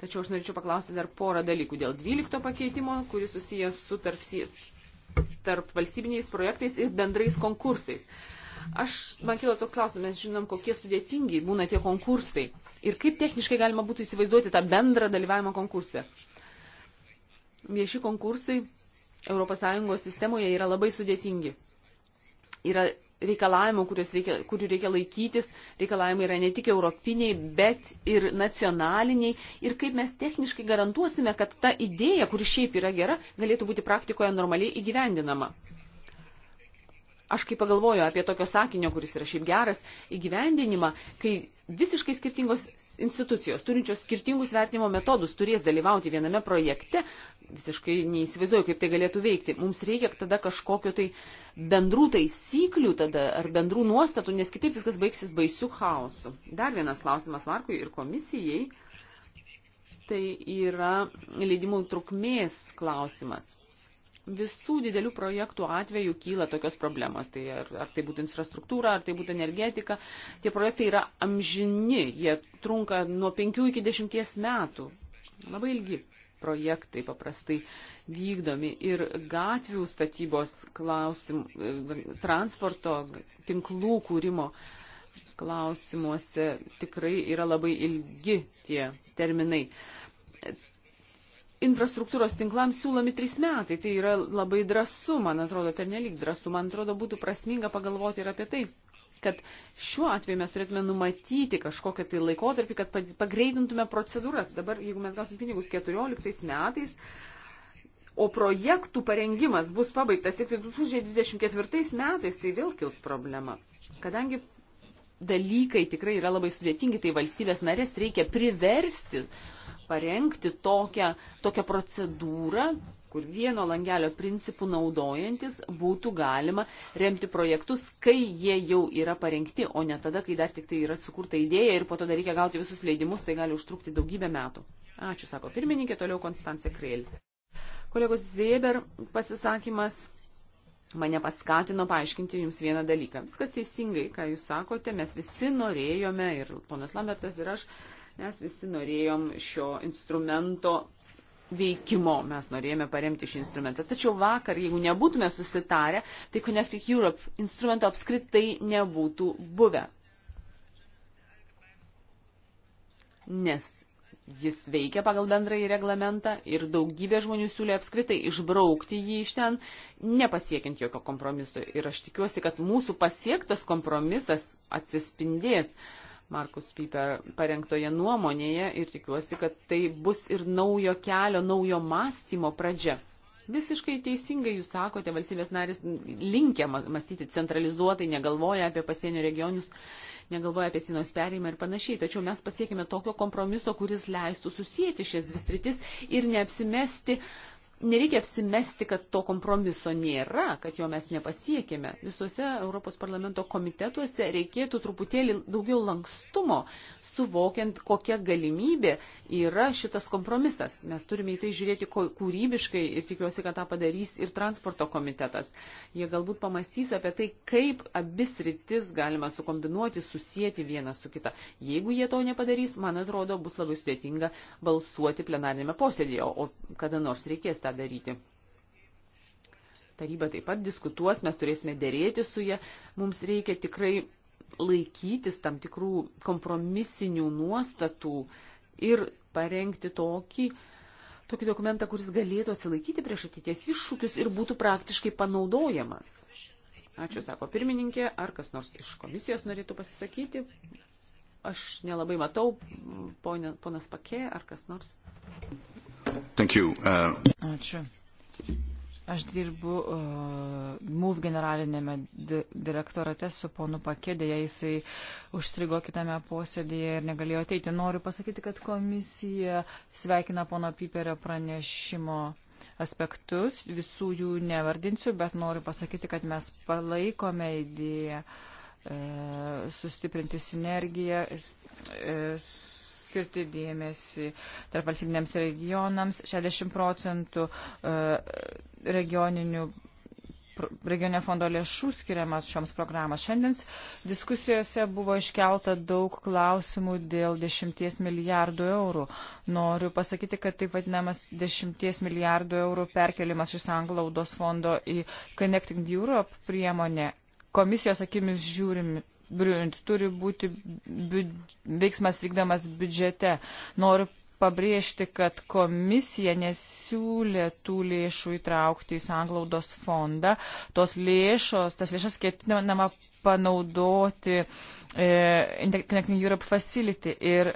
Tačiau aš norėčiau paklausti dar porą dalykų dėl 12 pakeitimo, kuris susijęs su tarp, tarp valstybiniais projektais ir bendrais konkursais. Aš, man kilo toks klausimas, mes žinom, kokie sudėtingi būna tie konkursai ir kaip techniškai galima būtų įsivaizduoti tą bendrą dalyvavimą konkurse. Vieši konkursai ES sistemoje yra labai sudėtingi. Yra reikalavimų, reikia, kurių reikia laikytis. Reikalavimai yra ne tik europiniai, bet ir nacionaliniai. Ir kaip mes techniškai garantuosime, kad ta idėja, kuri šiaip yra gera, galėtų būti praktikoje normaliai įgyvendinama. Aš kai pagalvoju apie tokio sakinio, kuris yra šiaip geras, įgyvendinimą, kai visiškai skirtingos institucijos, turinčios skirtingus vertinimo metodus, turės dalyvauti viename projekte, visiškai neįsivaizduoju, kaip tai galėtų veikti. Mums reikia tada kažkokio tai bendrų taisyklių tada, ar bendrų nuostatų, nes kitaip viskas baigsis baisių chaosų. Dar vienas klausimas Markui ir komisijai. Tai yra leidimų trukmės klausimas visų didelių projektų atveju kyla tokios problemos. Tai ar, ar tai būtų infrastruktūra, ar tai būtų energetika. Tie projektai yra amžini, jie trunka nuo 5 iki 10 metų. Labai ilgi projektai paprastai vykdomi ir gatvių statybos klausim, transporto tinklų kūrimo klausimuose tikrai yra labai ilgi tie terminai infrastruktūros tinklams siūlomi trys metai. Tai yra labai drasu, man atrodo, pernelyg drasu. Man atrodo, būtų prasminga pagalvoti ir apie tai, kad šiuo atveju mes turėtume numatyti kažkokią tai laikotarpį, kad pagreitintume procedūras. Dabar, jeigu mes gausim pinigus 14 metais, o projektų parengimas bus pabaigtas tik 2024 metais, tai vėl kils problema. Kadangi dalykai tikrai yra labai sudėtingi, tai valstybės narės reikia priversti uh, parengti tokią, tokią procedūrą, kur vieno langelio principų naudojantis būtų galima remti projektus, kai jie jau yra parengti, o ne tada, kai dar tik tai yra sukurta idėja ir po to dar reikia gauti visus leidimus, tai gali užtrukti daugybę metų. Ačiū, sako pirmininkė, toliau Konstancija Kreil. Kolegos Zieber pasisakymas mane paskatino paaiškinti jums vieną dalyką. Viskas teisingai, ką jūs sakote, mes visi norėjome ir ponas Lambertas ir aš Mes visi norėjom šio instrumento veikimo, mes norėjome paremti šį instrumentą. Tačiau vakar, jeigu nebūtume susitarę, tai Connecting Europe instrumento apskritai nebūtų buvę. Nes jis veikia pagal bendrąjį reglamentą ir daugybė žmonių siūlė apskritai išbraukti jį iš ten, nepasiekiant jokio kompromiso. Ir aš tikiuosi, kad mūsų pasiektas kompromisas atsispindės uh, Markus Piper parengtoje nuomonėje ir tikiuosi, kad tai bus ir naujo kelio, naujo mąstymo pradžia. Visiškai teisingai jūs sakote, valstybės narės linkia mąstyti centralizuotai, negalvoja apie pasienio regionius, negalvoja apie sienos perėjimą ir panašiai. Tačiau mes pasiekime tokio kompromiso, kuris leistų susijęti šias dvi stritis ir neapsimesti uh, nereikia apsimesti, kad to kompromiso nėra, kad jo mes nepasiekime. Visuose Europos parlamento komitetuose reikėtų truputėlį daugiau lankstumo, suvokiant, kokia galimybė yra šitas kompromisas. Mes turime į tai žiūrėti kūrybiškai ir tikiuosi, kad tą padarys ir transporto komitetas. Jie galbūt pamastys apie tai, kaip abis rytis galima sukombinuoti, susijęti vieną su kita. Jeigu jie to nepadarys, man atrodo, bus labai sudėtinga balsuoti plenarinėme posėdėje, o kada nors reikės tą tą daryti. Taryba taip pat diskutuos, mes turėsime dėrėti su jie. Mums reikia tikrai laikytis tam tikrų kompromisinių nuostatų ir parengti tokį, tokį dokumentą, kuris galėtų atsilaikyti prieš ateities iššūkius ir būtų praktiškai panaudojamas. Ačiū, sako pirmininkė. Ar kas nors iš komisijos norėtų pasisakyti? Aš nelabai matau, ponas Pakė, ar kas nors. Thank you. Uh... Ačiū. Aš dirbu uh, MUV generalinėme di direktorate su ponu Pakedėje, jisai užstrigo kitame posėdėje ir negalėjo ateiti. Noriu pasakyti, kad komisija sveikina pono Piperio pranešimo aspektus, visų jų nevardinsiu, bet noriu pasakyti, kad mes palaikome idėją e, sustiprinti sinergiją. E, s, skirti dėmesį tarp valstybinėms regionams, 60 procentų e, regioninių regioninio fondo lėšų skiriamas šioms programas. Šiandien diskusijose buvo iškelta daug klausimų dėl 10 milijardų eurų. Noriu pasakyti, kad taip vadinamas 10 milijardų eurų perkelimas iš Anglaudos fondo į Connecting Europe priemonę komisijos akimis žiūrim, Brünt, turi būti veiksmas vykdamas biudžete. Noriu pabrėžti, kad komisija nesiūlė tų lėšų įtraukti į sanglaudos fondą. Tos lėšos, tas lėšas ketinama panaudoti e, Connecting Europe Facility ir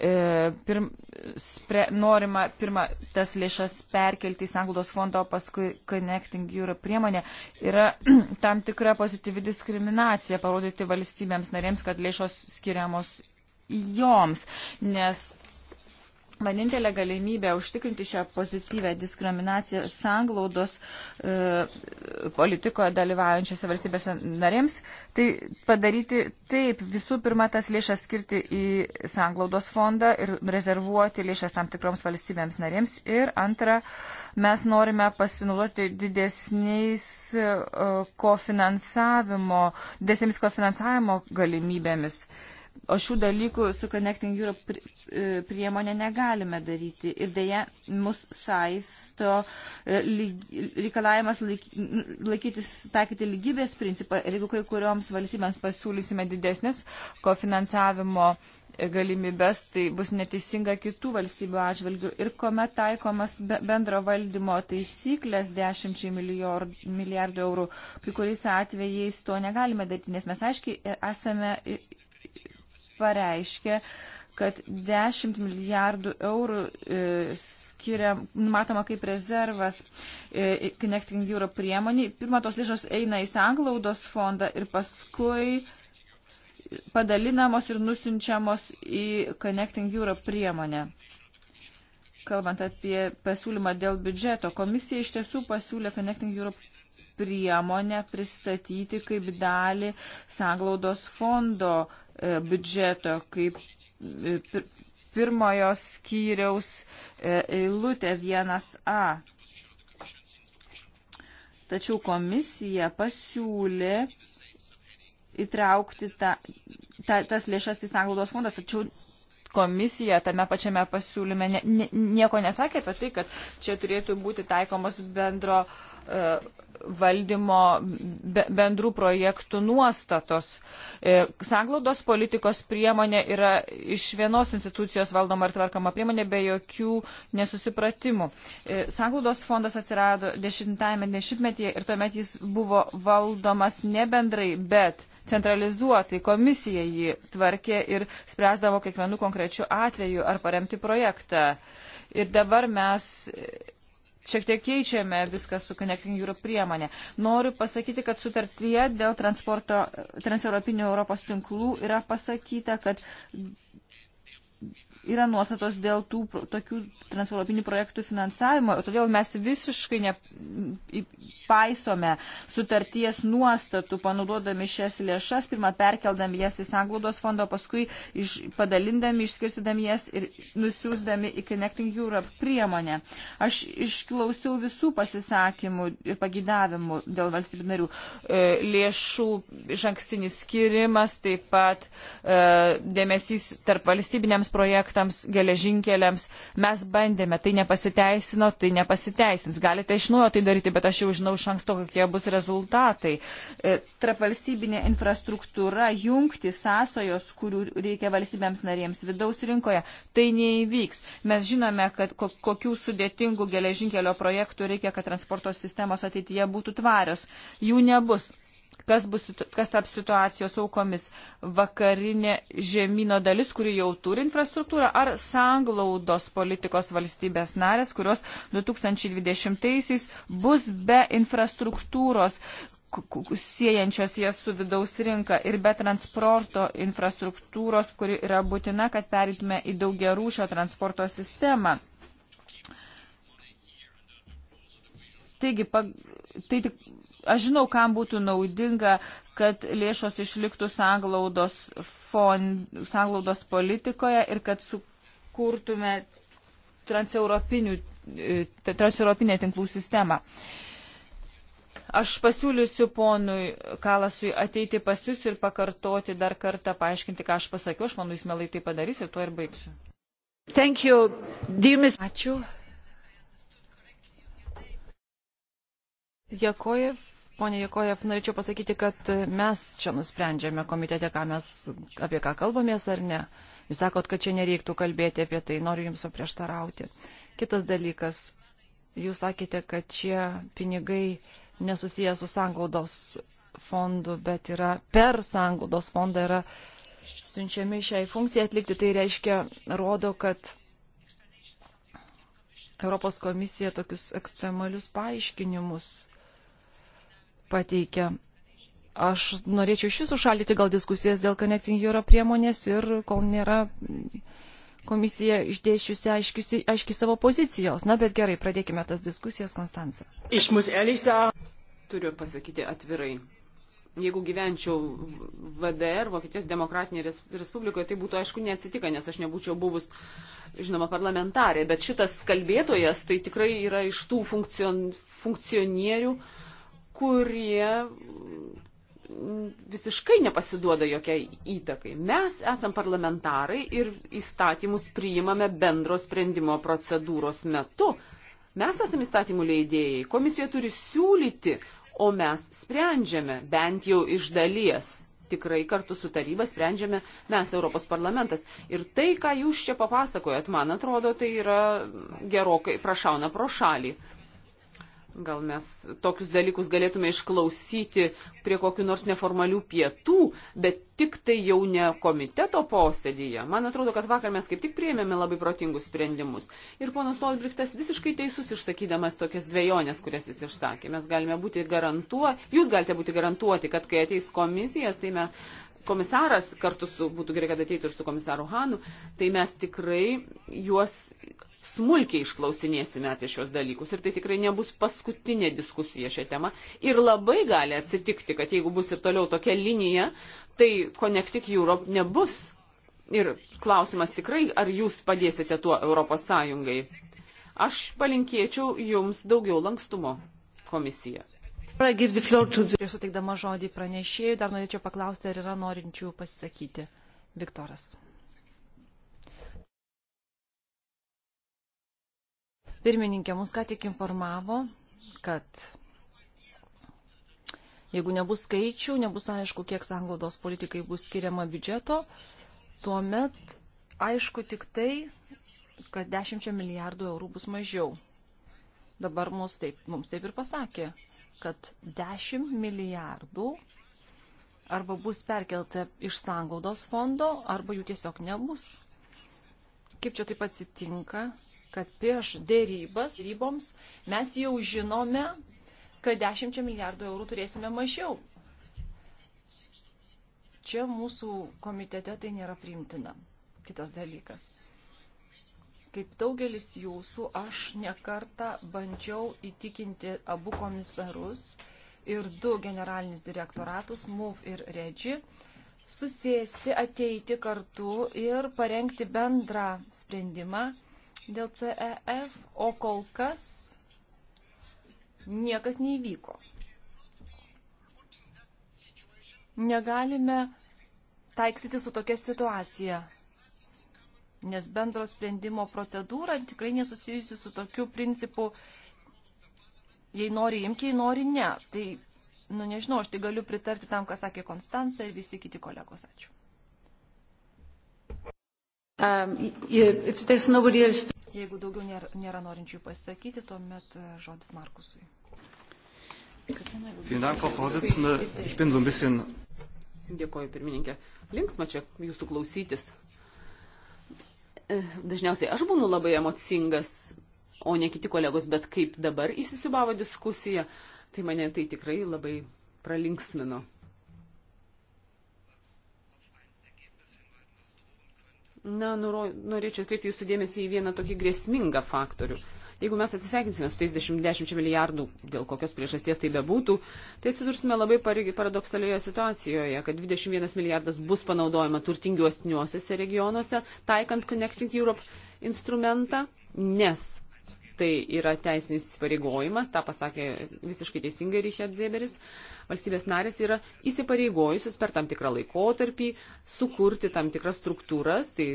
E, pirm, spre, norima pirmą tas lėšas perkelti į Sanglaudos fondo, paskui Connecting Europe priemonė, yra tam tikra pozityvi diskriminacija parodyti valstybėms narėms, kad lėšos skiriamos joms, nes Vienintelė galimybė užtikrinti šią pozityvę diskriminaciją sanglaudos e, politikoje dalyvaujančiose valstybėse narėms, tai padaryti taip, visų pirma, tas lėšas skirti į sanglaudos fondą ir rezervuoti lėšas tam tikroms valstybėms narėms. Ir antra, mes norime pasinaudoti didesniais e, kofinansavimo, didesnėmis kofinansavimo galimybėmis. E, O šių dalykų su Connecting Europe e, priemonė negalime daryti. Ir dėja, mus saisto e, reikalavimas laikytis, taikyti lygybės principą. Ir jeigu kai kurioms valstybėms pasiūlysime didesnis kofinansavimo e, galimybės, tai bus neteisinga kitų valstybių atžvilgių. Ir kuomet taikomas bendro valdymo taisyklės 10 milijardų eurų, kai kuriais atvejais to negalime daryti, nes mes aiškiai esame pareiškė, kad 10 milijardų eurų e, skiria, numatoma kaip rezervas e, Connecting Europe priemonį. Pirma, tos lėšos eina į sanglaudos fondą ir paskui padalinamos ir nusinčiamos į Connecting Europe priemonę. Kalbant apie pasiūlymą dėl biudžeto, komisija iš tiesų pasiūlė Connecting Europe priemonę pristatyti kaip dalį sanglaudos fondo E, biudžeto, kaip e, pirmojo skyriaus e, eilutė 1A. Tačiau komisija pasiūlė įtraukti ta, ta, tas lėšas į sanglaudos fondą, tačiau komisija tame pačiame pasiūlyme ne, ne, nieko nesakė apie tai, kad čia turėtų būti taikomos bendro uh, valdymo bendrų projektų nuostatos. E, sanglaudos politikos priemonė yra iš vienos institucijos valdoma ir tvarkoma priemonė be jokių nesusipratimų. E, sanglaudos fondas atsirado dešimtajame dešimtmetyje ir tuomet jis buvo valdomas ne bendrai, bet centralizuotai komisija jį tvarkė ir spręsdavo kiekvienu konkrečiu atveju ar paremti projektą. Ir dabar mes šiek tiek keičiame viską su Connecting Europe priemonė. Noriu pasakyti, kad sutartyje dėl transporto transeuropinių Europos tinklų yra pasakyta, kad yra nuostatos dėl tų tokių transeuropinių projektų finansavimo, todėl mes visiškai ne, paisome sutarties nuostatų, panaudodami šias lėšas, pirmą perkeldami jas į sanglaudos fondo, paskui iš, padalindami, išskirsidami jas ir nusiūsdami į Connecting Europe priemonę. Aš išklausiau visų pasisakymų ir pagydavimų dėl valstybių narių e, lėšų iš ankstinis skirimas, taip pat e, dėmesys tarp valstybiniams projektams uostams, geležinkeliams. Mes bandėme, tai nepasiteisino, tai nepasiteisins. Galite iš nuojo tai daryti, bet aš jau žinau iš anksto, kokie bus rezultatai. E, trapvalstybinė infrastruktūra, jungti, sąsojos, kurių reikia valstybėms narėms vidaus rinkoje, tai neįvyks. Mes žinome, kad kokių sudėtingų geležinkelio projektų reikia, kad transporto sistemos ateityje būtų tvarios. Jų nebus kas, bus, kas taps situacijos aukomis - vakarinė žemynų dalis, kuri jau turi infrastruktūrą, ar sanglaudos politikos valstybės narės, kurios 2020-aisiais bus be infrastruktūros siejančios jas su vidaus rinka ir be transporto infrastruktūros, kuri yra būtina, kad perėtume į daugiarūšio transporto sistemą. Taigi, pag, tai tik Aš žinau, kam būtų naudinga, kad lėšos išliktų sanglaudos, fond, sanglaudos politikoje ir kad sukurtume e, transeuropinę tinklų sistemą. Aš pasiūlysiu ponui Kalasui ateiti pas jūs ir pakartoti dar kartą, paaiškinti, ką aš pasakiau. Aš manau, jis melai tai padarys ir tuo ir baigsiu. Thank you, dear Miss. Ačiū, Jakojev, ponė Jakojev, norėčiau pasakyti, kad mes čia nusprendžiame komitete, ką mes, apie ką kalbamės ar ne. Jūs sakot, kad čia nereiktų kalbėti apie tai, noriu Jums paprieštarauti. Kitas dalykas, Jūs sakėte, kad šie pinigai nesusiję su sanglaudos fondu, bet yra per sanglaudos fondą yra siunčiami šiai funkcijai atlikti. Tai reiškia, rodo, kad Europos komisija tokius ekstremalius paaiškinimus pateikia. Aš norėčiau iš jūsų šalyti gal diskusijas dėl Connecting Europe priemonės ir kol nėra komisija išdėšiusi aiškiai savo pozicijos. Na, bet gerai, pradėkime tas diskusijas, Konstanca. Iš mūsų Elisa. Turiu pasakyti atvirai. Jeigu gyvenčiau VDR, Vokietijos demokratinėje Respublikoje, tai būtų aišku neatsitika, nes aš nebūčiau buvus, žinoma, parlamentarė. Bet šitas kalbėtojas tai tikrai yra iš tų funkcion, funkcionierių, uh, kurie visiškai nepasiduoda jokiai įtakai. Mes esam parlamentarai ir įstatymus priimame bendro sprendimo procedūros metu. Mes esame įstatymų leidėjai, komisija turi siūlyti, o mes sprendžiame, bent jau iš dalies. Tikrai kartu su taryba sprendžiame mes, Europos parlamentas. Ir tai, ką jūs čia papasakojat, man atrodo, tai yra gerokai prašauna pro šalį. Gal mes tokius dalykus galėtume išklausyti prie kokiu nors neformalių pietų, bet tik tai jau ne komiteto posėdėje. Man atrodo, kad vakar mes kaip tik prieėmėme labai protingus sprendimus. Ir ponas Olbrichtas visiškai teisus išsakydamas tokias dviejonės, kurias jis išsakė. Mes galime būti garantuoti, jūs galite būti garantuoti, kad kai ateis komisijas, tai mes komisaras kartu su, būtų gerai, kad ateitų ir su komisaru Hanu, tai mes tikrai juos smulkiai išklausinėsime apie šios dalykus ir tai tikrai nebus paskutinė diskusija šią temą. Ir labai gali atsitikti, kad jeigu bus ir toliau tokia linija, tai Connecting Europe nebus. Ir klausimas tikrai, ar jūs padėsite tuo Europos Sąjungai. Aš palinkėčiau jums daugiau lankstumo komisija. Prieš suteikdama žodį pranešėjui, dar norėčiau paklausti, ar yra norinčių pasisakyti. Viktoras. Pirmininkė mus ką tik informavo, kad jeigu nebus skaičių, nebus aišku, kiek sanglaudos politikai bus skiriama biudžeto, tuomet aišku tik tai, kad 10 milijardų eurų bus mažiau. Dabar mums taip, mums taip ir pasakė, kad 10 milijardų arba bus perkelta iš sanglaudos fondo, arba jų tiesiog nebus. Kaip čia taip atsitinka, kad prieš dėrybas, dėryboms mes jau žinome, kad 10 milijardų eurų turėsime mažiau. Čia mūsų komitete tai nėra priimtina. Kitas dalykas. Kaip daugelis jūsų, aš nekartą bandžiau įtikinti abu komisarus ir du generalinius direktoratus, MUV ir REGI, susėsti, ateiti kartu ir parengti bendrą sprendimą dėl CEF, o kol kas niekas neįvyko. Negalime taiksyti su tokia situacija, nes bendro sprendimo procedūra tikrai nesusijusi su tokiu principu, jei nori imti, jei nori ne. Tai, nu nežinau, aš tai galiu pritarti tam, ką sakė Konstanca ir visi kiti kolegos. Ačiū. Um, yeah, Jeigu daugiau nėra, nėra norinčių pasakyti, tuomet e, žodis Markusui. Dėkoju, pirmininkė. Linksma čia jūsų klausytis. E, dažniausiai aš būnu labai emocingas, o ne kiti kolegos, bet kaip dabar įsisubavo diskusija, tai mane tai tikrai labai pralinksmino. Na, nuro, norėčiau atkreipti jūsų dėmesį į vieną tokį grėsmingą faktorių. Jeigu mes atsisveikinsime su tais 10 milijardų, dėl kokios priežasties tai bebūtų, tai atsidursime labai paradoksalioje situacijoje, kad 21 milijardas bus panaudojama turtingiuosniuosiuose regionuose, taikant Connecting Europe instrumentą, nes tai yra teisinis įsipareigojimas, tą pasakė visiškai teisingai Ryšė Apzėberis, valstybės narės yra įsipareigojusios per tam tikrą laikotarpį sukurti tam tikras struktūras, tai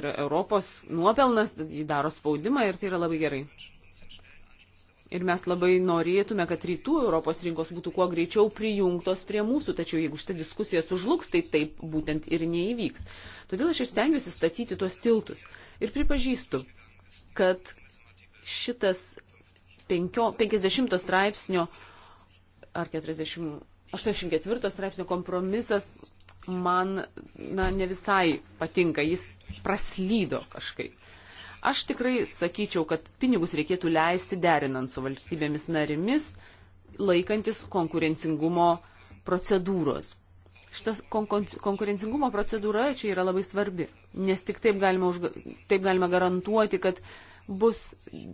yra Europos nuopelnas, jį daro spaudimą ir tai yra labai gerai. Ir mes labai norėtume, kad rytų Europos rinkos būtų kuo greičiau prijungtos prie mūsų, tačiau jeigu šitą diskusiją sužlugs, tai taip būtent ir neįvyks. Todėl aš ir stengiuosi statyti tuos tiltus. Ir pripažįstu, kad šitas 50 straipsnio ar 40, 84 straipsnio kompromisas man na, ne visai patinka, jis praslydo kažkaip. Aš tikrai sakyčiau, kad pinigus reikėtų leisti derinant su valstybėmis narimis, laikantis konkurencingumo procedūros. Šita kon konkurencingumo procedūra čia yra labai svarbi, nes tik taip galima, užga, taip galima garantuoti, kad uh, bus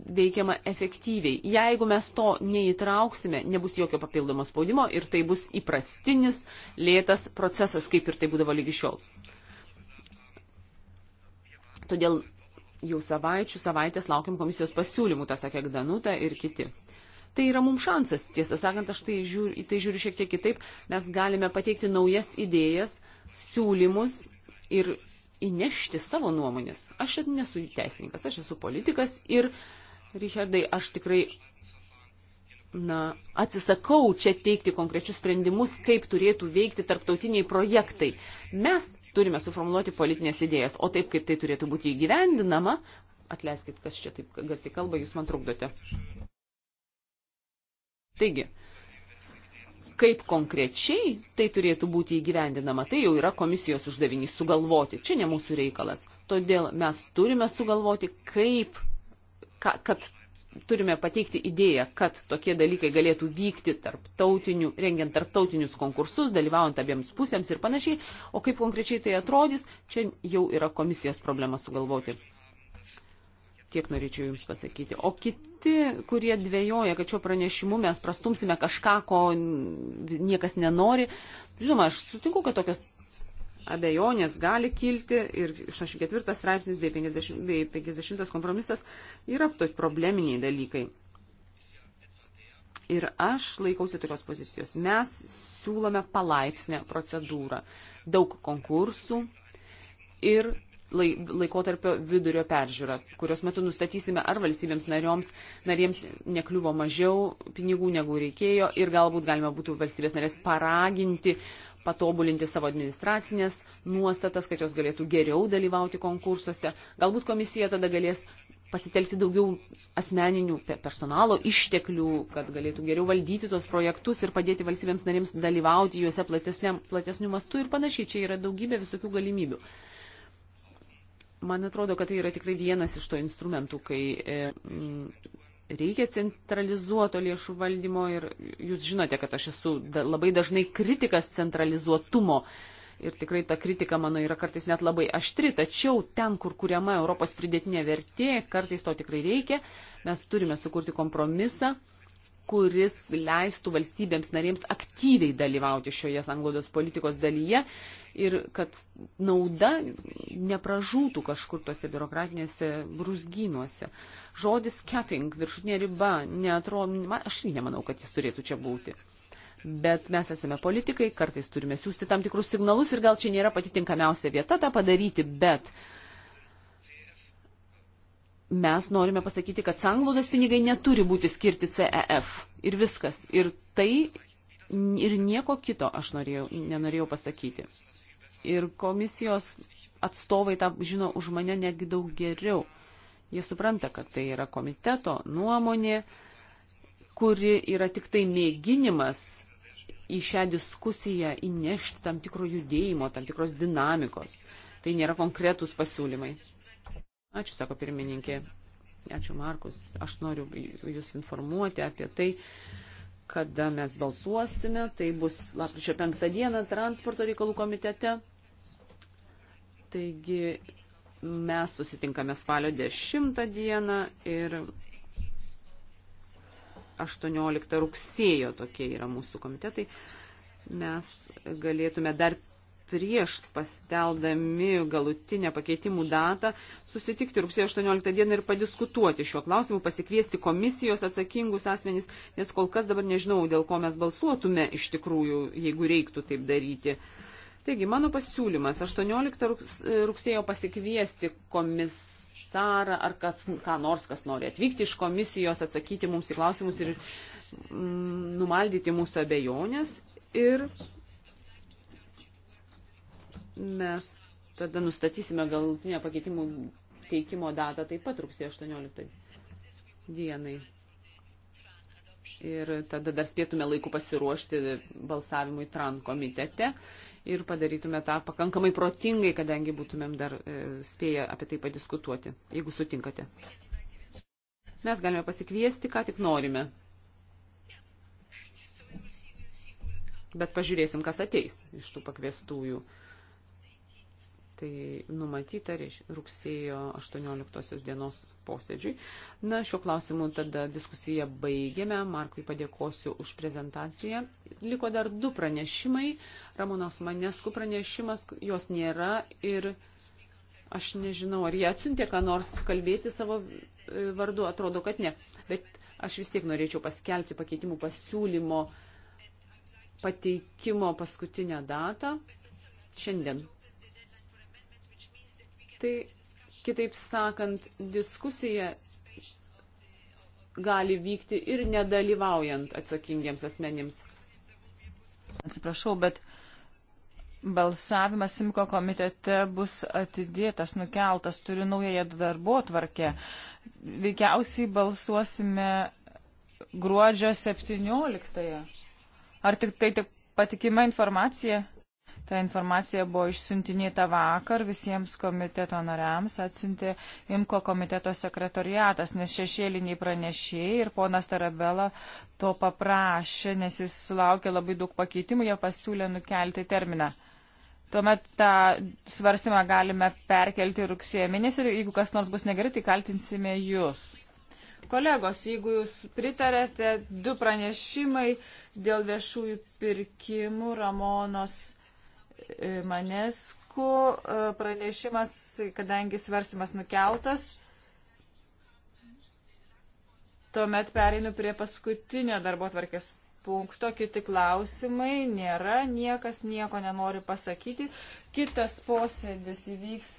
veikiama efektyviai. Jeigu mes to neįtrauksime, nebus jokio papildomo spaudimo ir tai bus įprastinis lėtas procesas, kaip ir tai būdavo lygi šiol. Todėl jau savaičių, savaitės laukiam komisijos pasiūlymų, tą sakė Gdanuta ir kiti. Tai yra mums šansas, tiesą sakant, aš tai žiūriu, į tai žiūriu šiek tiek kitaip, mes galime pateikti naujas idėjas, siūlymus ir įnešti savo nuomonės. Aš nesu teisininkas, aš esu politikas ir, Richardai, aš tikrai na, atsisakau čia teikti konkrečius sprendimus, kaip turėtų veikti tarptautiniai projektai. Mes turime suformuoluoti politinės idėjas, o taip, kaip tai turėtų būti įgyvendinama, atleiskit, kas čia taip gasi kalba, jūs man trukdote. Taigi, kaip konkrečiai tai turėtų būti įgyvendinama, tai jau yra komisijos uždavinys sugalvoti. Čia ne mūsų reikalas. Todėl mes turime sugalvoti, kaip, ka, kad turime pateikti idėją, kad tokie dalykai galėtų vykti tarptautinių, rengiant tarptautinius konkursus, dalyvaujant abiems pusėms ir panašiai. O kaip konkrečiai tai atrodys, čia jau yra komisijos problema sugalvoti. Tiek norėčiau Jums pasakyti. O kiti, kurie dvėjoja, kad šio pranešimu mes prastumsime kažką, ko niekas nenori, žinoma, aš sutinku, kad tokios abejonės gali kilti ir 64 straipsnis bei 50, bei 50 kompromisas yra to probleminiai dalykai. Ir aš laikausi tokios pozicijos. Mes siūlome palaipsnę procedūrą. Daug konkursų ir laikotarpio vidurio peržiūrą, kurios metu nustatysime, ar valstybėms narėms, narėms nekliuvo mažiau pinigų negu reikėjo ir galbūt galima būtų valstybės narės paraginti patobulinti savo administracinės nuostatas, kad jos galėtų geriau dalyvauti konkursuose. Galbūt komisija tada galės pasitelkti daugiau asmeninių personalo išteklių, kad galėtų geriau valdyti tuos projektus ir padėti valstybėms narėms dalyvauti juose platesniu mastu ir panašiai. Čia yra daugybė visokių galimybių. Man atrodo, kad tai yra tikrai vienas iš to instrumentų, kai e, reikia centralizuoto lėšų valdymo ir jūs žinote, kad aš esu labai dažnai kritikas centralizuotumo. Ir tikrai ta kritika mano yra kartais net labai aštri, tačiau ten, kur kuriama Europos pridėtinė vertė, kartais to tikrai reikia, mes turime sukurti kompromisą kuris leistų valstybėms narėms aktyviai dalyvauti šioje sanglaudos politikos dalyje ir kad nauda nepražūtų kažkur tose biurokratinėse brūzgynuose. Žodis capping, viršutinė riba, neatrodo, aš jį nemanau, kad jis turėtų čia būti. Bet mes esame politikai, kartais turime siūsti tam tikrus signalus ir gal čia nėra pati tinkamiausia vieta tą padaryti, bet uh, mes norime pasakyti, kad sanglaudos pinigai neturi būti skirti CEF. Ir viskas. Ir tai, ir nieko kito aš norėjau, nenorėjau pasakyti. Ir komisijos atstovai tą žino už mane netgi daug geriau. Jie supranta, kad tai yra komiteto nuomonė, kuri yra tik tai mėginimas į šią diskusiją įnešti tam tikro judėjimo, tam tikros dinamikos. Tai nėra konkretūs pasiūlymai. Ačiū, sako pirmininkė. Ačiū, Markus. Aš noriu Jūs informuoti apie tai, kada mes balsuosime. Tai bus lapkričio penktą dieną transporto reikalų komitete. Taigi mes susitinkame spalio 10 dieną ir 18 rugsėjo tokie yra mūsų komitetai. Mes galėtume dar prieš pasteldami galutinę pakeitimų datą susitikti rugsėjo 18 dieną ir padiskutuoti šiuo klausimu, pasikviesti komisijos atsakingus asmenys, nes kol kas dabar nežinau, dėl ko mes balsuotume iš tikrųjų, jeigu reiktų taip daryti. Taigi, mano pasiūlymas 18 rugsėjo pasikviesti komisijos komisarą ar kas, ką nors, kas nori atvykti iš komisijos, atsakyti mums į klausimus ir mm, numaldyti mūsų abejonės. Ir Mes tada nustatysime galutinę pakeitimų teikimo datą taip pat rugsėjo 18 dienai. Ir tada dar spėtume laiku pasiruošti balsavimui TRAN komitete ir padarytume tą pakankamai protingai, kadangi būtumėm dar e, spėję apie tai padiskutuoti, jeigu sutinkate. Mes galime pasikviesti, ką tik norime. Bet pažiūrėsim, kas ateis iš tų pakviestųjų. Tai numatyta rugsėjo 18 dienos posėdžiui. Na, šiuo klausimu tada diskusiją baigėme. Markui padėkosiu už prezentaciją. Liko dar du pranešimai. Ramonos Maneskų pranešimas, jos nėra ir aš nežinau, ar jie atsiuntė ką nors kalbėti savo e, vardu, atrodo, kad ne. Bet aš vis tiek norėčiau paskelbti pakeitimų pasiūlymo pateikimo paskutinę datą šiandien Tai, kitaip sakant, diskusija gali vykti ir nedalyvaujant atsakingiems asmenims. Atsiprašau, bet balsavimas Simko komitete bus atidėtas, nukeltas, turiu naująją darbo tvarkę. Veikiausiai balsuosime gruodžio 17. -ąją. Ar tik tai tik patikima informacija? Ta informacija buvo išsiuntinėta vakar visiems komiteto nariams, atsiuntė IMKO komiteto sekretoriatas, nes šešėliniai pranešėjai ir ponas Tarabela to paprašė, nes jis sulaukė labai daug pakeitimų, jie pasiūlė nukelti terminą. Tuomet tą svarstymą galime perkelti rugsėjo mėnesį ir jeigu kas nors bus negerai, tai kaltinsime jūs. Kolegos, jeigu jūs pritarėte, du pranešimai dėl viešųjų pirkimų Ramonos Manesku e, pranešimas, kadangi svarstymas nukeltas. Tuomet pereinu prie paskutinio darbo tvarkės punkto, kiti klausimai nėra, niekas nieko nenori pasakyti. Kitas posėdis įvyks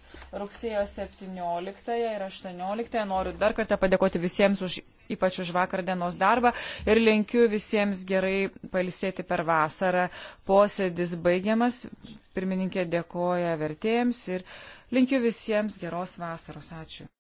rugsėjo 17 ir 18. Noriu dar kartą padėkoti visiems, už, ypač už vakar dienos darbą ir linkiu visiems gerai palisėti per vasarą. Posėdis baigiamas. Pirmininkė dėkoja vertėjams ir linkiu visiems geros vasaros. Ačiū.